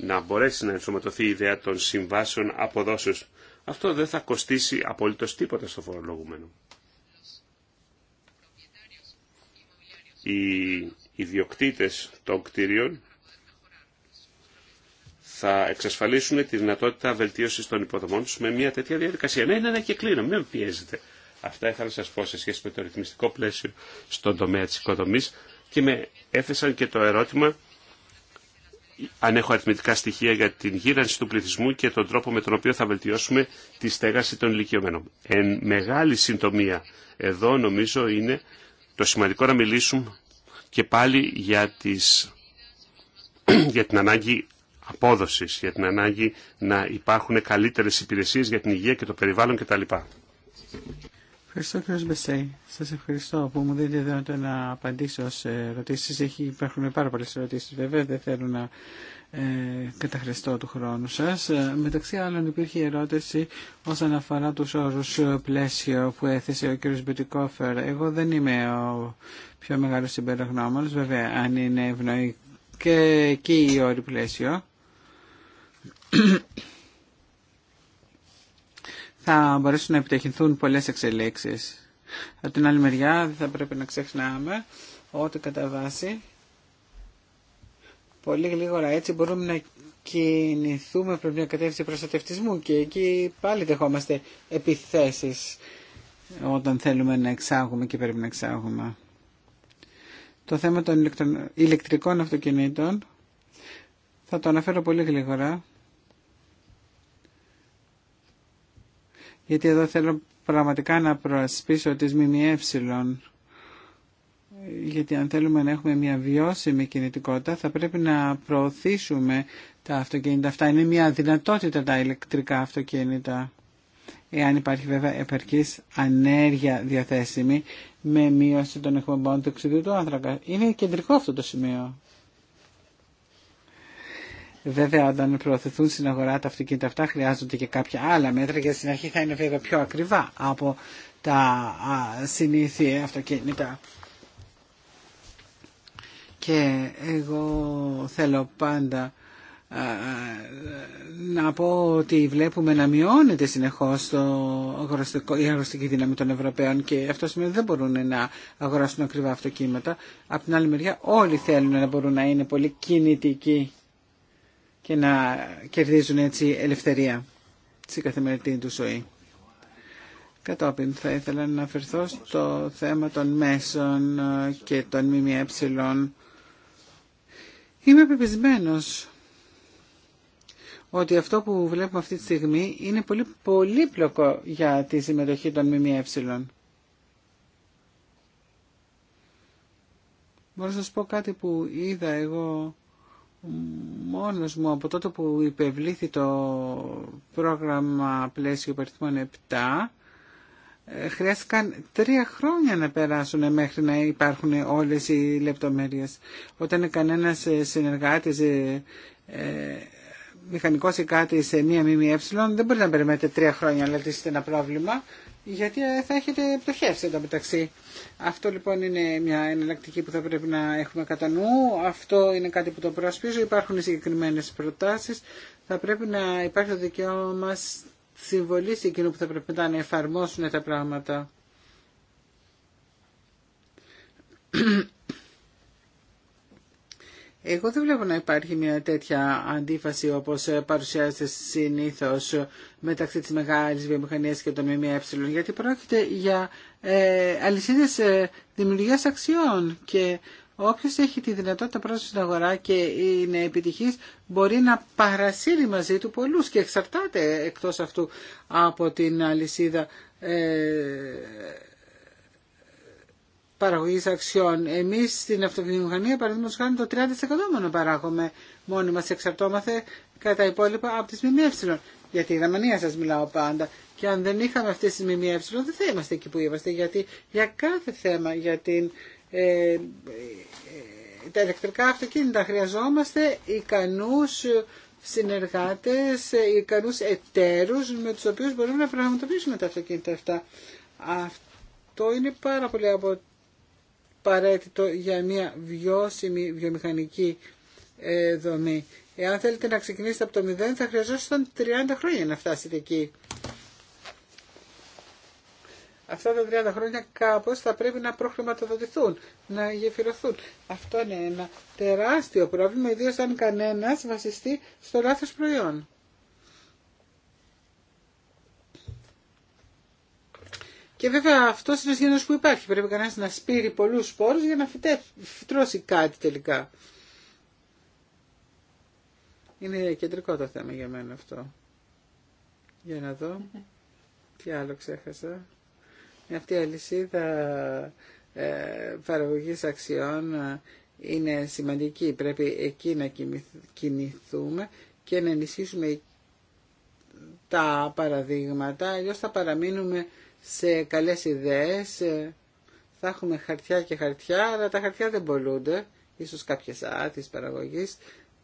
να μπορέσει να ενσωματωθεί η ιδέα των συμβάσεων αποδόσεω. Αυτό δεν θα κοστίσει απολύτω τίποτα στο φορολογούμενο. Οι ιδιοκτήτες των κτίριων θα εξασφαλίσουν τη δυνατότητα βελτίωσης των υποδομών του με μια τέτοια διαδικασία. Ναι, είναι ναι, και κλείνω, μην πιέζετε. Αυτά ήθελα να σας πω σε σχέση με το ρυθμιστικό πλαίσιο στον τομέα τη οικοδομή και με έθεσαν και το ερώτημα αν έχω αριθμητικά στοιχεία για την γύρανση του πληθυσμού και τον τρόπο με τον οποίο θα βελτιώσουμε τη στέγαση των ηλικιωμένων. Εν μεγάλη συντομία εδώ νομίζω είναι το σημαντικό να μιλήσουμε και πάλι για, τις, για την ανάγκη απόδοσης, για την ανάγκη να υπάρχουν καλύτερες υπηρεσίες για την υγεία και το περιβάλλον κτλ. Ευχαριστώ κύριε Μπεσέη. Σα ευχαριστώ που μου δίνετε δυνατότητα να απαντήσω σε ερωτήσει. υπάρχουν πάρα πολλέ ερωτήσει, βέβαια, δεν θέλω να ε, καταχρηστώ του χρόνου σα. Ε, μεταξύ άλλων υπήρχε ερώτηση όσον αφορά του όρου ε, πλαίσιο που έθεσε ο κύριο Μπιτικόφερ. Εγώ δεν είμαι ο πιο μεγάλο συμπεραγνώμονος, βέβαια αν είναι ευνοϊκή και εκεί η όρη πλαίσιο θα μπορέσουν να επιτεχυνθούν πολλές εξελίξεις. Από την άλλη μεριά δεν θα πρέπει να ξεχνάμε ότι κατά βάση πολύ γλίγορα έτσι μπορούμε να κινηθούμε προς μια κατεύθυνση προστατευτισμού και εκεί πάλι δεχόμαστε επιθέσεις όταν θέλουμε να εξάγουμε και πρέπει να εξάγουμε. Το θέμα των ηλεκτρικών αυτοκινήτων θα το αναφέρω πολύ γλίγορα γιατί εδώ θέλω πραγματικά να προασπίσω τις ΜΜΕ γιατί αν θέλουμε να έχουμε μια βιώσιμη κινητικότητα θα πρέπει να προωθήσουμε τα αυτοκίνητα αυτά. Είναι μια δυνατότητα τα ηλεκτρικά αυτοκίνητα εάν υπάρχει βέβαια επαρκής ανέργεια διαθέσιμη με μείωση των εκπομπών του οξυδίου του άνθρακα. Είναι κεντρικό αυτό το σημείο Βέβαια, όταν προωθηθούν στην αγορά τα αυτοκίνητα αυτά, χρειάζονται και κάποια άλλα μέτρα γιατί στην αρχή θα είναι βέβαια πιο ακριβά από τα συνήθεια αυτοκίνητα. Και εγώ θέλω πάντα να πω ότι βλέπουμε να μειώνεται συνεχώς το αγροστικό, η αγροστική δύναμη των Ευρωπαίων και αυτό σημαίνει ότι δεν μπορούν να αγοράσουν ακριβά αυτοκίνητα. Από την άλλη μεριά όλοι θέλουν να μπορούν να είναι πολύ κινητικοί και να κερδίζουν έτσι ελευθερία στην καθημερινή του ζωή. Κατόπιν θα ήθελα να αναφερθώ στο θέμα των μέσων ε, και των ΜΜΕ. Είμαι πεπισμένος ότι αυτό που βλέπουμε αυτή τη στιγμή είναι πολύ πολύπλοκο για τη συμμετοχή των ΜΜΕ. Μπορώ να σας πω κάτι που είδα εγώ μόνος μου από τότε που υπευλήθη το πρόγραμμα πλαίσιο περιθμών 7 ε, χρειάστηκαν τρία χρόνια να περάσουν μέχρι να υπάρχουν όλες οι λεπτομέρειες. Όταν κανένας ε, συνεργάτης, ε, ε, μηχανικός ή κάτι σε μία Ε, δεν μπορεί να περιμένετε τρία χρόνια να είστε ένα πρόβλημα γιατί θα έχετε πτωχεύσει εδώ μεταξύ. Αυτό λοιπόν είναι μια εναλλακτική που θα πρέπει να έχουμε κατά νου. Αυτό είναι κάτι που το προασπίζω. Υπάρχουν συγκεκριμένε προτάσεις. Θα πρέπει να υπάρχει το δικαίωμα συμβολή εκείνο που θα πρέπει να εφαρμόσουν τα πράγματα. Εγώ δεν βλέπω να υπάρχει μια τέτοια αντίφαση όπως παρουσιάζεται συνήθως μεταξύ της μεγάλης βιομηχανίας και των ΜΜΕ, γιατί πρόκειται για ε, αλυσίδες ε, δημιουργίας αξιών και όποιος έχει τη δυνατότητα πρόσβαση στην αγορά και είναι επιτυχής μπορεί να παρασύρει μαζί του πολλούς και εξαρτάται εκτός αυτού από την αλυσίδα ε, Παραγωγή αξιών. Εμεί στην αυτοκινημηχανία, παραδείγματο χάνει το 30% μόνο παράγουμε. Μόνοι μα εξαρτώμαθε κατά υπόλοιπα από τι ΜΜΕ. Γιατί η δαμανία σα μιλάω πάντα. Και αν δεν είχαμε αυτέ τι ΜΜΕ δεν θα είμαστε εκεί που είμαστε. Γιατί για κάθε θέμα, για την, ε, ε τα ηλεκτρικά αυτοκίνητα χρειαζόμαστε ικανού συνεργάτε, ικανούς εταίρους με του οποίου μπορούμε να πραγματοποιήσουμε τα αυτοκίνητα αυτά. Αυτό είναι πάρα πολύ από απαραίτητο για μια βιώσιμη βιομηχανική ε, δομή. Εάν θέλετε να ξεκινήσετε από το μηδέν θα χρειαζόσασταν 30 χρόνια να φτάσετε εκεί. Αυτά τα 30 χρόνια κάπως θα πρέπει να προχρηματοδοτηθούν, να γεφυρωθούν. Αυτό είναι ένα τεράστιο πρόβλημα, ιδίως αν κανένας βασιστεί στο λάθος προϊόν. Και βέβαια αυτό είναι ο κίνδυνο που υπάρχει. Πρέπει κανένα να σπείρει πολλού σπόρους για να φυτρώσει κάτι τελικά. Είναι κεντρικό το θέμα για μένα αυτό. Για να δω. Τι άλλο ξέχασα. Αυτή η αλυσίδα ε, παραγωγής αξιών ε, είναι σημαντική. Πρέπει εκεί να κινηθούμε και να ενισχύσουμε τα παραδείγματα, αλλιώς θα παραμείνουμε σε καλές ιδέες. Ε, θα έχουμε χαρτιά και χαρτιά, αλλά τα χαρτιά δεν πολλούνται. Ίσως κάποιες άτης παραγωγής,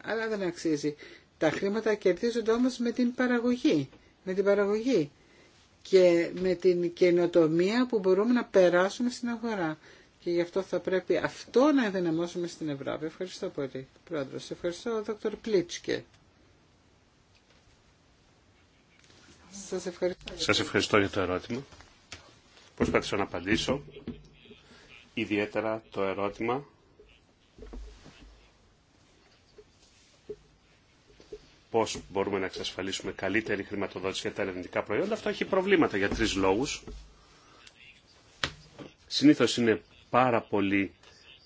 αλλά δεν αξίζει. Τα χρήματα κερδίζονται όμως με την παραγωγή. Με την παραγωγή και με την καινοτομία που μπορούμε να περάσουμε στην αγορά. Και γι' αυτό θα πρέπει αυτό να ενδυναμώσουμε στην Ευρώπη. Ευχαριστώ πολύ, Πρόεδρος. Ευχαριστώ, Δόκτωρ Πλίτσκε. Σας ευχαριστώ. ευχαριστώ για το ερώτημα προσπαθήσω να απαντήσω. Ιδιαίτερα το ερώτημα πώς μπορούμε να εξασφαλίσουμε καλύτερη χρηματοδότηση για τα ερευνητικά προϊόντα. Αυτό έχει προβλήματα για τρεις λόγους. Συνήθως είναι πάρα πολύ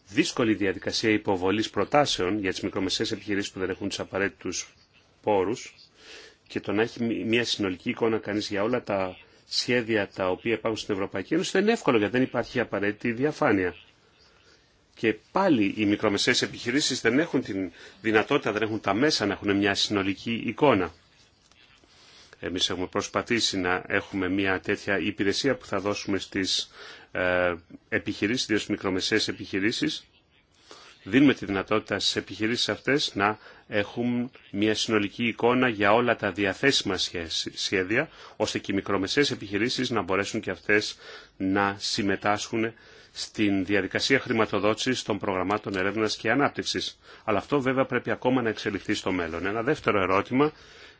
δύσκολη διαδικασία υποβολής προτάσεων για τις μικρομεσαίες επιχειρήσεις που δεν έχουν τους απαραίτητους πόρους και το να έχει μια συνολική εικόνα κανείς για όλα τα σχέδια τα οποία υπάρχουν στην Ευρωπαϊκή Ένωση δεν είναι εύκολο γιατί δεν υπάρχει απαραίτητη διαφάνεια. Και πάλι οι μικρομεσαίες επιχειρήσεις δεν έχουν την δυνατότητα, δεν έχουν τα μέσα να έχουν μια συνολική εικόνα. Εμείς έχουμε προσπαθήσει να έχουμε μια τέτοια υπηρεσία που θα δώσουμε στις ε, επιχειρήσεις, στις μικρομεσαίες επιχειρήσεις δίνουμε τη δυνατότητα στις επιχειρήσεις αυτές να έχουν μια συνολική εικόνα για όλα τα διαθέσιμα σχέδια, ώστε και οι μικρομεσαίες επιχειρήσεις να μπορέσουν και αυτές να συμμετάσχουν στην διαδικασία χρηματοδότησης των προγραμμάτων έρευνας και ανάπτυξης. Αλλά αυτό βέβαια πρέπει ακόμα να εξελιχθεί στο μέλλον. Ένα δεύτερο ερώτημα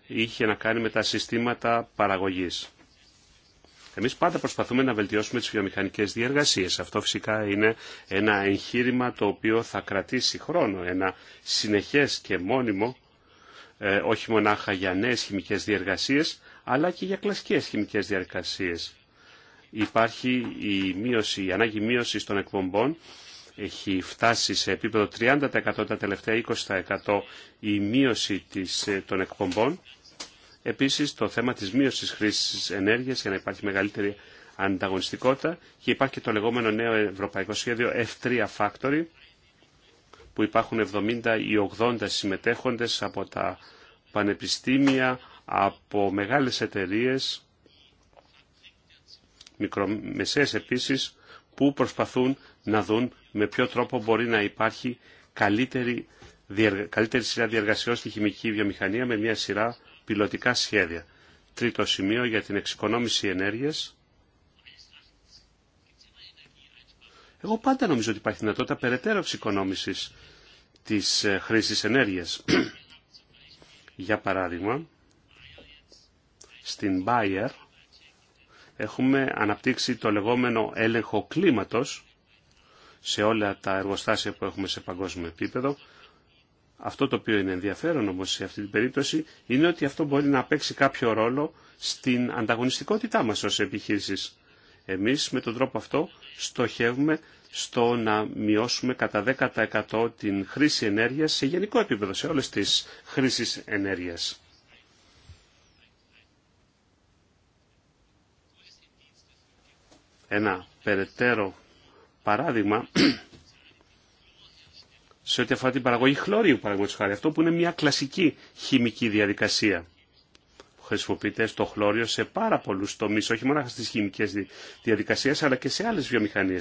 είχε να κάνει με τα συστήματα παραγωγής. Εμείς πάντα προσπαθούμε να βελτιώσουμε τις βιομηχανικές διεργασίες. Αυτό φυσικά είναι ένα εγχείρημα το οποίο θα κρατήσει χρόνο, ένα συνεχές και μόνιμο, ε, όχι μονάχα για νέες χημικές διεργασίες, αλλά και για κλασικές χημικές διεργασίες. Υπάρχει η, μείωση, η ανάγκη μείωση των εκπομπών, έχει φτάσει σε επίπεδο 30% τα τελευταία 20% η μείωση ε, των εκπομπών Επίσης το θέμα της μείωσης χρήσης ενέργειας για να υπάρχει μεγαλύτερη ανταγωνιστικότητα και υπάρχει και το λεγόμενο νέο ευρωπαϊκό σχέδιο F3 Factory που υπάρχουν 70 ή 80 συμμετέχοντες από τα πανεπιστήμια, από μεγάλες εταιρείες, μικρομεσαίες επίσης, που προσπαθούν να δουν με ποιο τρόπο μπορεί να υπάρχει καλύτερη, καλύτερη σειρά διεργασιών στη χημική βιομηχανία με μια σειρά πιλωτικά σχέδια. Τρίτο σημείο για την εξοικονόμηση ενέργειας. Εγώ πάντα νομίζω ότι υπάρχει δυνατότητα περαιτέρω εξοικονόμησης της ε, χρήσης ενέργειας. για παράδειγμα, στην Bayer έχουμε αναπτύξει το λεγόμενο έλεγχο κλίματος σε όλα τα εργοστάσια που έχουμε σε παγκόσμιο επίπεδο αυτό το οποίο είναι ενδιαφέρον όμως σε αυτή την περίπτωση είναι ότι αυτό μπορεί να παίξει κάποιο ρόλο στην ανταγωνιστικότητά μας ως επιχείρησης. Εμείς με τον τρόπο αυτό στοχεύουμε στο να μειώσουμε κατά 10% την χρήση ενέργειας σε γενικό επίπεδο, σε όλες τις χρήσεις ενέργειας. Ένα περαιτέρω παράδειγμα σε ό,τι αφορά την παραγωγή χλωρίου, παραγωγή χάρη. Αυτό που είναι μια κλασική χημική διαδικασία. που Χρησιμοποιείται στο χλώριο σε πάρα πολλού τομεί, όχι μόνο στι χημικέ διαδικασίε, αλλά και σε άλλε βιομηχανίε.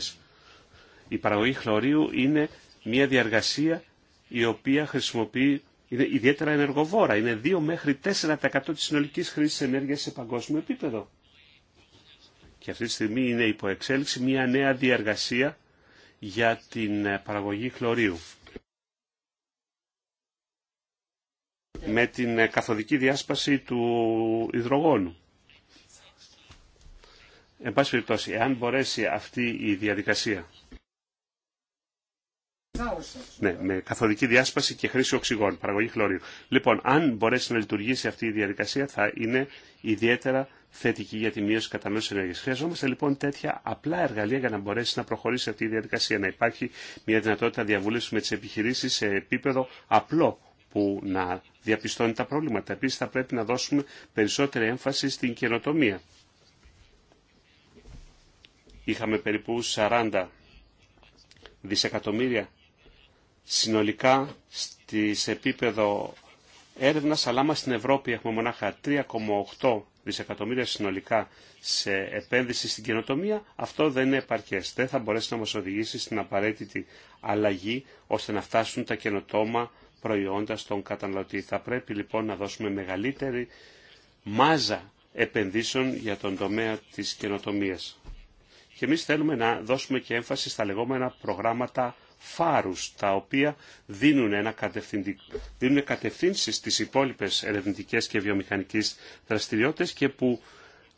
Η παραγωγή χλωρίου είναι μια διαργασία η οποία χρησιμοποιεί, είναι ιδιαίτερα ενεργοβόρα. Είναι 2 μέχρι 4% της συνολικής χρήσης ενέργειας σε παγκόσμιο επίπεδο. Και αυτή τη στιγμή είναι υπό εξέλιξη μια νέα διαργασία για την παραγωγή χλωρίου. με την ε, καθοδική διάσπαση του υδρογόνου. Εν πάση περιπτώσει, εάν μπορέσει αυτή η διαδικασία ναι, με καθοδική διάσπαση και χρήση οξυγόνου, παραγωγή χλωρίου. Λοιπόν, αν μπορέσει να λειτουργήσει αυτή η διαδικασία θα είναι ιδιαίτερα θετική για τη μείωση κατά μέσο ενέργεια. Χρειαζόμαστε λοιπόν τέτοια απλά εργαλεία για να μπορέσει να προχωρήσει αυτή η διαδικασία, να υπάρχει μια δυνατότητα διαβούλευση με τι επιχειρήσει σε επίπεδο απλό, που να διαπιστώνει τα προβλήματα. Επίση θα πρέπει να δώσουμε περισσότερη έμφαση στην καινοτομία. Είχαμε περίπου 40 δισεκατομμύρια συνολικά στις επίπεδο έρευνα, αλλά μα στην Ευρώπη έχουμε μονάχα 3,8 δισεκατομμύρια συνολικά σε επένδυση στην καινοτομία, αυτό δεν είναι επαρκές. Δεν θα μπορέσει να μας οδηγήσει στην απαραίτητη αλλαγή ώστε να φτάσουν τα καινοτόμα προϊόντα στον καταναλωτή. Θα πρέπει λοιπόν να δώσουμε μεγαλύτερη μάζα επενδύσεων για τον τομέα της καινοτομίας. Και εμείς θέλουμε να δώσουμε και έμφαση στα λεγόμενα προγράμματα φάρους, τα οποία δίνουν, ένα κατευθυντικ... δίνουν κατευθύνσεις στις υπόλοιπες ερευνητικές και βιομηχανικές δραστηριότητες και που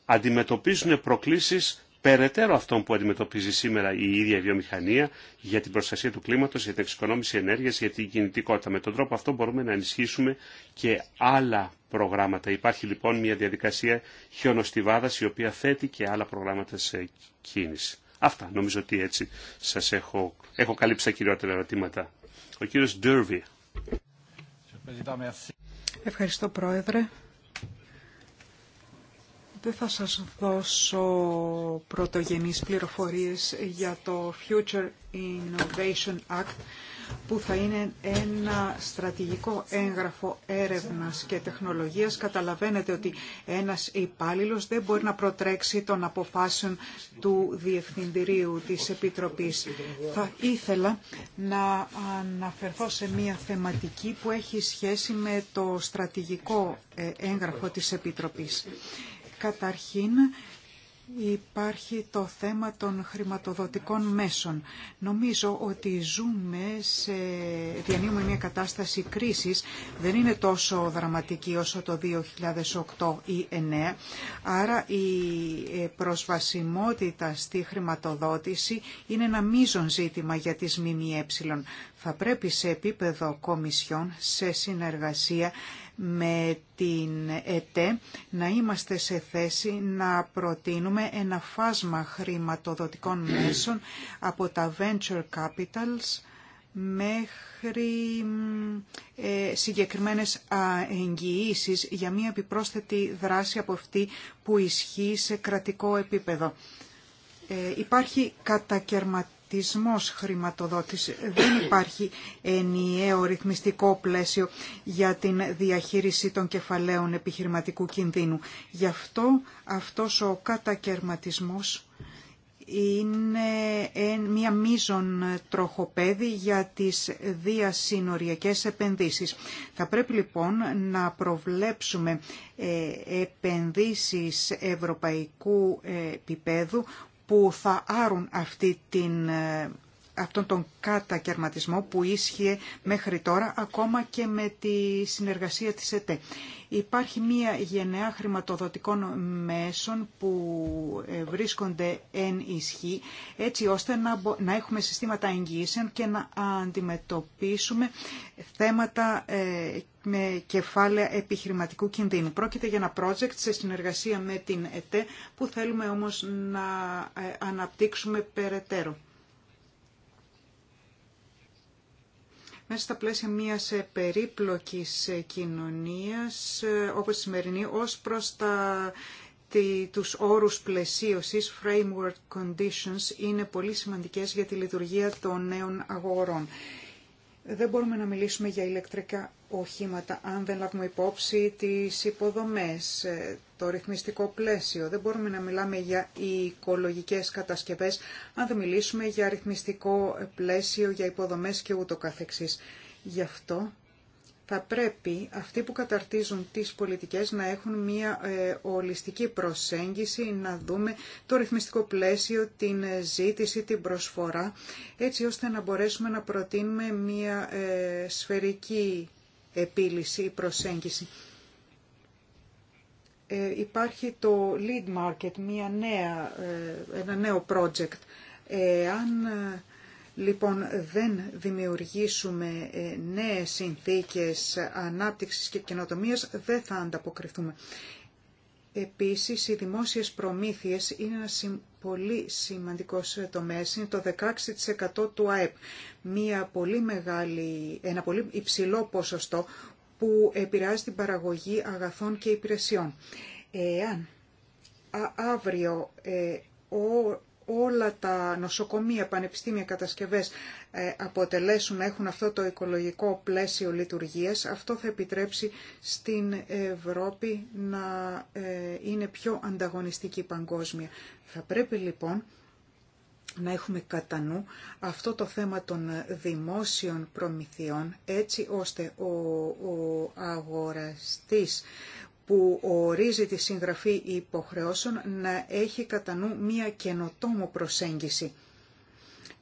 αντιμετωπίζουν προκλήσεις περαιτέρω αυτών που αντιμετωπίζει σήμερα η ίδια η βιομηχανία για την προστασία του κλίματο, για την εξοικονόμηση ενέργεια για την κινητικότητα. Με τον τρόπο αυτό μπορούμε να ενισχύσουμε και άλλα προγράμματα. Υπάρχει λοιπόν μια διαδικασία χιονοστιβάδα, η οποία θέτει και άλλα προγράμματα σε κίνηση. Αυτά νομίζω ότι έτσι σα έχω, έχω καλύψει τα κυριότερα ερωτήματα. Ο κύριο Ντέρβι. Ευχαριστώ Πρόεδρε. Δεν θα σας δώσω πρωτογενείς πληροφορίες για το Future Innovation Act που θα είναι ένα στρατηγικό έγγραφο έρευνας και τεχνολογίας. Καταλαβαίνετε ότι ένας υπάλληλος δεν μπορεί να προτρέξει των αποφάσεων του Διευθυντηρίου της Επιτροπής. Θα ήθελα να αναφερθώ σε μια θεματική που έχει σχέση με το στρατηγικό ε, έγγραφο της Επιτροπής. Καταρχήν υπάρχει το θέμα των χρηματοδοτικών μέσων. Νομίζω ότι ζούμε σε... διανύουμε μια κατάσταση κρίσης, δεν είναι τόσο δραματική όσο το 2008 ή 2009, άρα η ε, προσβασιμότητα στη χρηματοδότηση είναι ένα μείζον ζήτημα για τις ΜΜΕ. Θα πρέπει σε επίπεδο κομισιών, σε συνεργασία με την ΕΤΕ να είμαστε σε θέση να προτείνουμε ένα φάσμα χρηματοδοτικών μέσων από τα venture capitals μέχρι ε, συγκεκριμένες εγγυήσει για μια επιπρόσθετη δράση από αυτή που ισχύει σε κρατικό επίπεδο. Ε, υπάρχει κατακαιρματισμό σχηματισμός χρηματοδότησης. Δεν υπάρχει ενιαίο ρυθμιστικό πλαίσιο για την διαχείριση των κεφαλαίων επιχειρηματικού κινδύνου. Γι' αυτό αυτός ο κατακαιρματισμός είναι μια μείζον τροχοπέδη για τις διασυνοριακές επενδύσεις. Θα πρέπει λοιπόν να προβλέψουμε ε, επενδύσεις ευρωπαϊκού ε, επίπεδου που θα άρουν αυτή την ε, αυτόν τον κατακαιρματισμό που ίσχυε μέχρι τώρα ακόμα και με τη συνεργασία της ΕΤΕ. Υπάρχει μία γενναία χρηματοδοτικών μέσων που ε, βρίσκονται εν ισχύ έτσι ώστε να έχουμε συστήματα εγγύησεων και να αντιμετωπίσουμε θέματα ε, με κεφάλαια επιχειρηματικού κινδύνου. Πρόκειται για ένα project σε συνεργασία με την ΕΤΕ που θέλουμε όμως να ε, αναπτύξουμε περαιτέρω. μέσα στα πλαίσια μιας ε, περίπλοκης ε, κοινωνίας ε, όπως η σημερινή ως προς τα, τους όρους πλαισίωσης, framework conditions, είναι πολύ σημαντικές για τη λειτουργία των νέων αγορών. Δεν μπορούμε να μιλήσουμε για ηλεκτρικά οχήματα αν δεν λάβουμε υπόψη τις υποδομές, το ρυθμιστικό πλαίσιο. Δεν μπορούμε να μιλάμε για οικολογικές κατασκευές αν δεν μιλήσουμε για ρυθμιστικό πλαίσιο, για υποδομές και ούτω καθεξής. Γι' αυτό θα πρέπει αυτοί που καταρτίζουν τις πολιτικές να έχουν μια ε, ολιστική προσέγγιση, να δούμε το ρυθμιστικό πλαίσιο, την ζήτηση, την προσφορά, έτσι ώστε να μπορέσουμε να προτείνουμε μια ε, σφαιρική επίλυση ή προσέγγιση. Ε, υπάρχει το lead market, μια νέα, ε, ένα νέο project. Ε, αν λοιπόν δεν δημιουργήσουμε νέες συνθήκες ανάπτυξης και καινοτομίας, δεν θα ανταποκριθούμε. Επίσης, οι δημόσιες προμήθειες είναι ένα πολύ σημαντικό τομέα. είναι το 16% του ΑΕΠ. Μια πολύ μεγάλη, ένα πολύ υψηλό ποσοστό που επηρεάζει την παραγωγή αγαθών και υπηρεσιών. Εάν αύριο ε, όλα τα νοσοκομεία, πανεπιστήμια, κατασκευές ε, αποτελέσουν να έχουν αυτό το οικολογικό πλαίσιο λειτουργίας, αυτό θα επιτρέψει στην Ευρώπη να ε, είναι πιο ανταγωνιστική παγκόσμια. Θα πρέπει λοιπόν να έχουμε κατά νου αυτό το θέμα των δημόσιων προμηθειών έτσι ώστε ο, ο αγοραστής που ορίζει τη συγγραφή υποχρεώσεων να έχει κατά νου μία καινοτόμο προσέγγιση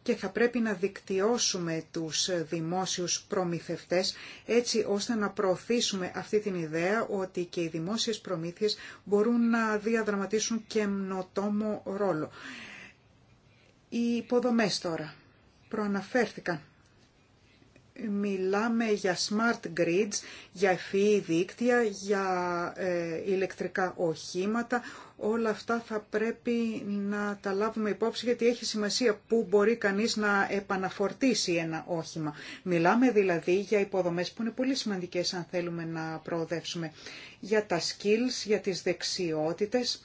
και θα πρέπει να δικτυώσουμε τους δημόσιους προμηθευτές έτσι ώστε να προωθήσουμε αυτή την ιδέα ότι και οι δημόσιες προμήθειες μπορούν να διαδραματίσουν καινοτόμο ρόλο. Οι υποδομές τώρα προαναφέρθηκαν. Μιλάμε για smart grids, για ευφυή δίκτυα, για ε, ηλεκτρικά οχήματα. Όλα αυτά θα πρέπει να τα λάβουμε υπόψη γιατί έχει σημασία που μπορεί κανείς να επαναφορτήσει ένα όχημα. Μιλάμε δηλαδή για υποδομές που είναι πολύ σημαντικές αν θέλουμε να προοδεύσουμε. Για τα skills, για τις δεξιότητες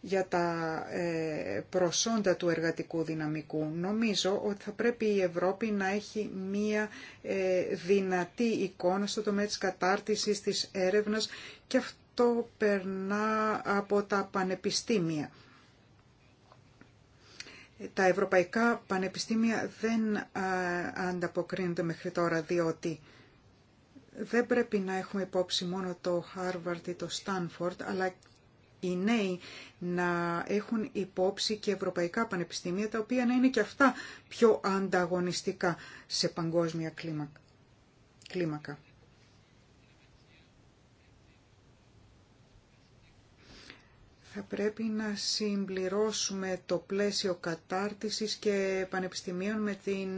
για τα ε, προσόντα του εργατικού δυναμικού. Νομίζω ότι θα πρέπει η Ευρώπη να έχει μία ε, δυνατή εικόνα στο τομέα της κατάρτισης, της έρευνας και αυτό περνά από τα πανεπιστήμια. Τα ευρωπαϊκά πανεπιστήμια δεν ανταποκρίνονται μέχρι τώρα διότι δεν πρέπει να έχουμε υπόψη μόνο το Harvard ή το Stanford αλλά οι νέοι να έχουν υπόψη και ευρωπαϊκά πανεπιστήμια, τα οποία να είναι και αυτά πιο ανταγωνιστικά σε παγκόσμια κλίμακα. Θα πρέπει να συμπληρώσουμε το πλαίσιο κατάρτισης και πανεπιστημίων με, την,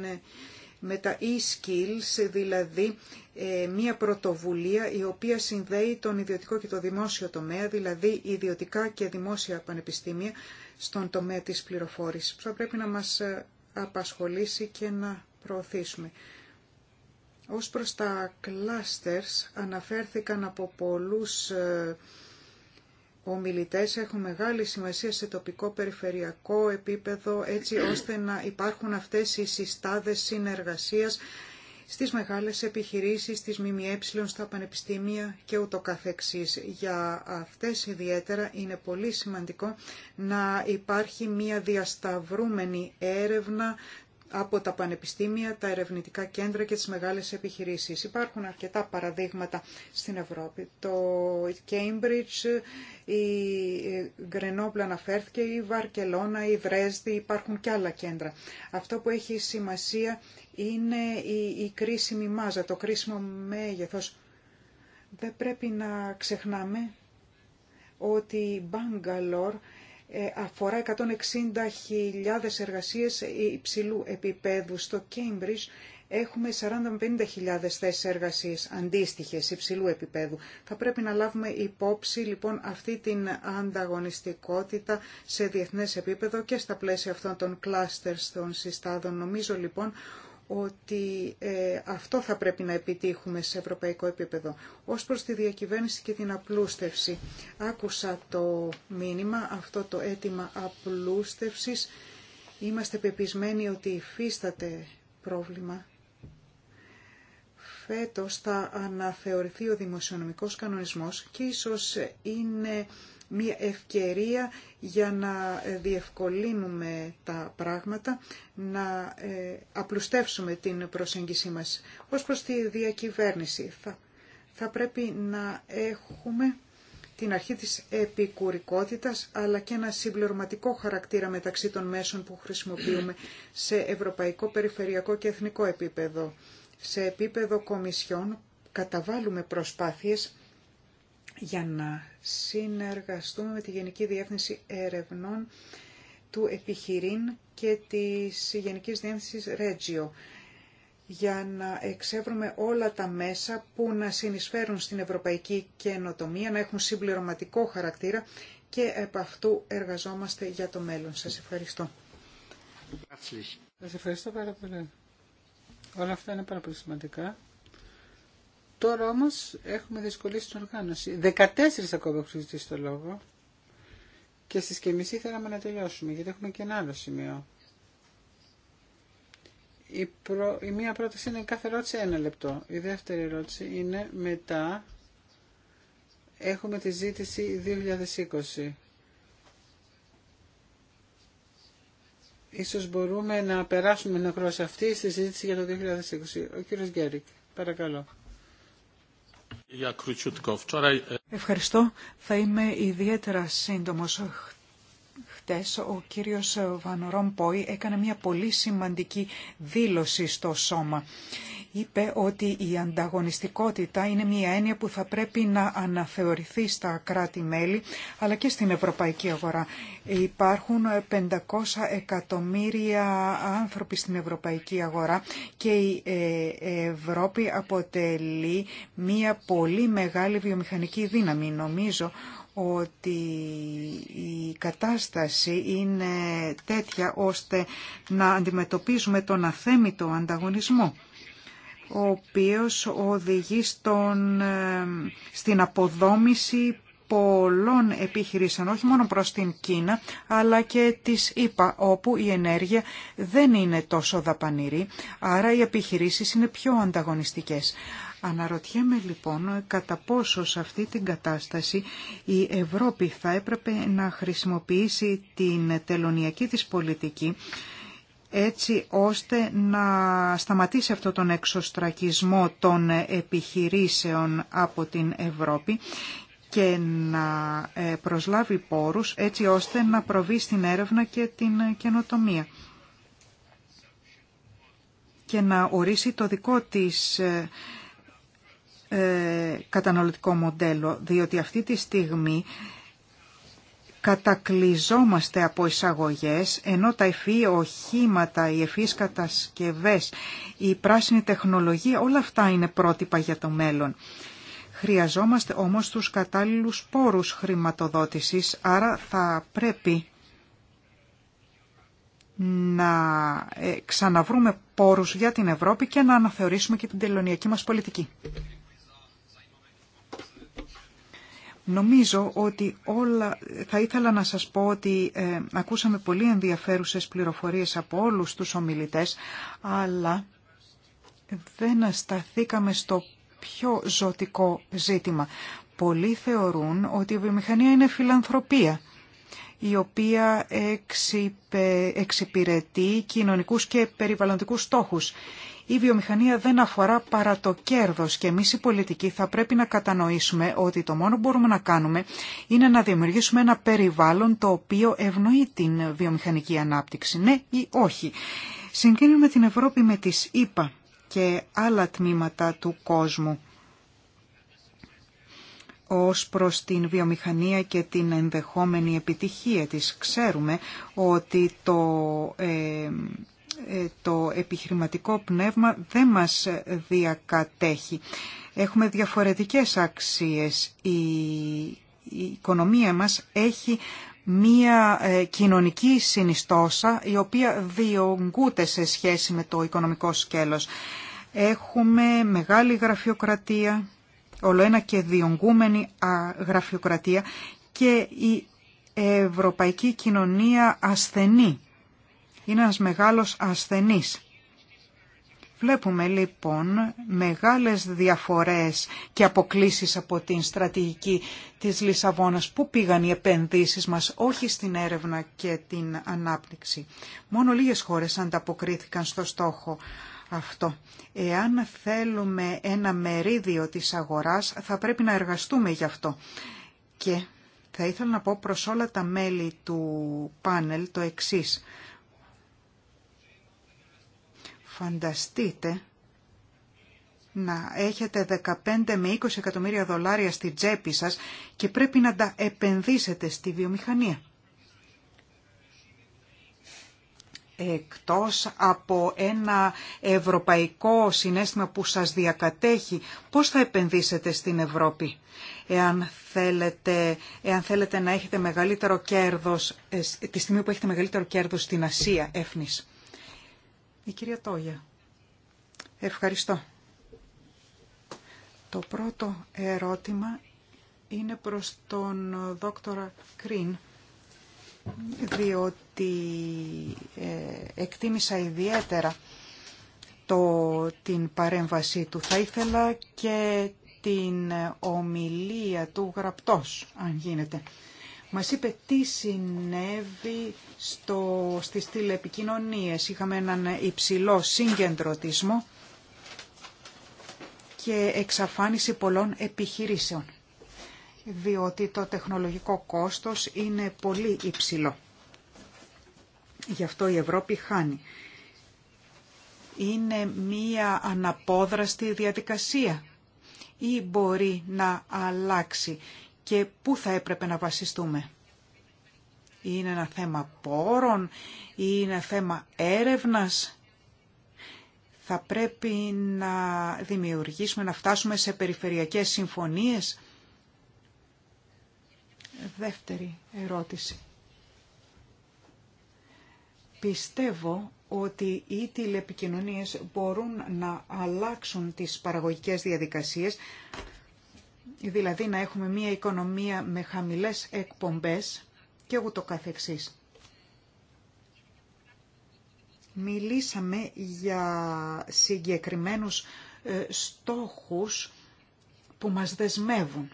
με τα e-skills, δηλαδή ε, μία πρωτοβουλία η οποία συνδέει τον ιδιωτικό και το δημόσιο τομέα, δηλαδή ιδιωτικά και δημόσια πανεπιστήμια στον τομέα της πληροφόρησης, θα πρέπει να μας ε, απασχολήσει και να προωθήσουμε. Ως προς τα κλάστερς αναφέρθηκαν από πολλούς ε, ομιλητές έχουν μεγάλη σημασία σε τοπικό περιφερειακό επίπεδο έτσι ώστε να υπάρχουν αυτές οι συστάδες συνεργασίας στις μεγάλες επιχειρήσεις, στις ΜΜΕ, στα πανεπιστήμια και ούτω καθεξής. Για αυτές ιδιαίτερα είναι πολύ σημαντικό να υπάρχει μια διασταυρούμενη έρευνα από τα πανεπιστήμια, τα ερευνητικά κέντρα και τις μεγάλες επιχειρήσεις. Υπάρχουν αρκετά παραδείγματα στην Ευρώπη. Το Cambridge, η Grenoble αναφέρθηκε, η Βαρκελώνα, η Δρέσδη, υπάρχουν και άλλα κέντρα. Αυτό που έχει σημασία είναι η, η κρίσιμη μάζα, το κρίσιμο μέγεθος. Δεν πρέπει να ξεχνάμε ότι η Bangalore ε, αφορά 160.000 εργασίες υψηλού επίπεδου. Στο Cambridge έχουμε 40-50.000 θέσεις εργασίες αντίστοιχες υψηλού επίπεδου. Θα πρέπει να λάβουμε υπόψη λοιπόν αυτή την ανταγωνιστικότητα σε διεθνές επίπεδο και στα πλαίσια αυτών των κλάστερ των συστάδων. Νομίζω λοιπόν ότι ε, αυτό θα πρέπει να επιτύχουμε σε ευρωπαϊκό επίπεδο. Ως προς τη διακυβέρνηση και την απλούστευση. Άκουσα το μήνυμα, αυτό το αίτημα απλούστευσης. Είμαστε πεπισμένοι ότι υφίσταται πρόβλημα. Φέτος θα αναθεωρηθεί ο δημοσιονομικός κανονισμός και ίσως είναι μια ευκαιρία για να διευκολύνουμε τα πράγματα, να ε, απλουστεύσουμε την προσέγγιση μας. Ως προς τη διακυβέρνηση θα, θα πρέπει να έχουμε την αρχή της επικουρικότητας αλλά και ένα συμπληρωματικό χαρακτήρα μεταξύ των μέσων που χρησιμοποιούμε σε ευρωπαϊκό, περιφερειακό και εθνικό επίπεδο. Σε επίπεδο κομισιών καταβάλουμε προσπάθειες για να συνεργαστούμε με τη Γενική Διεύθυνση Ερευνών του Επιχειρήν και της Γενικής Διεύθυνσης Ρέτζιο για να εξεύρουμε όλα τα μέσα που να συνεισφέρουν στην ευρωπαϊκή καινοτομία, να έχουν συμπληρωματικό χαρακτήρα και επ' αυτού εργαζόμαστε για το μέλλον. Σας ευχαριστώ. Σας ευχαριστώ πάρα πολύ. Όλα αυτά είναι πάρα πολύ σημαντικά. Τώρα όμω έχουμε δυσκολίε στην οργάνωση. 14 ακόμα έχουν ζητήσει το λόγο. Και στι και μισή θέλαμε να τελειώσουμε, γιατί έχουμε και ένα άλλο σημείο. Η, μία πρόταση είναι κάθε ερώτηση ένα λεπτό. Η δεύτερη ερώτηση είναι μετά έχουμε τη ζήτηση 2020. Ίσως μπορούμε να περάσουμε σε αυτή στη ζήτηση για το 2020. Ο κύριος Γκέρικ, παρακαλώ. E, Ευχαριστώ. Θα είμαι ιδιαίτερα σύντομος. Χτες ο κύριος Βαν έκανε μια πολύ σημαντική δήλωση στο σώμα είπε ότι η ανταγωνιστικότητα είναι μια έννοια που θα πρέπει να αναθεωρηθεί στα κράτη-μέλη αλλά και στην ευρωπαϊκή αγορά. Υπάρχουν 500 εκατομμύρια άνθρωποι στην ευρωπαϊκή αγορά και η ε, Ευρώπη αποτελεί μια πολύ μεγάλη βιομηχανική δύναμη. Νομίζω ότι η κατάσταση είναι τέτοια ώστε να αντιμετωπίζουμε τον αθέμητο ανταγωνισμό ο οποίος οδηγεί στον, ε, στην αποδόμηση πολλών επιχειρήσεων, όχι μόνο προς την Κίνα, αλλά και της ΗΠΑ, όπου η ενέργεια δεν είναι τόσο δαπανηρή, άρα οι επιχειρήσεις είναι πιο ανταγωνιστικές. Αναρωτιέμαι λοιπόν κατά πόσο σε αυτή την κατάσταση η Ευρώπη θα έπρεπε να χρησιμοποιήσει την τελωνιακή της πολιτική έτσι ώστε να σταματήσει αυτό τον εξωστρακισμό των επιχειρήσεων από την Ευρώπη και να ε, προσλάβει πόρους έτσι ώστε να προβεί στην έρευνα και την καινοτομία και να ορίσει το δικό της ε, ε, καταναλωτικό μοντέλο, διότι αυτή τη στιγμή κατακλυζόμαστε από εισαγωγές, ενώ τα ευφύ οχήματα, οι ευφύς κατασκευές, η πράσινη τεχνολογία, όλα αυτά είναι πρότυπα για το μέλλον. Χρειαζόμαστε όμως τους κατάλληλους πόρους χρηματοδότησης, άρα θα πρέπει να ε, ξαναβρούμε πόρους για την Ευρώπη και να αναθεωρήσουμε και την τελωνιακή μας πολιτική. Νομίζω ότι όλα, θα ήθελα να σας πω ότι ε, ακούσαμε πολύ ενδιαφέρουσες πληροφορίες από όλους τους ομιλητές, αλλά δεν σταθήκαμε στο πιο ζωτικό ζήτημα. Πολλοί θεωρούν ότι η βιομηχανία είναι φιλανθρωπία, η οποία εξυπηρετεί κοινωνικούς και περιβαλλοντικούς στόχους η βιομηχανία δεν αφορά παρά το κέρδος και εμείς οι πολιτικοί θα πρέπει να κατανοήσουμε ότι το μόνο που μπορούμε να κάνουμε είναι να δημιουργήσουμε ένα περιβάλλον το οποίο ευνοεί την βιομηχανική ανάπτυξη, ναι ή όχι. Συγκρίνουμε την Ευρώπη με τις ΗΠΑ και άλλα τμήματα του κόσμου ως προς την βιομηχανία και την ενδεχόμενη επιτυχία της. Ξέρουμε ότι το ε, ε, το επιχειρηματικό πνεύμα δεν μας διακατέχει. Έχουμε διαφορετικές αξίες. Η, οικονομία μας έχει μία ε, κοινωνική συνιστόσα η οποία διονγκούται σε σχέση με το οικονομικό σκέλος. Έχουμε μεγάλη γραφειοκρατία, ολοένα και διονγκούμενη γραφειοκρατία και η ευρωπαϊκή κοινωνία ασθενή είναι ένας μεγάλος ασθενής. Βλέπουμε λοιπόν μεγάλες διαφορές και αποκλίσεις από την στρατηγική της Λισαβόνας. Πού πήγαν οι επενδύσεις μας, όχι στην έρευνα και την ανάπτυξη. Μόνο λίγες χώρες ανταποκρίθηκαν στο στόχο αυτό. Εάν θέλουμε ένα μερίδιο της αγοράς, θα πρέπει να εργαστούμε γι' αυτό. Και θα ήθελα να πω προς όλα τα μέλη του πάνελ το εξής. Φανταστείτε να έχετε 15 με 20 εκατομμύρια δολάρια στη τσέπη σας και πρέπει να τα επενδύσετε στη βιομηχανία. Εκτός από ένα ευρωπαϊκό συνέστημα που σας διακατέχει, πώς θα επενδύσετε στην Ευρώπη. Εάν θέλετε, εάν θέλετε να έχετε μεγαλύτερο κέρδος, ε, τη στιγμή που έχετε μεγαλύτερο κέρδος στην Ασία, έφνης. Η κυρία Τόγια. Ευχαριστώ. Το πρώτο ερώτημα είναι προς τον δόκτωρα Κρίν, διότι ε, εκτίμησα ιδιαίτερα το, την παρέμβασή του. Θα ήθελα και την ομιλία του γραπτός, αν γίνεται. Μας είπε τι συνέβη στο, στις τηλεπικοινωνίες. Είχαμε έναν υψηλό συγκεντρωτισμό και εξαφάνιση πολλών επιχειρήσεων, διότι το τεχνολογικό κόστος είναι πολύ υψηλό. Γι' αυτό η Ευρώπη χάνει. Είναι μία αναπόδραστη διαδικασία ή μπορεί να αλλάξει και πού θα έπρεπε να βασιστούμε. Είναι ένα θέμα πόρων ή είναι θέμα έρευνας. Θα πρέπει να δημιουργήσουμε, να φτάσουμε σε περιφερειακές συμφωνίες. Δεύτερη ερώτηση. Πιστεύω ότι οι τηλεπικοινωνίες μπορούν να αλλάξουν τις παραγωγικές διαδικασίες δηλαδή να έχουμε μία οικονομία με χαμηλές εκπομπές και ούτω καθεξής. Μιλήσαμε για συγκεκριμένους ε, στόχους που μας δεσμεύουν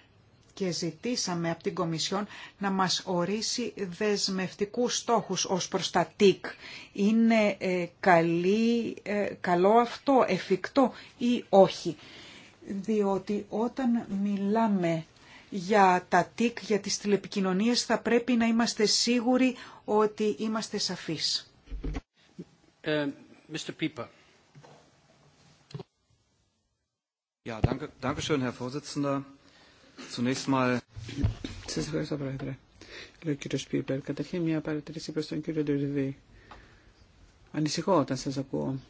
και ζητήσαμε από την Κομισιόν να μας ορίσει δεσμευτικούς στόχους ως προς τα ΤΙΚ. Είναι ε, καλή, ε, καλό αυτό, εφικτό ή όχι διότι όταν μιλάμε για τα TIC, για τις τηλεπικοινωνίες, θα πρέπει να είμαστε σίγουροι ότι είμαστε σαφείς. Ε, Σα ευχαριστώ, Πρόεδρε. Λέω Καταρχήν μια παρατηρήση προς τον κύριο Ντουρδί. Ανησυχώ όταν σας ακούω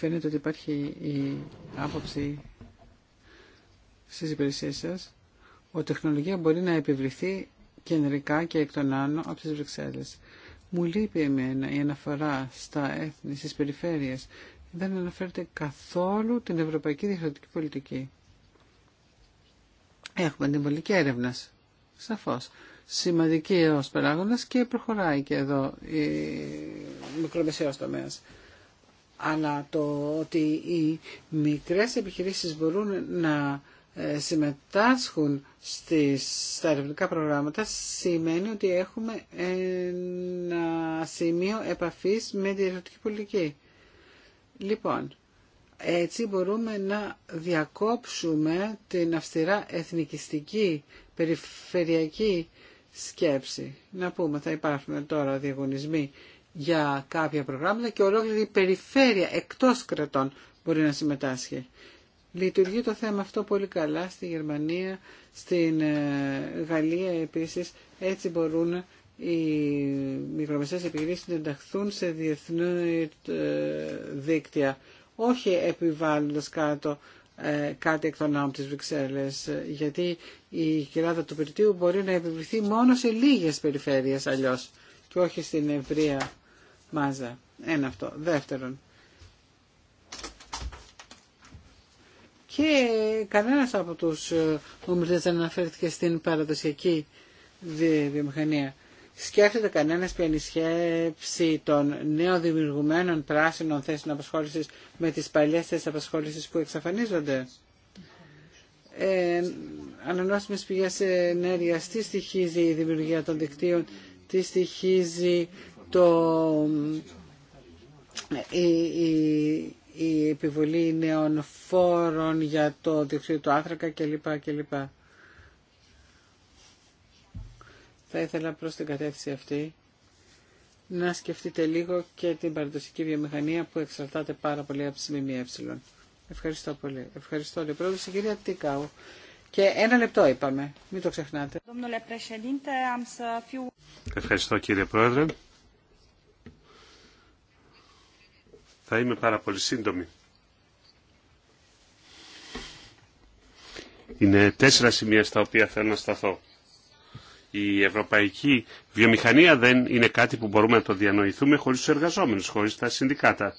φαίνεται ότι υπάρχει η άποψη στις υπηρεσίες σας ότι η τεχνολογία μπορεί να επιβληθεί κεντρικά και εκ των άνω από τις Βρυξέλλες. Μου λείπει εμένα η αναφορά στα έθνη, στις περιφέρειες. Δεν αναφέρεται καθόλου την ευρωπαϊκή διαχρονική πολιτική. Έχουμε την πολιτική έρευνα. Σαφώς. Σημαντική ως παράγοντας και προχωράει και εδώ η μικρομεσαίος τομέα αλλά το ότι οι μικρές επιχειρήσεις μπορούν να ε, συμμετάσχουν στις, στα ερευνητικά προγράμματα σημαίνει ότι έχουμε ένα σημείο επαφής με τη ερωτική πολιτική. Λοιπόν, έτσι μπορούμε να διακόψουμε την αυστηρά εθνικιστική περιφερειακή σκέψη. Να πούμε, θα υπάρχουν τώρα διαγωνισμοί για κάποια προγράμματα και ολόκληρη η περιφέρεια εκτός κρατών μπορεί να συμμετάσχει. Λειτουργεί το θέμα αυτό πολύ καλά στη Γερμανία, στην ε, Γαλλία επίσης. Έτσι μπορούν οι μικρομεσαίες επιχειρήσεις να ενταχθούν σε διεθνή ε, δίκτυα, όχι επιβάλλοντας κάτω ε, κάτι εκ των νόμων της Βρυξέλλες, γιατί η κοιλάδα του πυρτίου μπορεί να επιβληθεί μόνο σε λίγες περιφέρειες αλλιώς και όχι στην ευρεία μάζα. Ένα αυτό. Δεύτερον. Και κανένας από τους ε, ομιλητές δεν αναφέρθηκε στην παραδοσιακή βιομηχανία. Σκέφτεται κανένα ποια είναι η σχέση των νέων δημιουργουμένων πράσινων θέσεων απασχόληση με τις παλιές θέσει απασχόληση που εξαφανίζονται. Ε, πηγέ πηγές ενέργειας, τι στοιχίζει η δημιουργία των δικτύων, τι στοιχίζει το, η, η, η επιβολή νέων φόρων για το διοξείδιο του άνθρακα κλπ. κλπ. Θα ήθελα προς την κατεύθυνση αυτή να σκεφτείτε λίγο και την παραδοσιακή βιομηχανία που εξαρτάται πάρα πολύ από τη ΜΜΕ. Ευχαριστώ πολύ. Ευχαριστώ κύριε Πρόεδρος, η κυρία Τίκαου. Και ένα λεπτό είπαμε. Μην το ξεχνάτε. Ευχαριστώ κύριε Πρόεδρε. Θα είμαι πάρα πολύ σύντομη. Είναι τέσσερα σημεία στα οποία θέλω να σταθώ. Η ευρωπαϊκή βιομηχανία δεν είναι κάτι που μπορούμε να το διανοηθούμε χωρίς τους εργαζόμενους, χωρίς τα συνδικάτα.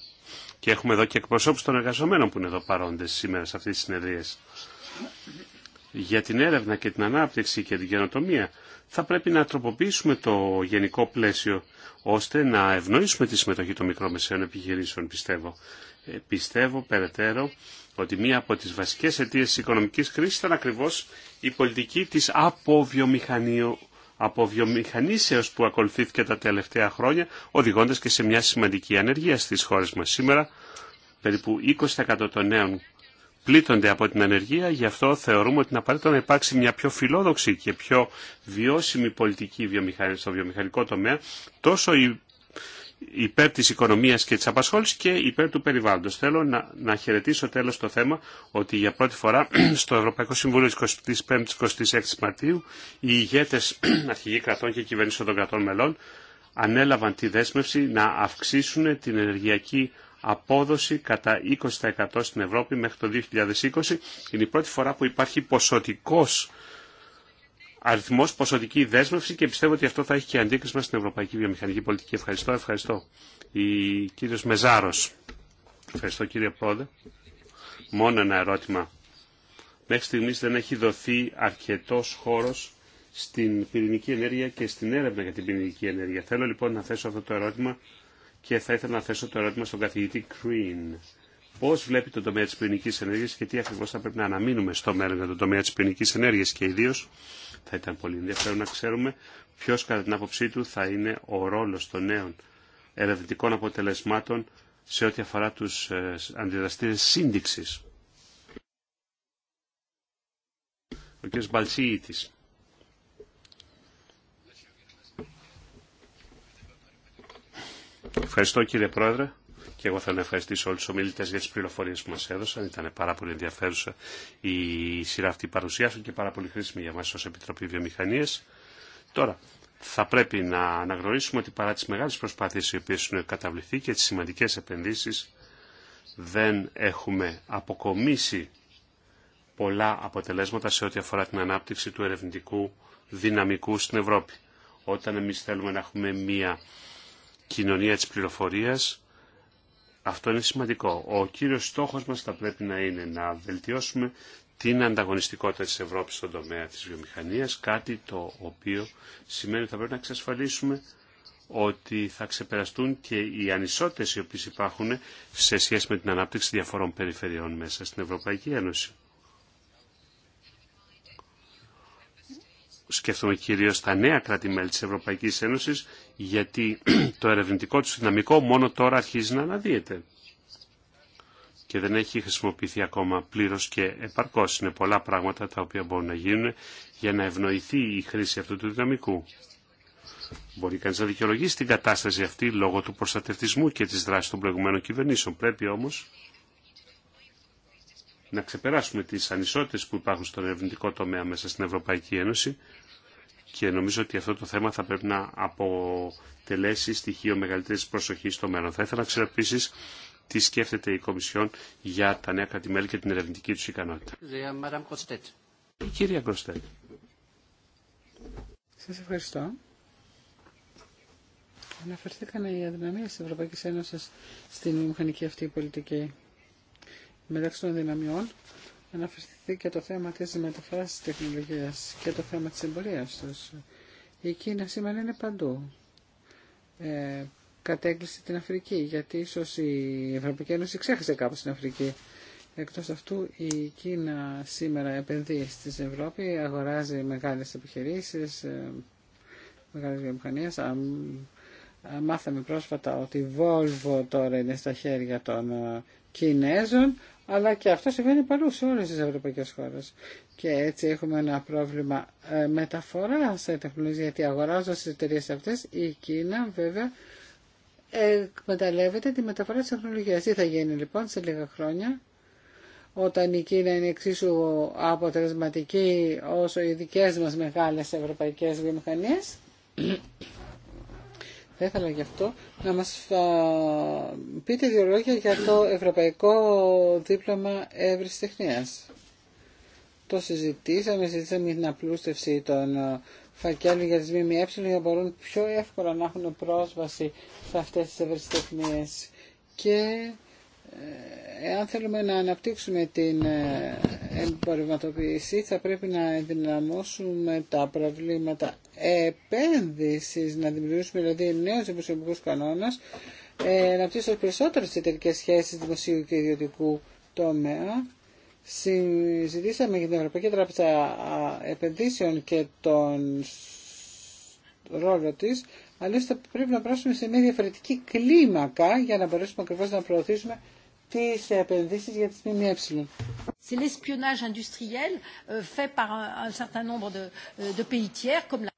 Και έχουμε εδώ και εκπροσώπους των εργαζομένων που είναι εδώ παρόντες σήμερα σε αυτές τις συνεδρίες. Για την έρευνα και την ανάπτυξη και την καινοτομία θα πρέπει να τροποποιήσουμε το γενικό πλαίσιο ώστε να ευνοήσουμε τη συμμετοχή των μικρομεσαίων επιχειρήσεων, πιστεύω. Ε, πιστεύω περαιτέρω ότι μία από τις βασικές αιτίες της οικονομικής κρίσης ήταν ακριβώς η πολιτική της αποβιομηχανίου αποβιομηχανήσεως που ακολουθήθηκε τα τελευταία χρόνια, οδηγώντας και σε μια σημαντική ανεργία στις χώρες μας. Σήμερα, περίπου 20% των νέων πλήττονται από την ανεργία, γι' αυτό θεωρούμε ότι είναι απαραίτητο να υπάρξει μια πιο φιλόδοξη και πιο βιώσιμη πολιτική στο βιομηχανικό τομέα, τόσο υπέρ της οικονομίας και της απασχόλησης και υπέρ του περιβάλλοντος. Θέλω να, να χαιρετήσω τέλος το θέμα ότι για πρώτη φορά στο Ευρωπαϊκό Συμβούλιο της 25ης-26 Μαρτίου οι ηγέτες αρχηγοί κρατών και κυβερνήσεων των κρατών μελών ανέλαβαν τη δέσμευση να αυξήσουν την ενεργειακή απόδοση κατά 20% στην Ευρώπη μέχρι το 2020. Είναι η πρώτη φορά που υπάρχει ποσοτικός αριθμός, ποσοτική δέσμευση και πιστεύω ότι αυτό θα έχει και αντίκρισμα στην ευρωπαϊκή βιομηχανική πολιτική. Ευχαριστώ, ευχαριστώ. Η κύριος Μεζάρος. Ευχαριστώ κύριε Πρόεδρε. Μόνο ένα ερώτημα. Μέχρι στιγμής δεν έχει δοθεί αρκετός χώρος στην πυρηνική ενέργεια και στην έρευνα για την πυρηνική ενέργεια. Θέλω λοιπόν να θέσω αυτό το ερώτημα και θα ήθελα να θέσω το ερώτημα στον καθηγητή Κρίν. Πώ βλέπει τον τομέα τη ποινική ενέργεια και τι ακριβώ θα πρέπει να αναμείνουμε στο μέλλον για το τομέα τη ποινική ενέργεια. Και ιδίω θα ήταν πολύ ενδιαφέρον να ξέρουμε ποιο κατά την άποψή του θα είναι ο ρόλο των νέων ερευνητικών αποτελεσμάτων σε ό,τι αφορά του ε, αντιδραστήρε σύνδεξη. Ο κ. Μπαλσίτη. Ευχαριστώ κύριε Πρόεδρε και εγώ θέλω να ευχαριστήσω όλους τους ομιλητές για τις πληροφορίες που μας έδωσαν. Ήταν πάρα πολύ ενδιαφέρουσα η σειρά αυτή παρουσιάσεων και πάρα πολύ χρήσιμη για μας ως Επιτροπή Βιομηχανίες. Τώρα, θα πρέπει να αναγνωρίσουμε ότι παρά τις μεγάλες προσπάθειες οι οποίες έχουν καταβληθεί και τις σημαντικές επενδύσεις δεν έχουμε αποκομίσει πολλά αποτελέσματα σε ό,τι αφορά την ανάπτυξη του ερευνητικού δυναμικού στην Ευρώπη. Όταν εμεί θέλουμε να έχουμε μία κοινωνία της πληροφορίας. Αυτό είναι σημαντικό. Ο κύριος στόχος μας θα πρέπει να είναι να βελτιώσουμε την ανταγωνιστικότητα της Ευρώπης στον τομέα της βιομηχανίας, κάτι το οποίο σημαίνει ότι θα πρέπει να εξασφαλίσουμε ότι θα ξεπεραστούν και οι ανισότητες οι οποίες υπάρχουν σε σχέση με την ανάπτυξη διαφορών περιφερειών μέσα στην Ευρωπαϊκή Ένωση. Σκεφτούμε κυρίως τα νέα κράτη-μέλη της Ευρωπαϊκής Ένωσης γιατί το ερευνητικό του δυναμικό μόνο τώρα αρχίζει να αναδύεται και δεν έχει χρησιμοποιηθεί ακόμα πλήρως και επαρκώς. Είναι πολλά πράγματα τα οποία μπορούν να γίνουν για να ευνοηθεί η χρήση αυτού του δυναμικού. Μπορεί κανείς να δικαιολογήσει την κατάσταση αυτή λόγω του προστατευτισμού και της δράσης των προηγουμένων κυβερνήσεων. Πρέπει όμως να ξεπεράσουμε τις ανισότητες που υπάρχουν στον ερευνητικό τομέα μέσα στην Ευρωπαϊκή Ένωση και νομίζω ότι αυτό το θέμα θα πρέπει να αποτελέσει στοιχείο μεγαλύτερη προσοχή στο μέλλον. Θα ήθελα να ξέρω επίση τι σκέφτεται η Κομισιόν για τα νέα κατημέρια και την ερευνητική του ικανότητα. Η κυρία Κροστέτ. Σας ευχαριστώ. Αναφερθήκαν οι αδυναμίε τη Ευρωπαϊκή Ένωση στην μηχανική αυτή πολιτική. Μεταξύ των δυναμιών αναφερθεί και το θέμα της μεταφράσης τεχνολογίας και το θέμα της εμπορίας τους. Η Κίνα σήμερα είναι παντού. Ε, κατέκλυσε την Αφρική, γιατί ίσως η Ευρωπαϊκή Ένωση ξέχασε κάπως την Αφρική. Εκτός αυτού η Κίνα σήμερα επενδύει στην Ευρώπη, αγοράζει μεγάλες επιχειρήσεις, ε, μεγάλες βιομηχανίες. Μάθαμε πρόσφατα ότι η Volvo τώρα είναι στα χέρια των ε, Κινέζων αλλά και αυτό συμβαίνει παντού σε όλες τις ευρωπαϊκές χώρες. Και έτσι έχουμε ένα πρόβλημα ε, μεταφορά σε τεχνολογία, γιατί αγοράζοντα τι εταιρείε αυτές, η Κίνα βέβαια εκμεταλλεύεται τη μεταφορά της τεχνολογίας. Τι θα γίνει λοιπόν σε λίγα χρόνια, όταν η Κίνα είναι εξίσου αποτελεσματική όσο οι δικές μας μεγάλες ευρωπαϊκές βιομηχανίες, θα ήθελα γι' αυτό να μας πείτε δύο λόγια για το Ευρωπαϊκό Δίπλωμα Εύρης Τεχνίας. Το συζητήσαμε, συζητήσαμε την απλούστευση των ε, φακέλων για τις ΜΜΕ για να μπορούν πιο εύκολα να έχουν πρόσβαση σε αυτές τις ευρεσιτεχνίες και εάν θέλουμε να αναπτύξουμε την ε, εμπορευματοποίηση θα πρέπει να ενδυναμώσουμε τα προβλήματα επένδυσης, να δημιουργήσουμε δηλαδή νέους κανόνας, κανόνες, ε, να πτήσουμε περισσότερες εταιρικές σχέσεις δημοσίου και ιδιωτικού τομέα. Συζητήσαμε για την Ευρωπαϊκή Τράπεζα Επενδύσεων και τον ρόλο της, αλλά θα πρέπει να πράσουμε σε μια διαφορετική κλίμακα για να μπορέσουμε ακριβώς να προωθήσουμε τις επενδύσεις για τις ΜΜΕ. C'est l'espionnage industriel euh, fait par un, certain nombre euh, de, pays tiers comme la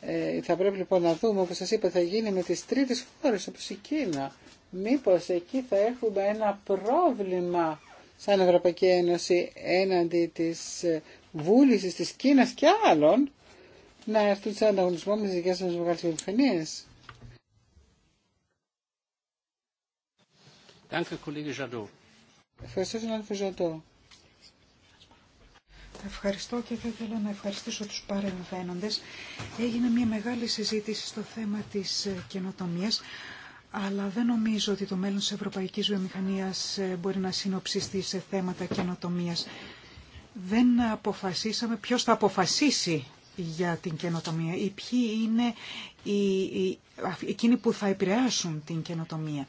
ε, θα πρέπει λοιπόν να δούμε, όπως σας είπα, θα γίνει με τις τρίτες χώρες, όπως η Κίνα. Μήπως εκεί θα έχουμε ένα πρόβλημα σαν Ευρωπαϊκή Ένωση έναντι της ε, βούλησης της Κίνας και άλλων να έρθουν σε ανταγωνισμό με τις δικές μας μεγάλες βιομηχανίες. Ευχαριστώ, συνάδελφε Ζαντό. Ευχαριστώ και θα ήθελα να ευχαριστήσω τους παρεμβαίνοντες. Έγινε μια μεγάλη συζήτηση στο θέμα της ε, καινοτομίας, αλλά δεν νομίζω ότι το μέλλον της ευρωπαϊκής βιομηχανίας ε, μπορεί να συνοψιστεί σε θέματα καινοτομία. Δεν αποφασίσαμε ποιος θα αποφασίσει για την καινοτομία ή ποιοι είναι οι, οι, εκείνοι που θα επηρεάσουν την καινοτομία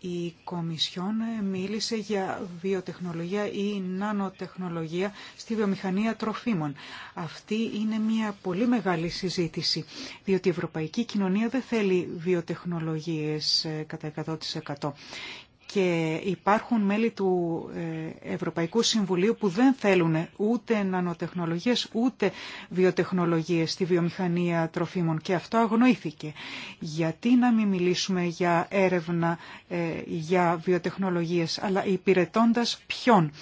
η Κομισιόν μίλησε για βιοτεχνολογία ή νανοτεχνολογία στη βιομηχανία τροφίμων. Αυτή είναι μια πολύ μεγάλη συζήτηση, διότι η ευρωπαϊκή κοινωνία δεν θέλει βιοτεχνολογίες ε, κατά 100% και υπάρχουν μέλη του ε, Ευρωπαϊκού Συμβουλίου που δεν θέλουν ούτε νανοτεχνολογίες ούτε βιοτεχνολογίες στη βιομηχανία τροφίμων και αυτό αγνοήθηκε. Γιατί να μην μιλήσουμε για έρευνα ε, για βιοτεχνολογίες αλλά υπηρετώντας ποιον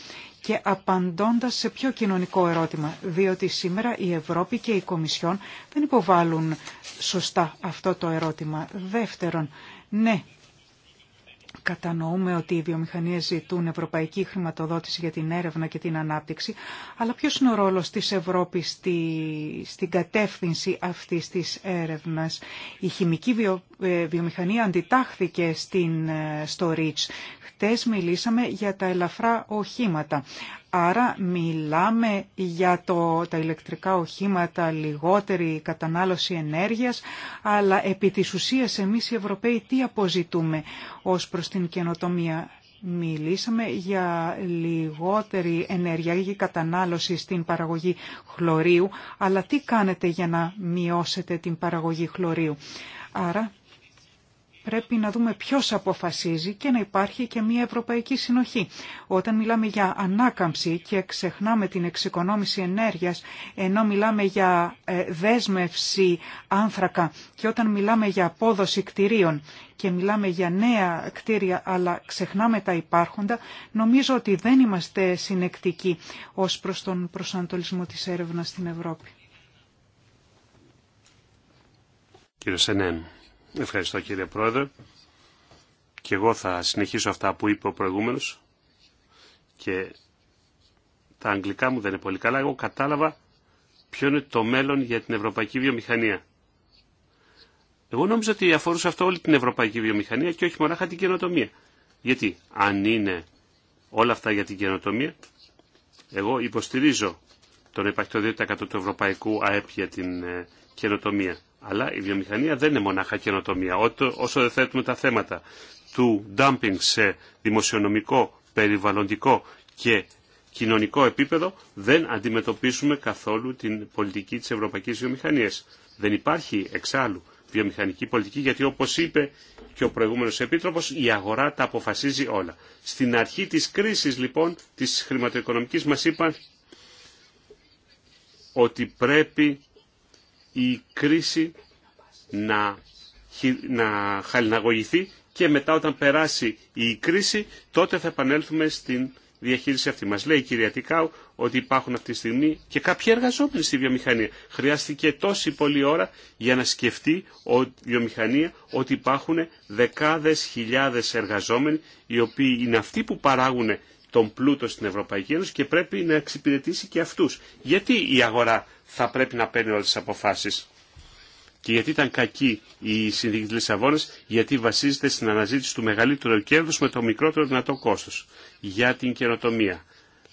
και απαντώντας σε πιο κοινωνικό ερώτημα, διότι σήμερα η Ευρώπη και η Κομισιόν δεν υποβάλλουν σωστά αυτό το ερώτημα. Δεύτερον, ναι, Κατανοούμε ότι οι βιομηχανίε ζητούν ευρωπαϊκή χρηματοδότηση για την έρευνα και την ανάπτυξη, αλλά ποιο είναι ο ρόλος της Ευρώπης στη, στην κατεύθυνση αυτής της έρευνας. Η χημική ε, βιομηχανία αντιτάχθηκε στην, ε, στο REACH. Χτες μιλήσαμε για τα ελαφρά οχήματα. Άρα μιλάμε για το, τα ηλεκτρικά οχήματα, λιγότερη κατανάλωση ενέργειας, αλλά επί της ουσίας εμείς οι Ευρωπαίοι τι αποζητούμε ως προς την καινοτομία. Μιλήσαμε για λιγότερη ενεργειακή κατανάλωση στην παραγωγή χλωρίου, αλλά τι κάνετε για να μειώσετε την παραγωγή χλωρίου. Άρα πρέπει να δούμε ποιος αποφασίζει και να υπάρχει και μια ευρωπαϊκή συνοχή. Όταν μιλάμε για ανάκαμψη και ξεχνάμε την εξοικονόμηση ενέργειας, ενώ μιλάμε για ε, δέσμευση άνθρακα και όταν μιλάμε για απόδοση κτηρίων και μιλάμε για νέα κτίρια αλλά ξεχνάμε τα υπάρχοντα, νομίζω ότι δεν είμαστε συνεκτικοί ως προς τον προσανατολισμό της έρευνας στην Ευρώπη. Κύριε Ευχαριστώ κύριε Πρόεδρε. Και εγώ θα συνεχίσω αυτά που είπε ο προηγούμενος και τα αγγλικά μου δεν είναι πολύ καλά. Εγώ κατάλαβα ποιο είναι το μέλλον για την ευρωπαϊκή βιομηχανία. Εγώ νόμιζα ότι αφορούσε αυτό όλη την ευρωπαϊκή βιομηχανία και όχι μονάχα την καινοτομία. Γιατί αν είναι όλα αυτά για την καινοτομία, εγώ υποστηρίζω το να υπάρχει 2% του ευρωπαϊκού ΑΕΠ για την ε, καινοτομία. Αλλά η βιομηχανία δεν είναι μονάχα καινοτομία. Όσο δεν θέτουμε τα θέματα του dumping σε δημοσιονομικό, περιβαλλοντικό και κοινωνικό επίπεδο, δεν αντιμετωπίσουμε καθόλου την πολιτική της ευρωπαϊκής βιομηχανίας. Δεν υπάρχει εξάλλου βιομηχανική πολιτική, γιατί όπως είπε και ο προηγούμενος Επίτροπος, η αγορά τα αποφασίζει όλα. Στην αρχή της κρίσης λοιπόν της χρηματοοικονομικής μας είπαν ότι πρέπει η κρίση να, να χαλιναγωγηθεί και μετά όταν περάσει η κρίση τότε θα επανέλθουμε στην διαχείριση αυτή. Μας λέει η κυρία Τικάου ότι υπάρχουν αυτή τη στιγμή και κάποιοι εργαζόμενοι στη βιομηχανία. Χρειάστηκε τόση πολλή ώρα για να σκεφτεί η βιομηχανία ότι υπάρχουν δεκάδες χιλιάδες εργαζόμενοι οι οποίοι είναι αυτοί που παράγουν τον πλούτο στην Ευρωπαϊκή Ένωση και πρέπει να εξυπηρετήσει και αυτούς. Γιατί η αγορά θα πρέπει να παίρνει όλες τις αποφάσεις. Και γιατί ήταν κακή η συνθήκη τη γιατί βασίζεται στην αναζήτηση του μεγαλύτερου κέρδου με το μικρότερο δυνατό κόστο. Για την καινοτομία.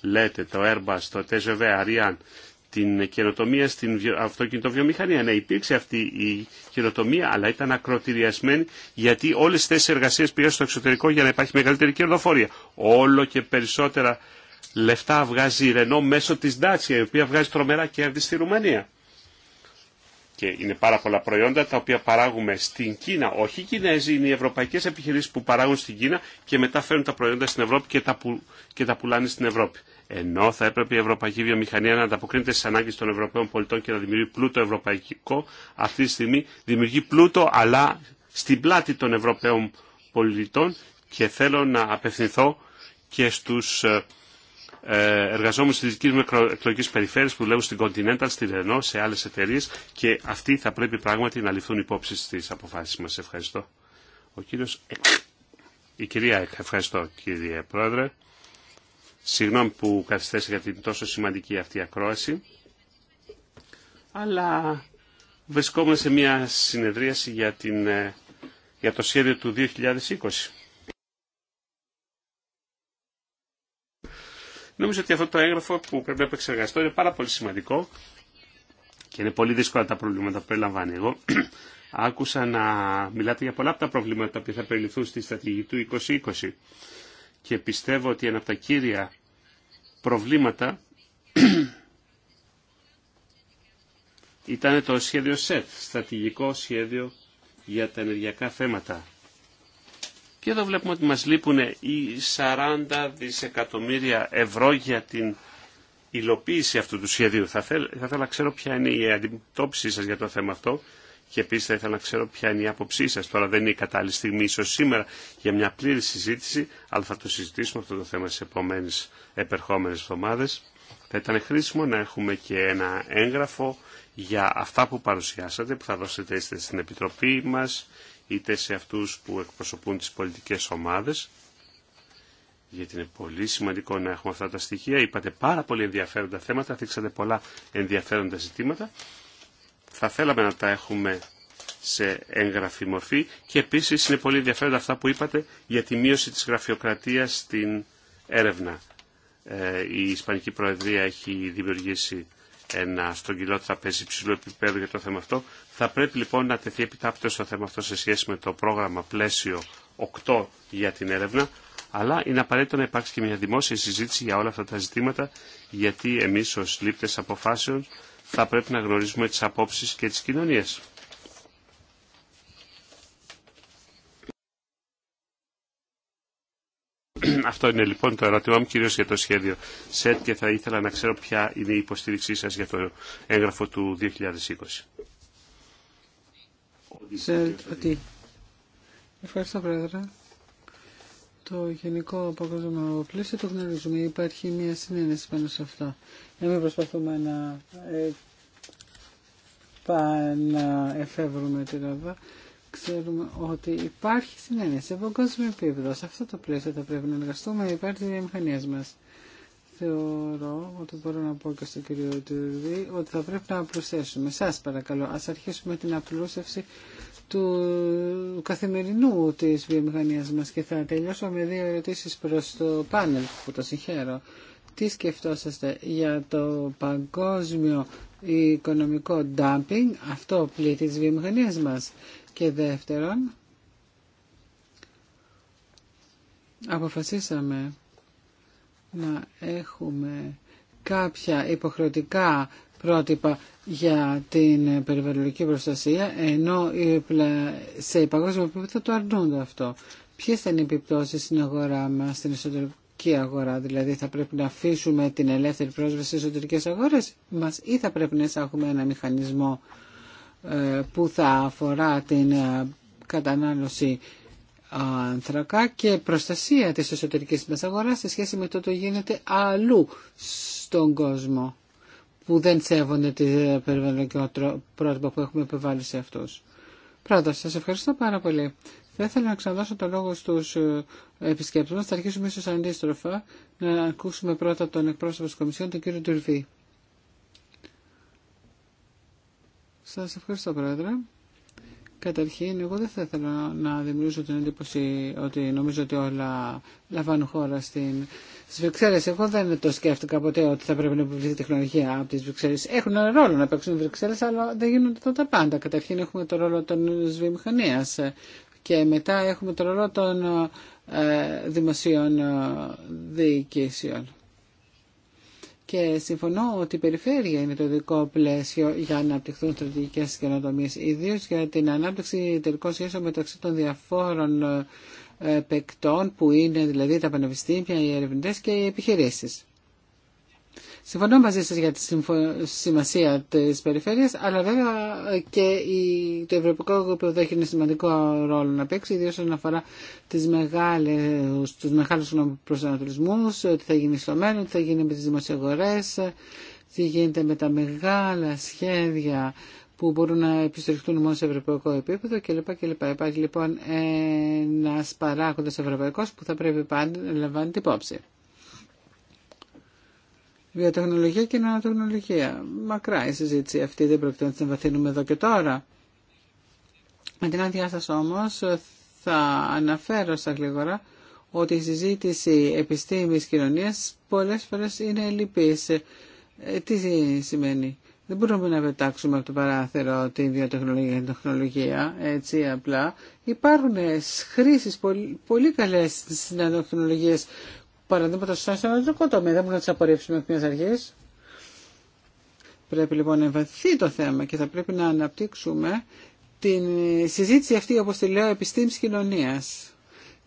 Λέτε το Airbus, το TGV, Ariane, την καινοτομία στην αυτοκινητοβιομηχανία. Ναι, υπήρξε αυτή η καινοτομία, αλλά ήταν ακροτηριασμένη γιατί όλε τι θέσει εργασία πήγαν στο εξωτερικό για να υπάρχει μεγαλύτερη κερδοφορία. Όλο και περισσότερα λεφτά βγάζει η Ρενό μέσω τη Ντάτσια, η οποία βγάζει τρομερά κέρδη στη Ρουμανία. Και είναι πάρα πολλά προϊόντα τα οποία παράγουμε στην Κίνα. Όχι οι Κινέζοι, είναι οι ευρωπαϊκέ επιχειρήσει που παράγουν στην Κίνα και μετά φέρνουν τα προϊόντα στην Ευρώπη και τα, που, και τα πουλάνε στην Ευρώπη ενώ θα έπρεπε η ευρωπαϊκή βιομηχανία να ανταποκρίνεται στι ανάγκε των Ευρωπαίων πολιτών και να δημιουργεί πλούτο ευρωπαϊκό, αυτή τη στιγμή δημιουργεί πλούτο αλλά στην πλάτη των Ευρωπαίων πολιτών και θέλω να απευθυνθώ και στους ε, εργαζόμενους της δικής μου εκλογικής περιφέρειας που δουλεύουν στην Continental, στην Renault, σε άλλες εταιρείες και αυτοί θα πρέπει πράγματι να ληφθούν υπόψη στις αποφάσεις μας. Ευχαριστώ. Ο κύριος... Η κυρία Ευχαριστώ κύριε Πρόεδρε. Συγγνώμη που καθυστέρησα για την τόσο σημαντική αυτή ακρόαση. Αλλά βρισκόμαστε σε μια συνεδρίαση για, την, ε, για το σχέδιο του 2020. Νομίζω ότι αυτό το έγγραφο που πρέπει να επεξεργαστώ είναι πάρα πολύ σημαντικό και είναι πολύ δύσκολα τα προβλήματα που περιλαμβάνει εγώ. Άκουσα να μιλάτε για πολλά από τα προβλήματα που θα περιληφθούν στη στρατηγική του 2020 και πιστεύω ότι ένα από τα κύρια προβλήματα ήταν το σχέδιο ΣΕΤ, στρατηγικό σχέδιο για τα ενεργειακά θέματα. Και εδώ βλέπουμε ότι μας λείπουν οι 40 δισεκατομμύρια ευρώ για την υλοποίηση αυτού του σχεδίου. Θα, ήθελα να ξέρω ποια είναι η αντιμετώπιση σας για το θέμα αυτό. Και επίση θα ήθελα να ξέρω ποια είναι η άποψή σα. Τώρα δεν είναι η κατάλληλη στιγμή, ίσω σήμερα, για μια πλήρη συζήτηση, αλλά θα το συζητήσουμε αυτό το θέμα στι επόμενε επερχόμενε εβδομάδε. Θα ήταν χρήσιμο να έχουμε και ένα έγγραφο για αυτά που παρουσιάσατε, που θα δώσετε είτε στην Επιτροπή μας, είτε σε αυτούς που εκπροσωπούν τις πολιτικές ομάδες, γιατί είναι πολύ σημαντικό να έχουμε αυτά τα στοιχεία. Είπατε πάρα πολύ ενδιαφέροντα θέματα, θίξατε πολλά ενδιαφέροντα ζητήματα θα θέλαμε να τα έχουμε σε έγγραφη μορφή και επίσης είναι πολύ ενδιαφέροντα αυτά που είπατε για τη μείωση της γραφειοκρατίας στην έρευνα. Ε, η Ισπανική Προεδρία έχει δημιουργήσει ένα στρογγυλό τραπέζι ψηλού επίπεδου για το θέμα αυτό. Θα πρέπει λοιπόν να τεθεί επιτάπτω στο θέμα αυτό σε σχέση με το πρόγραμμα πλαίσιο 8 για την έρευνα, αλλά είναι απαραίτητο να υπάρξει και μια δημόσια συζήτηση για όλα αυτά τα ζητήματα, γιατί εμείς ως λήπτες αποφάσεων θα πρέπει να γνωρίζουμε τις απόψεις και τις κοινωνίες. Αυτό είναι λοιπόν το ερώτημά μου κυρίως για το σχέδιο ΣΕΤ και θα ήθελα να ξέρω ποια είναι η υποστήριξή σας για το έγγραφο του 2020. Ευχαριστώ Πρόεδρε το γενικό παγκόσμιο πλαίσιο το γνωρίζουμε. Υπάρχει μια συνένεση πάνω σε αυτό. Να μην προσπαθούμε να, ε, να εφεύρουμε την Ελλάδα. Ξέρουμε ότι υπάρχει συνένεση σε παγκόσμιο επίπεδο. Σε αυτό το πλαίσιο θα πρέπει να εργαστούμε υπάρχει η διαμηχανία μα. Θεωρώ ότι μπορώ να πω και στον κύριο Τουρδί ότι θα πρέπει να προσθέσουμε. Σα παρακαλώ, α αρχίσουμε την απλούσευση του καθημερινού της βιομηχανίας μας και θα τελειώσω με δύο ερωτήσεις προς το πάνελ που το συγχαίρω. Τι σκεφτόσαστε για το παγκόσμιο οικονομικό dumping, αυτό πλήττει της βιομηχανίας μας. Και δεύτερον, αποφασίσαμε να έχουμε κάποια υποχρεωτικά πρότυπα για την περιβαλλοντική προστασία, ενώ σε παγκόσμιο επίπεδο το αρνούνται αυτό. Ποιε θα είναι οι επιπτώσει στην αγορά μα, στην εσωτερική αγορά, δηλαδή θα πρέπει να αφήσουμε την ελεύθερη πρόσβαση στι εσωτερικέ αγορέ μα ή θα πρέπει να έχουμε ένα μηχανισμό ε, που θα αφορά την ε, κατανάλωση ανθρακά και προστασία της εσωτερικής μας αγοράς σε σχέση με το το γίνεται αλλού στον κόσμο που δεν σέβονται τη ε, περιβαλλοντική πρότυπα που έχουμε επιβάλει σε αυτούς. Πρώτα, σας ευχαριστώ πάρα πολύ. Θα ήθελα να ξαναδώσω το λόγο στους ε, επισκέπτες μας. Θα αρχίσουμε ίσως αντίστροφα να ακούσουμε πρώτα τον εκπρόσωπο της Κομισιόν, τον κύριο Τουρβή. Σας ευχαριστώ, Πρόεδρε. Καταρχήν, εγώ δεν θα ήθελα να δημιουργήσω την εντύπωση ότι νομίζω ότι όλα λαμβάνουν χώρα στην... στι Βρυξέλλε. Εγώ δεν το σκέφτηκα ποτέ ότι θα πρέπει να υποβληθεί τεχνολογία από τι Βρυξέλλε. Έχουν ένα ρόλο να παίξουν οι Βρυξέλλε, αλλά δεν γίνονται τότε πάντα. Καταρχήν έχουμε το ρόλο των βιομηχανία και μετά έχουμε το ρόλο των ε, δημοσίων ε, διοικήσεων. Και συμφωνώ ότι η περιφέρεια είναι το δικό πλαίσιο για να αναπτυχθούν στρατηγικέ καινοτομίε, ιδίω για την ανάπτυξη τελικών σχέσεων μεταξύ των διαφόρων ε, παικτών που είναι δηλαδή τα πανεπιστήμια, οι ερευνητέ και οι επιχειρήσει. Συμφωνώ μαζί σας για τη σημασία της περιφέρειας, αλλά βέβαια και το ευρωπαϊκό επίπεδο έχει ένα σημαντικό ρόλο να παίξει, ιδίως όσον αφορά του μεγάλου τους μεγάλους προσανατολισμούς, τι θα γίνει στο μέλλον, τι θα γίνει με τις δημοσιογορές, τι γίνεται με τα μεγάλα σχέδια που μπορούν να επιστριχτούν μόνο σε ευρωπαϊκό επίπεδο κλπ. κλπ. Υπάρχει λοιπόν ένας παράγοντας ευρωπαϊκός που θα πρέπει πάντα να λαμβάνει την υπόψη. Βιοτεχνολογία και νανοτεχνολογία. Μακρά η συζήτηση αυτή, δεν πρόκειται να την βαθύνουμε εδώ και τώρα. Με την άδειά σας όμως θα αναφέρω στα γλίγορα ότι η συζήτηση επιστήμης κοινωνίας πολλές φορές είναι ελλειπής. Ε, τι σημαίνει. Δεν μπορούμε να πετάξουμε από το παράθυρο τη βιοτεχνολογία και την τεχνολογία, έτσι απλά. Υπάρχουν χρήσει πολύ, πολύ στι συναντοκτονολογίες παραδείγματο στον στρατιωτικό τομέα. Δεν μπορούμε να τι απορρίψουμε εκ μια αρχή. Πρέπει λοιπόν να εμβαθυνθεί το θέμα και θα πρέπει να αναπτύξουμε την συζήτηση αυτή, όπω τη λέω, επιστήμη κοινωνία.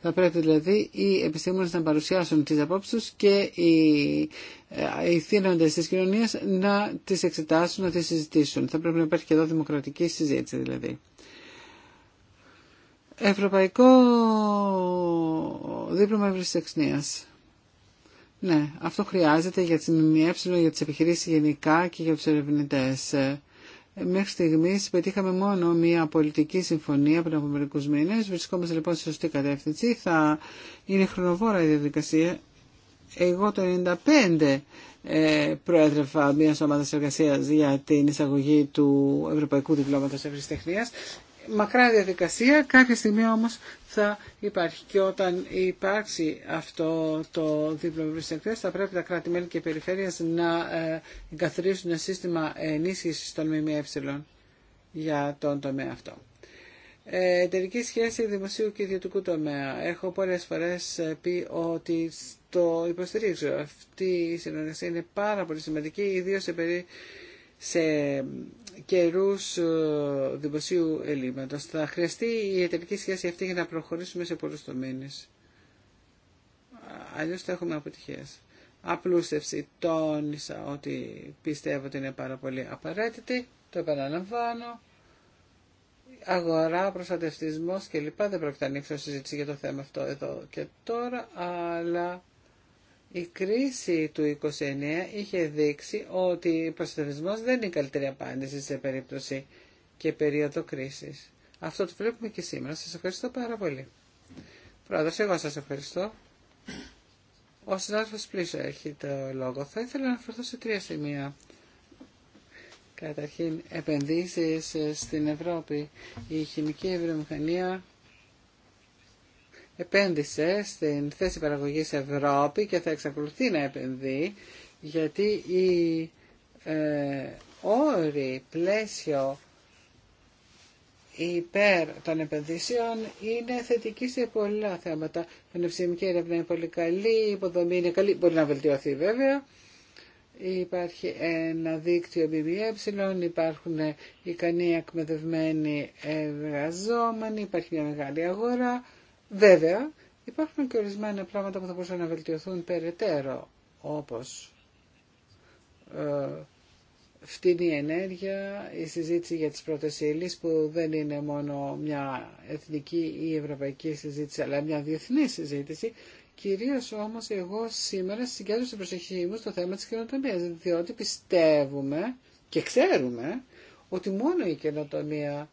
Θα πρέπει δηλαδή οι επιστήμονες να παρουσιάσουν τις απόψεις τους και οι ηθήνοντες ε, της κοινωνίας να τις εξετάσουν, να τις συζητήσουν. Θα πρέπει να υπάρχει και εδώ δημοκρατική συζήτηση δηλαδή. Ευρωπαϊκό δίπλωμα ευρυσεξνίας. Ναι, αυτό χρειάζεται για τις ΜΜΕ, για τις επιχειρήσεις γενικά και για τους ερευνητέ. Μέχρι στιγμή πετύχαμε μόνο μία πολιτική συμφωνία πριν από μερικού μήνε. Βρισκόμαστε λοιπόν στη σωστή κατεύθυνση. Θα είναι χρονοβόρα η διαδικασία. Εγώ το 1995 ε, προέδρευα μια ομάδα εργασία για την εισαγωγή του Ευρωπαϊκού Διπλώματο Ευρυστεχνία μακρά διαδικασία, κάποια στιγμή όμως θα υπάρχει και όταν υπάρξει αυτό το δίπλωμα προσεκτές, θα πρέπει τα κράτη-μέλη και οι περιφέρειες να ε, εγκαθρίσουν ένα σύστημα ενίσχυσης των ΜΜΕ για τον τομέα αυτό. Ε, εταιρική σχέση δημοσίου και ιδιωτικού τομέα. Έχω πολλές φορές ε, πει ότι το υποστηρίζω. Αυτή η συνεργασία είναι πάρα πολύ σημαντική, ιδίως σε, περί... σε καιρούς ε, δημοσίου ελλείμματος. Θα χρειαστεί η εταιρική σχέση αυτή για να προχωρήσουμε σε πολλούς τομείς. Αλλιώς θα έχουμε αποτυχίες. Απλούστευση τόνισα ότι πιστεύω ότι είναι πάρα πολύ απαραίτητη. Το επαναλαμβάνω. Αγορά, προστατευτισμός κλπ. Δεν πρόκειται να ανοίξω συζήτηση για το θέμα αυτό εδώ και τώρα, αλλά η κρίση του 29 είχε δείξει ότι ο προστατευσμός δεν είναι η καλύτερη απάντηση σε περίπτωση και περίοδο κρίσης. Αυτό το βλέπουμε και σήμερα. Σας ευχαριστώ πάρα πολύ. Πρόεδρος, εγώ σας ευχαριστώ. Ο συνάδελφος Πλήσω έχει το λόγο. Θα ήθελα να αναφερθώ σε τρία σημεία. Καταρχήν, επενδύσεις στην Ευρώπη. Η χημική βιομηχανία επένδυσε στην θέση παραγωγής Ευρώπη και θα εξακολουθεί να επενδύει γιατί η ε, πλαίσιο υπέρ των επενδύσεων είναι θετική σε πολλά θέματα. Η πνευσιμική έρευνα είναι πολύ καλή, η υποδομή είναι καλή, μπορεί να βελτιωθεί βέβαια. Υπάρχει ένα δίκτυο BBE, υπάρχουν ικανοί εκμεδευμένοι εργαζόμενοι, υπάρχει μια μεγάλη αγορά. Βέβαια, υπάρχουν και ορισμένα πράγματα που θα μπορούσαν να βελτιωθούν περαιτέρω, όπως ε, φτηνή ενέργεια, η συζήτηση για τις πρώτες ύλες που δεν είναι μόνο μια εθνική ή ευρωπαϊκή συζήτηση αλλά μια διεθνή συζήτηση. Κυρίως όμως εγώ σήμερα συγκέντρωσα την προσοχή μου στο θέμα της καινοτομίας διότι πιστεύουμε και ξέρουμε ότι μόνο η καινοτομία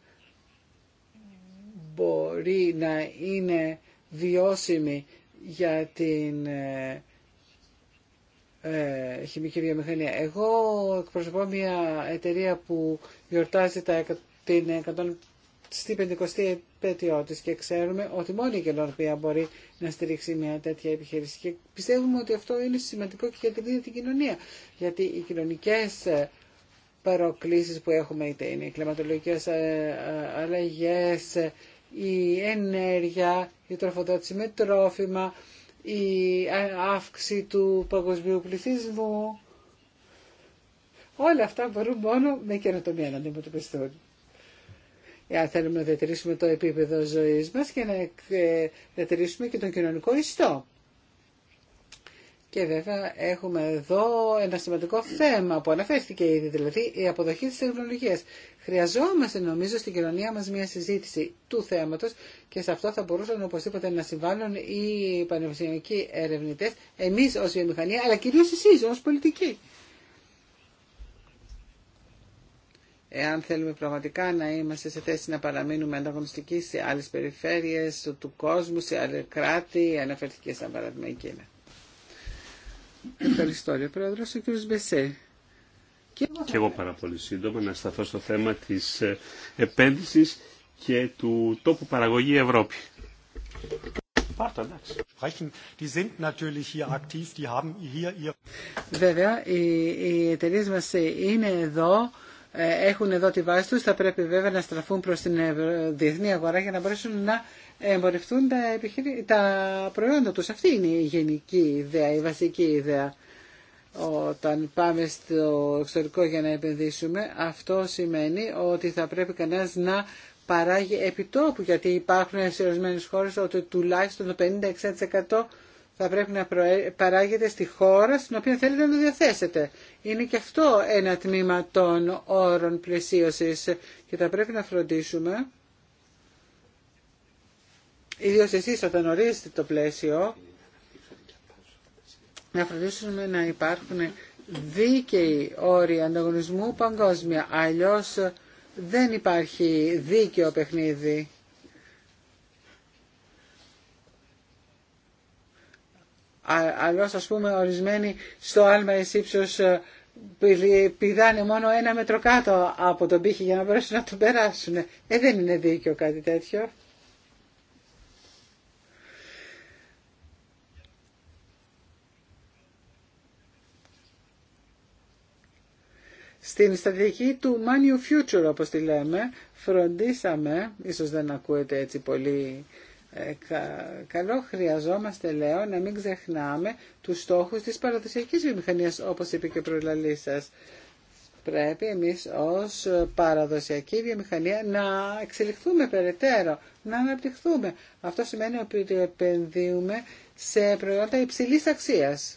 μπορεί να είναι βιώσιμη για την ε, ε, χημική βιομηχανία. Εγώ εκπροσωπώ μια εταιρεία που γιορτάζει τα, την 150η επέτειό της και ξέρουμε ότι μόνο η κοινωνία μπορεί να στηρίξει μια τέτοια επιχείρηση και πιστεύουμε ότι αυτό είναι σημαντικό και για την ίδια την κοινωνία γιατί οι κοινωνικές ε, παροκλήσεις που έχουμε είτε είναι οι κλιματολογικές ε, αλλαγές, η ενέργεια, η τροφοδότηση με τρόφιμα, η αύξηση του παγκοσμίου πληθυσμού. Όλα αυτά μπορούν μόνο με καινοτομία να αντιμετωπιστούν. Εάν θέλουμε να διατηρήσουμε το επίπεδο ζωής μας και να διατηρήσουμε ε, και τον κοινωνικό ιστό. Και βέβαια έχουμε εδώ ένα σημαντικό θέμα που αναφέρθηκε ήδη, δηλαδή η αποδοχή της τεχνολογίας. Χρειαζόμαστε νομίζω στην κοινωνία μας μια συζήτηση του θέματος και σε αυτό θα μπορούσαν οπωσδήποτε να συμβάλλουν οι πανεπιστημιακοί ερευνητές, εμείς ως βιομηχανία, αλλά κυρίως εσείς ως πολιτικοί. Εάν θέλουμε πραγματικά να είμαστε σε θέση να παραμείνουμε ανταγωνιστικοί σε άλλες περιφέρειες του κόσμου, σε άλλα κράτη, αναφέρθηκε σαν παράδειγμα η Ευχαριστώ, κύριε ο κ. Μπεσέ. Και εγώ πάρα πολύ σύντομα να σταθώ στο θέμα τη ε, επένδυσης και του τόπου παραγωγή Ευρώπη. Βέβαια, οι, οι εταιρείε μα ε, είναι εδώ, ε, έχουν εδώ τη βάση του. Θα πρέπει βέβαια να στραφούν προ την διεθνή αγορά για να μπορέσουν να εμπορευτούν τα, επιχειρη... τα προϊόντα τους. Αυτή είναι η γενική ιδέα, η βασική ιδέα. Όταν πάμε στο εξωτερικό για να επενδύσουμε, αυτό σημαίνει ότι θα πρέπει κανένας να παράγει επιτόπου, γιατί υπάρχουν σε ορισμένε χώρε ότι τουλάχιστον το 50 θα πρέπει να παράγεται στη χώρα στην οποία θέλετε να το διαθέσετε. Είναι και αυτό ένα τμήμα των όρων πλαισίωσης και θα πρέπει να φροντίσουμε Ιδίω εσεί όταν ορίζετε το πλαίσιο, να φροντίσουμε να υπάρχουν δίκαιοι όροι ανταγωνισμού παγκόσμια. Αλλιώς δεν υπάρχει δίκαιο παιχνίδι. Αλλιώ ας πούμε ορισμένοι στο άλμα εις ύψος ε, πηδάνε μόνο ένα μέτρο κάτω από τον πύχη για να μπορέσουν να τον περάσουν. Ε, δεν είναι δίκαιο κάτι τέτοιο. Στην στρατηγική του Money Future, όπως τη λέμε, φροντίσαμε, ίσως δεν ακούετε έτσι πολύ ε, καλό, χρειαζόμαστε, λέω, να μην ξεχνάμε τους στόχους της παραδοσιακής βιομηχανίας, όπως είπε και ο προλαλής σας. Πρέπει εμείς ως παραδοσιακή βιομηχανία να εξελιχθούμε περαιτέρω, να αναπτυχθούμε. Αυτό σημαίνει ότι επενδύουμε σε προϊόντα υψηλής αξίας.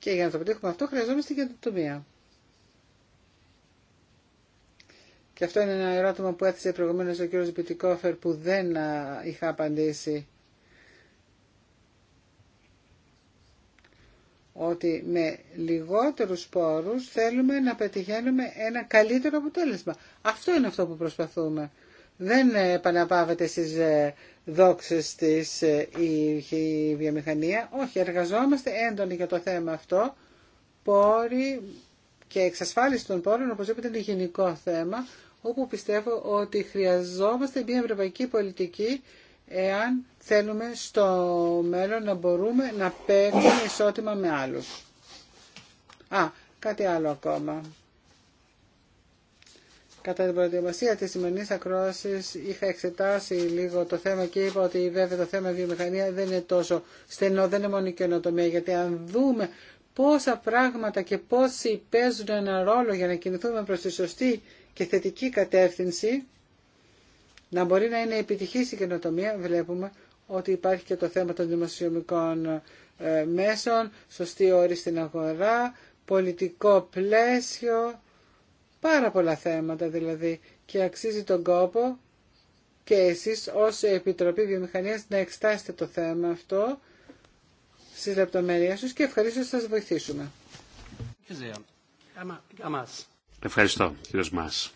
Και για να το πετύχουμε αυτό χρειαζόμαστε και τομία. Και αυτό είναι ένα ερώτημα που έθεσε προηγουμένως ο κύριος Μπιτικόφερ που δεν είχα απαντήσει. Ότι με λιγότερους πόρους θέλουμε να πετυχαίνουμε ένα καλύτερο αποτέλεσμα. Αυτό είναι αυτό που προσπαθούμε δεν επαναπάβεται στις ε, δόξες της ε, η βιομηχανία. Όχι, εργαζόμαστε έντονοι για το θέμα αυτό. Πόροι και εξασφάλιση των πόρων είπατε, είναι γενικό θέμα, όπου πιστεύω ότι χρειαζόμαστε μια ευρωπαϊκή πολιτική εάν θέλουμε στο μέλλον να μπορούμε να παίρνουμε ισότιμα με άλλους. Α, κάτι άλλο ακόμα. Κατά την προετοιμασία της σημερινή ακρόασης είχα εξετάσει λίγο το θέμα και είπα ότι βέβαια το θέμα βιομηχανία δεν είναι τόσο στενό, δεν είναι μόνο η καινοτομία, γιατί αν δούμε πόσα πράγματα και πόσοι παίζουν ένα ρόλο για να κινηθούμε προς τη σωστή και θετική κατεύθυνση, να μπορεί να είναι επιτυχής η καινοτομία, βλέπουμε ότι υπάρχει και το θέμα των δημοσιομικών ε, μέσων, σωστή όρη στην αγορά, πολιτικό πλαίσιο, Πάρα πολλά θέματα δηλαδή και αξίζει τον κόπο και εσείς ως Επιτροπή Βιομηχανίας να εξτάσετε το θέμα αυτό στις λεπτομέρειες σας και ευχαριστώ σας βοηθήσουμε. Ευχαριστώ κύριος Μάς.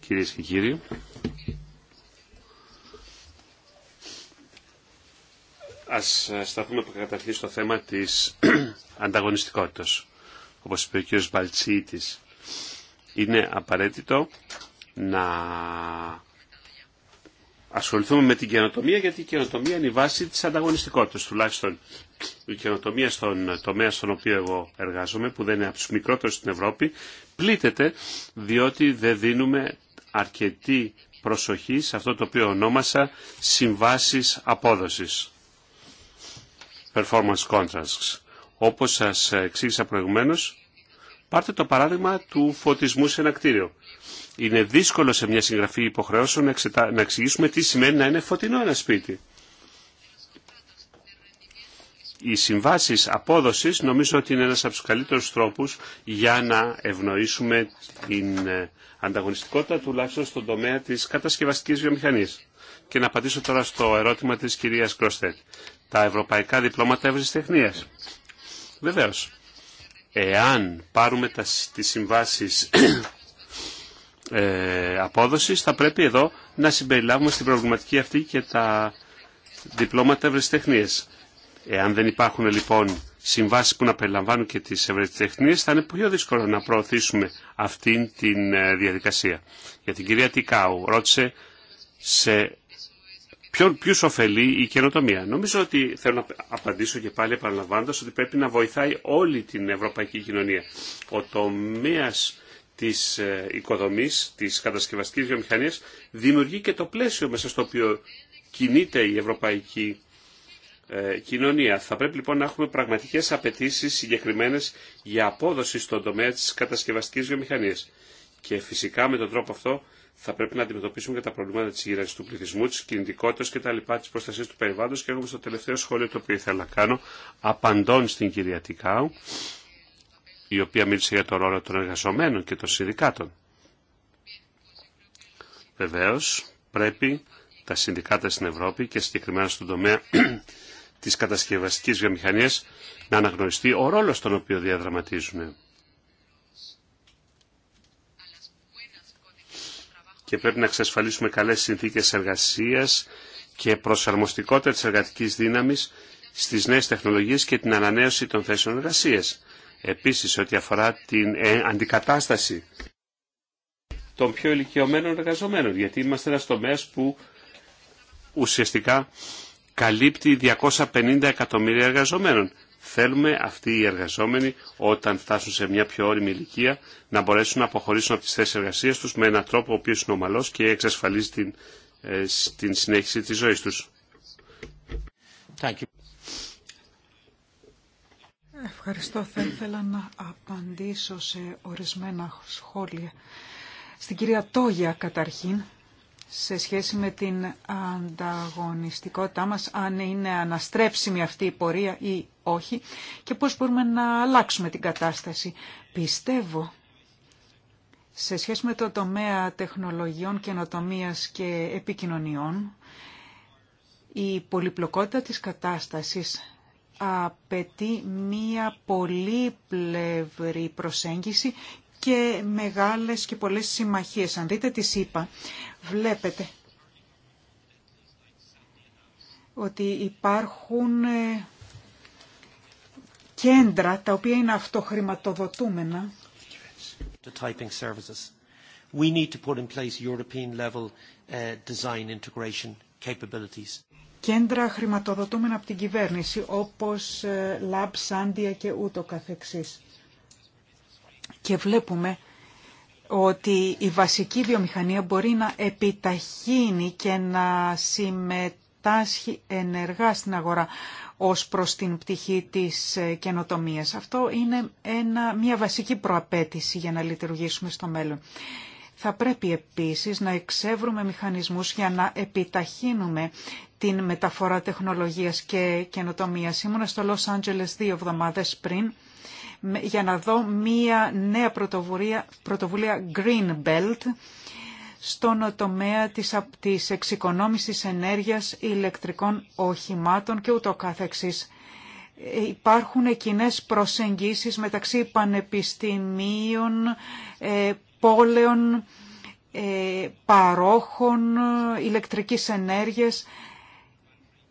Κυρίες και κύριοι, Ας ε, σταθούμε καταρχήν στο θέμα της ανταγωνιστικότητας. Όπως είπε ο κ. Μπαλτσίτης, είναι απαραίτητο να ασχοληθούμε με την καινοτομία γιατί η καινοτομία είναι η βάση της ανταγωνιστικότητας τουλάχιστον η καινοτομία στον τομέα στον οποίο εγώ εργάζομαι που δεν είναι από τους μικρότερους στην Ευρώπη πλήττεται διότι δεν δίνουμε αρκετή προσοχή σε αυτό το οποίο ονόμασα συμβάσεις απόδοσης performance contrasts. Όπως σας εξήγησα προηγουμένως, πάρτε το παράδειγμα του φωτισμού σε ένα κτίριο. Είναι δύσκολο σε μια συγγραφή υποχρεώσεων να, εξηγήσουμε τι σημαίνει να είναι φωτεινό ένα σπίτι. Οι συμβάσει απόδοσης νομίζω ότι είναι ένας από τους καλύτερους τρόπους για να ευνοήσουμε την ε, ανταγωνιστικότητα τουλάχιστον στον τομέα της κατασκευαστικής βιομηχανίας. Και να απαντήσω τώρα στο ερώτημα της κυρίας Κρόστετ τα ευρωπαϊκά διπλώματα Τεχνίας. Βεβαίως, εάν πάρουμε τα, τις συμβάσεις ε, απόδοσης, θα πρέπει εδώ να συμπεριλάβουμε στην προβληματική αυτή και τα διπλώματα Τεχνίας. Εάν δεν υπάρχουν λοιπόν συμβάσεις που να περιλαμβάνουν και τις Τεχνίες, θα είναι πολύ δύσκολο να προωθήσουμε αυτήν την ε, διαδικασία. Για την κυρία Τικάου ρώτησε σε ποιον, ποιους ωφελεί η καινοτομία. Νομίζω ότι θέλω να απαντήσω και πάλι επαναλαμβάνοντα ότι πρέπει να βοηθάει όλη την ευρωπαϊκή κοινωνία. Ο τομέα τη ε, οικοδομή, τη κατασκευαστική βιομηχανία, δημιουργεί και το πλαίσιο μέσα στο οποίο κινείται η ευρωπαϊκή ε, κοινωνία. Θα πρέπει λοιπόν να έχουμε πραγματικές απαιτήσει συγκεκριμένες για απόδοση στον τομέα της κατασκευαστικής βιομηχανίας. Και φυσικά με τον τρόπο αυτό θα πρέπει να αντιμετωπίσουμε και τα προβλήματα τη γύρανση του πληθυσμού, τη κινητικότητα λοιπά τη προστασία του περιβάλλοντο. Και έχουμε στο τελευταίο σχόλιο το οποίο ήθελα να κάνω, απαντών στην κυρία Τικάου, η οποία μίλησε για το ρόλο των εργαζομένων και των συνδικάτων. Βεβαίω, πρέπει τα συνδικάτα στην Ευρώπη και συγκεκριμένα στον τομέα τη κατασκευαστική βιομηχανία να αναγνωριστεί ο ρόλο τον οποίο διαδραματίζουν. και πρέπει να εξασφαλίσουμε καλές συνθήκες εργασίας και προσαρμοστικότητα της εργατικής δύναμης στις νέες τεχνολογίες και την ανανέωση των θέσεων εργασίας. Επίσης, ό,τι αφορά την ε, αντικατάσταση των πιο ηλικιωμένων εργαζομένων, γιατί είμαστε ένας τομέας που ουσιαστικά καλύπτει 250 εκατομμύρια εργαζομένων. Θέλουμε αυτοί οι εργαζόμενοι όταν φτάσουν σε μια πιο όρημη ηλικία να μπορέσουν να αποχωρήσουν από τις θέσεις εργασίας τους με έναν τρόπο ο οποίος είναι ομαλός και εξασφαλίζει την, ε, την συνέχιση της ζωής τους. Ευχαριστώ. Θα ήθελα να απαντήσω σε ορισμένα σχόλια. Στην κυρία Τόγια καταρχήν σε σχέση με την ανταγωνιστικότητά μας, αν είναι αναστρέψιμη αυτή η πορεία ή όχι και πώς μπορούμε να αλλάξουμε την κατάσταση. Πιστεύω σε σχέση με το τομέα τεχνολογιών, καινοτομίας και επικοινωνιών, η πολυπλοκότητα της κατάστασης απαιτεί μία πολύπλευρη προσέγγιση και μεγάλες και πολλές συμμαχίες. Αν δείτε τι είπα, βλέπετε ότι υπάρχουν ε, κέντρα τα οποία είναι αυτοχρηματοδοτούμενα. Κέντρα χρηματοδοτούμενα από την κυβέρνηση, όπως ε, Lab Sandia και ούτω καθεξής και βλέπουμε ότι η βασική βιομηχανία μπορεί να επιταχύνει και να συμμετάσχει ενεργά στην αγορά ως προς την πτυχή της ε, καινοτομίας. Αυτό είναι ένα, μια βασική προαπέτηση για να λειτουργήσουμε στο μέλλον. Θα πρέπει επίσης να εξεύρουμε μηχανισμούς για να επιταχύνουμε την μεταφορά τεχνολογίας και καινοτομίας. Ήμουν στο Λος Άντζελες δύο εβδομάδες πριν για να δω μία νέα πρωτοβουλία, Green Belt στον τομέα της, της εξοικονόμησης ενέργειας ηλεκτρικών οχημάτων και ούτω καθεξής. Ε, υπάρχουν κοινέ προσεγγίσεις μεταξύ πανεπιστημίων, ε, πόλεων, ε, παρόχων ηλεκτρικής ενέργειας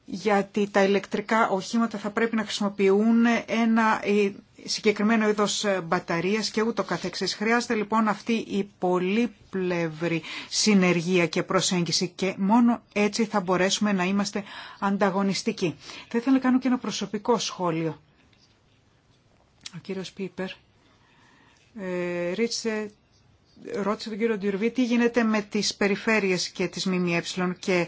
γιατί τα ηλεκτρικά οχήματα θα πρέπει να χρησιμοποιούν ένα συγκεκριμένο είδος ε, μπαταρίας και ούτω καθεξής. Χρειάζεται λοιπόν αυτή η πολύπλευρη συνεργία και προσέγγιση και μόνο έτσι θα μπορέσουμε να είμαστε ανταγωνιστικοί. Θα ήθελα να κάνω και ένα προσωπικό σχόλιο. Ο κύριος Πίπερ ε, ρώτησε τον κύριο Ντιουρβή τι γίνεται με τις περιφέρειες και τις ΜΜΕ και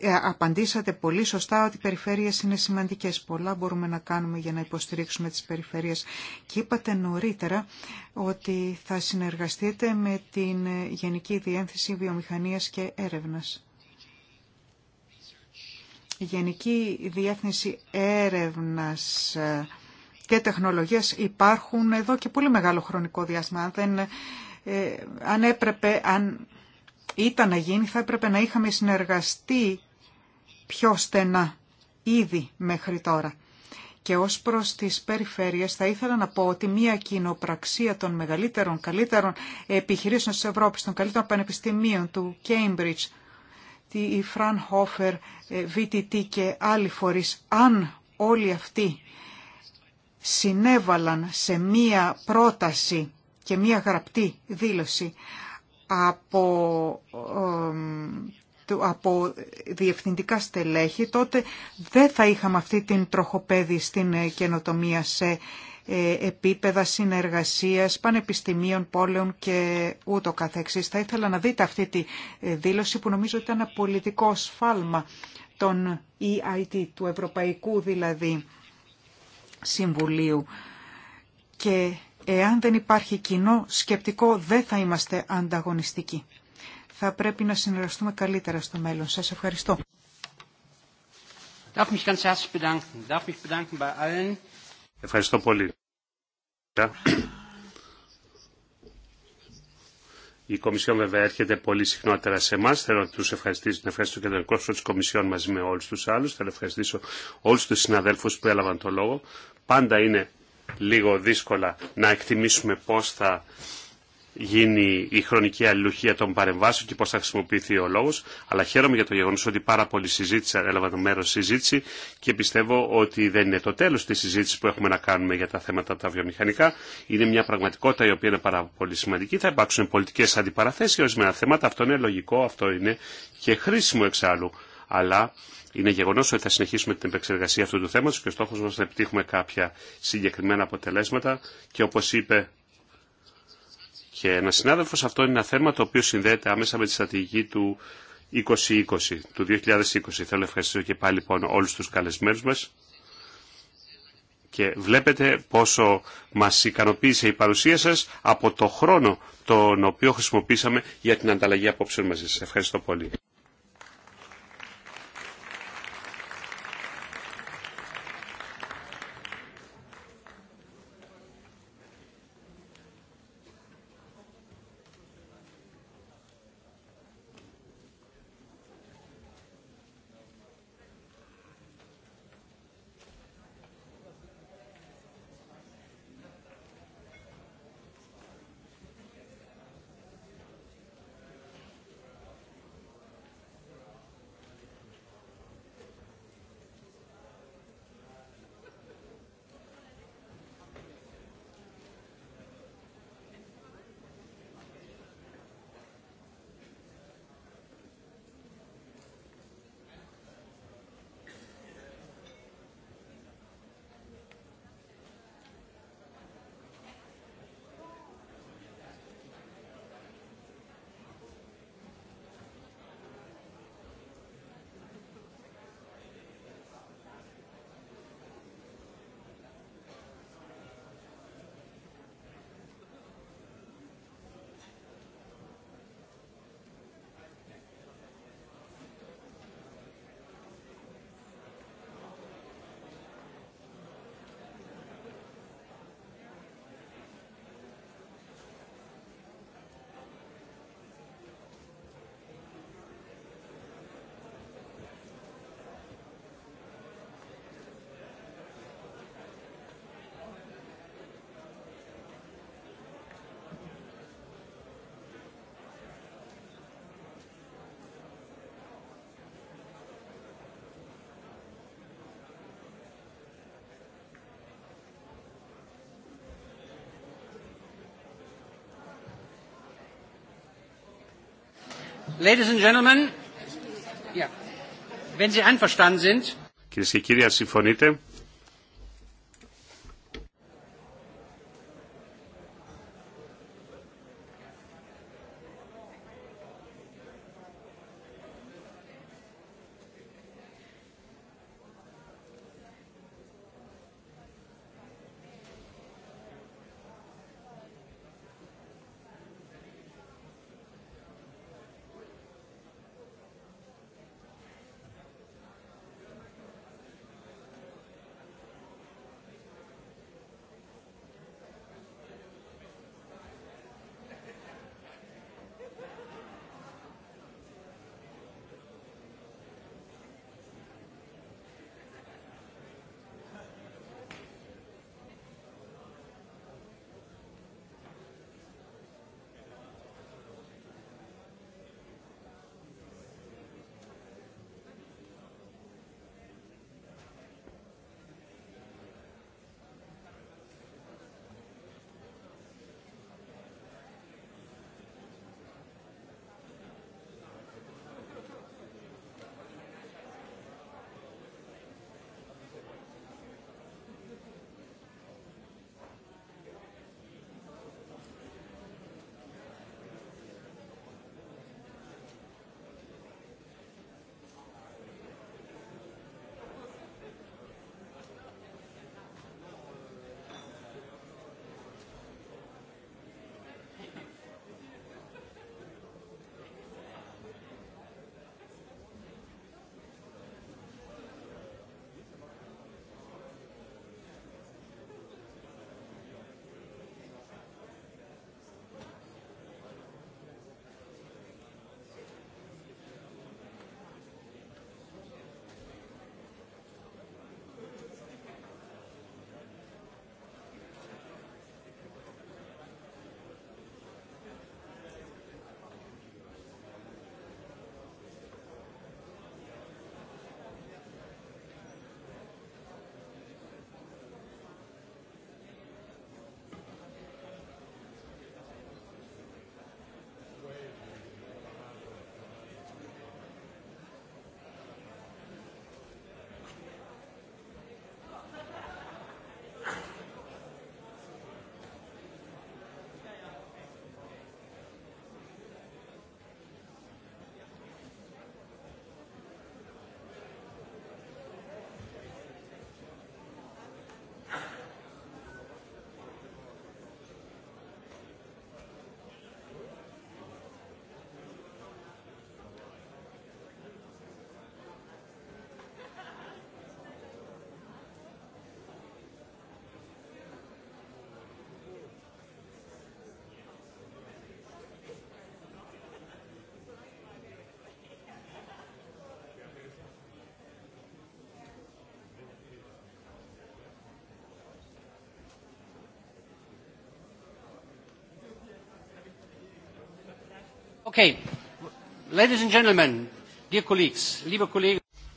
ε, απαντήσατε πολύ σωστά ότι οι περιφέρειες είναι σημαντικές. Πολλά μπορούμε να κάνουμε για να υποστηρίξουμε τις περιφέρειες και είπατε νωρίτερα ότι θα συνεργαστείτε με την Γενική Διένθεση Βιομηχανίας και Έρευνας. Η Γενική Διεύθυνση Έρευνας ε, και Τεχνολογίας υπάρχουν εδώ και πολύ μεγάλο χρονικό διάστημα. δεν ε, αν έπρεπε, αν ήταν να γίνει, θα έπρεπε να είχαμε συνεργαστεί πιο στενά ήδη μέχρι τώρα. Και ως προς τις περιφέρειες θα ήθελα να πω ότι μια κοινοπραξία των μεγαλύτερων, καλύτερων επιχειρήσεων της Ευρώπης, των καλύτερων πανεπιστημίων του Cambridge, τη Fraunhofer, VTT ε, και άλλοι φορείς, αν όλοι αυτοί συνέβαλαν σε μία πρόταση και μία γραπτή δήλωση από, από διευθυντικά στελέχη, τότε δεν θα είχαμε αυτή την τροχοπέδη στην ε, καινοτομία σε ε, επίπεδα συνεργασίας πανεπιστημίων, πόλεων και ούτω καθεξής. Θα ήθελα να δείτε αυτή τη ε, δήλωση που νομίζω ήταν ένα πολιτικό σφάλμα των EIT, του Ευρωπαϊκού δηλαδή Συμβουλίου. Και Εάν δεν υπάρχει κοινό σκεπτικό, δεν θα είμαστε ανταγωνιστικοί. Θα πρέπει να συνεργαστούμε καλύτερα στο μέλλον. Σας ευχαριστώ. Ευχαριστώ πολύ. Η Κομισιόν βέβαια έρχεται πολύ συχνότερα σε εμά. Θέλω να του ευχαριστήσω, να ευχαριστήσω και τον εκπρόσωπο τη Κομισιόν μαζί με όλου του άλλου. Θέλω να ευχαριστήσω όλου του συναδέλφου που έλαβαν το λόγο. Πάντα είναι λίγο δύσκολα να εκτιμήσουμε πώς θα γίνει η χρονική αλληλουχία των παρεμβάσεων και πώς θα χρησιμοποιηθεί ο λόγος, αλλά χαίρομαι για το γεγονός ότι πάρα πολλοί συζήτησαν, έλαβαν μέρος συζήτηση και πιστεύω ότι δεν είναι το τέλος της συζήτησης που έχουμε να κάνουμε για τα θέματα τα βιομηχανικά. Είναι μια πραγματικότητα η οποία είναι πάρα πολύ σημαντική. Θα υπάρξουν πολιτικές αντιπαραθέσεις για ορισμένα θέματα. Αυτό είναι λογικό, αυτό είναι και χρήσιμο εξάλλου. Αλλά είναι γεγονό ότι θα συνεχίσουμε την επεξεργασία αυτού του θέματο και ο στόχο μα είναι να επιτύχουμε κάποια συγκεκριμένα αποτελέσματα και όπω είπε και ένα συνάδελφο, αυτό είναι ένα θέμα το οποίο συνδέεται άμεσα με τη στρατηγική του 2020, του 2020. Θέλω να ευχαριστήσω και πάλι λοιπόν όλου του καλεσμένου μα. Και βλέπετε πόσο μας ικανοποίησε η παρουσία σας από το χρόνο τον οποίο χρησιμοποίησαμε για την ανταλλαγή απόψεων μαζί σα. Ευχαριστώ πολύ. Ladies and gentlemen, yeah. Wenn Sie einverstanden sind. Κυρίες και κύριοι, αν συμφωνείτε,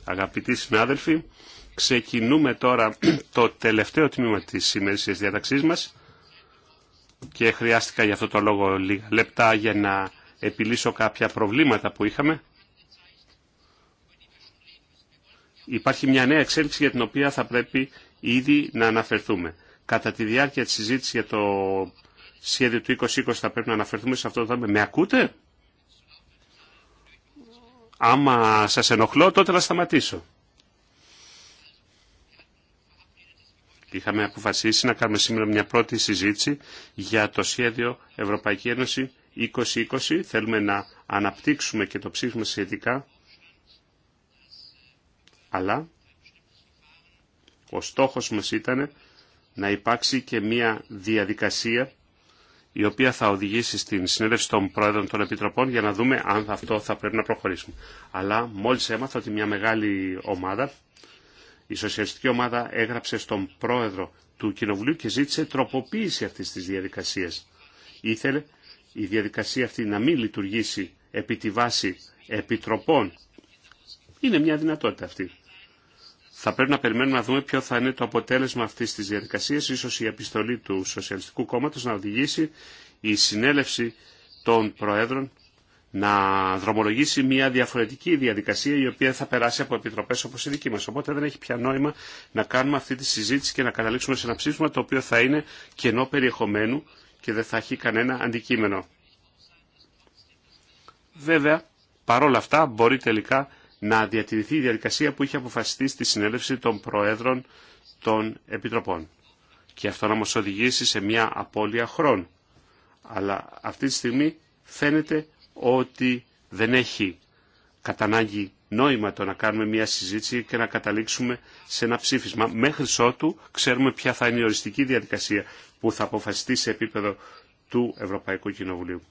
Αγαπητοί συνάδελφοι, ξεκινούμε τώρα το τελευταίο τμήμα της σημερινής διαταξής μας και χρειάστηκα για αυτό το λόγο λίγα λεπτά για να επιλύσω κάποια προβλήματα που είχαμε. Υπάρχει μια νέα εξέλιξη για την οποία θα πρέπει ήδη να αναφερθούμε. Κατά τη διάρκεια της συζήτησης για το σχέδιο του 2020 θα πρέπει να αναφερθούμε σε αυτό το θέμα. Με ακούτε? Άμα σα ενοχλώ, τότε να σταματήσω. Είχαμε αποφασίσει να κάνουμε σήμερα μια πρώτη συζήτηση για το σχέδιο Ευρωπαϊκή Ένωση 2020. Θέλουμε να αναπτύξουμε και το ψήφισμα σχετικά. Αλλά ο στόχος μας ήταν να υπάρξει και μια διαδικασία η οποία θα οδηγήσει στην συνέλευση των Πρόεδρων των Επιτροπών για να δούμε αν αυτό θα πρέπει να προχωρήσουμε. Αλλά μόλις έμαθα ότι μια μεγάλη ομάδα, η Σοσιαλιστική Ομάδα, έγραψε στον Πρόεδρο του Κοινοβουλίου και ζήτησε τροποποίηση αυτής της διαδικασίας. Ήθελε η διαδικασία αυτή να μην λειτουργήσει επί τη βάση επιτροπών. Είναι μια δυνατότητα αυτή θα πρέπει να περιμένουμε να δούμε ποιο θα είναι το αποτέλεσμα αυτής της διαδικασίας. Ίσως η επιστολή του Σοσιαλιστικού Κόμματος να οδηγήσει η συνέλευση των Προέδρων να δρομολογήσει μια διαφορετική διαδικασία η οποία θα περάσει από επιτροπές όπως η δική μας. Οπότε δεν έχει πια νόημα να κάνουμε αυτή τη συζήτηση και να καταλήξουμε σε ένα ψήφισμα το οποίο θα είναι κενό περιεχομένου και δεν θα έχει κανένα αντικείμενο. Βέβαια, παρόλα αυτά μπορεί τελικά να διατηρηθεί η διαδικασία που είχε αποφασιστεί στη συνέλευση των Προέδρων των Επιτροπών. Και αυτό να μας οδηγήσει σε μια απώλεια χρόνου. Αλλά αυτή τη στιγμή φαίνεται ότι δεν έχει κατά νόημα το να κάνουμε μια συζήτηση και να καταλήξουμε σε ένα ψήφισμα. Μέχρι ότου ξέρουμε ποια θα είναι η οριστική διαδικασία που θα αποφασιστεί σε επίπεδο του Ευρωπαϊκού Κοινοβουλίου.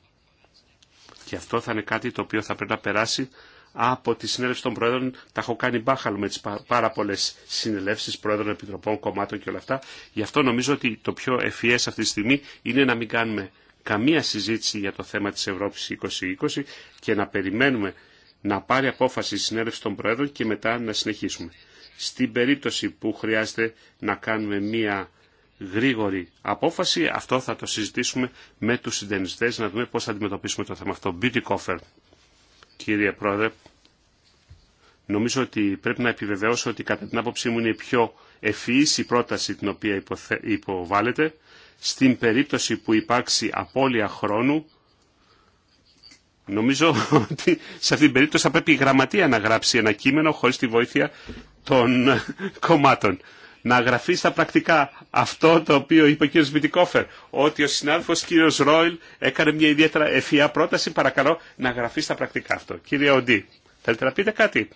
Και αυτό θα είναι κάτι το οποίο θα πρέπει να περάσει από τη συνέλευση των Προέδρων. Τα έχω κάνει μπάχαλο με τι πάρα πολλέ συνελεύσεις Προέδρων Επιτροπών, Κομμάτων και όλα αυτά. Γι' αυτό νομίζω ότι το πιο ευφιέ αυτή τη στιγμή είναι να μην κάνουμε καμία συζήτηση για το θέμα της Ευρώπης 2020 και να περιμένουμε να πάρει απόφαση η συνέλευση των Προέδρων και μετά να συνεχίσουμε. Στην περίπτωση που χρειάζεται να κάνουμε μία γρήγορη απόφαση, αυτό θα το συζητήσουμε με τους συντενιστές να δούμε πώς θα αντιμετωπίσουμε το θέμα αυτό. Beauty Coffer κύριε Πρόεδρε. Νομίζω ότι πρέπει να επιβεβαιώσω ότι κατά την άποψή μου είναι η πιο ευφυής η πρόταση την οποία υποθε... υποβάλλεται στην περίπτωση που υπάρξει απώλεια χρόνου Νομίζω ότι σε αυτή την περίπτωση θα πρέπει η γραμματεία να γράψει ένα κείμενο χωρίς τη βοήθεια των κομμάτων να γραφεί στα πρακτικά αυτό το οποίο είπε ο κ. Βιτικόφερ, ότι ο συνάδελφο κ. Ρόιλ έκανε μια ιδιαίτερα ευφυά πρόταση, παρακαλώ να γραφεί στα πρακτικά αυτό. Κύριε Οντί, θέλετε να πείτε κάτι.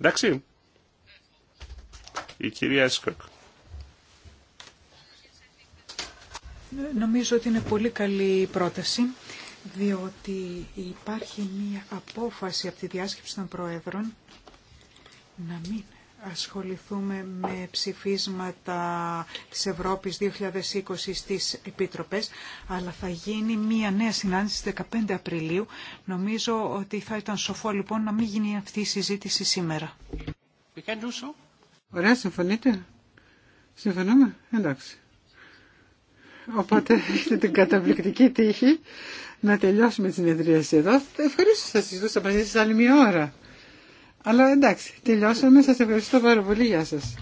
Εντάξει. Η κυρία Έσκοκ. Νομίζω ότι είναι πολύ καλή πρόταση, διότι υπάρχει μία απόφαση από τη διάσκεψη των Προέδρων να μην ασχοληθούμε με ψηφίσματα της Ευρώπης 2020 στις Επίτροπες, αλλά θα γίνει μία νέα συνάντηση στις 15 Απριλίου. Νομίζω ότι θα ήταν σοφό λοιπόν να μην γίνει αυτή η συζήτηση σήμερα. Ωραία, συμφωνείτε. Συμφωνούμε. Εντάξει. Οπότε έχετε την καταπληκτική τύχη να τελειώσουμε τη συνεδρίαση εδώ. Ευχαριστώ. Θα συζητούσα μαζί σας άλλη μία ώρα. Αλλά εντάξει, τελειώσαμε. Σας ευχαριστώ πάρα πολύ. Γεια σας.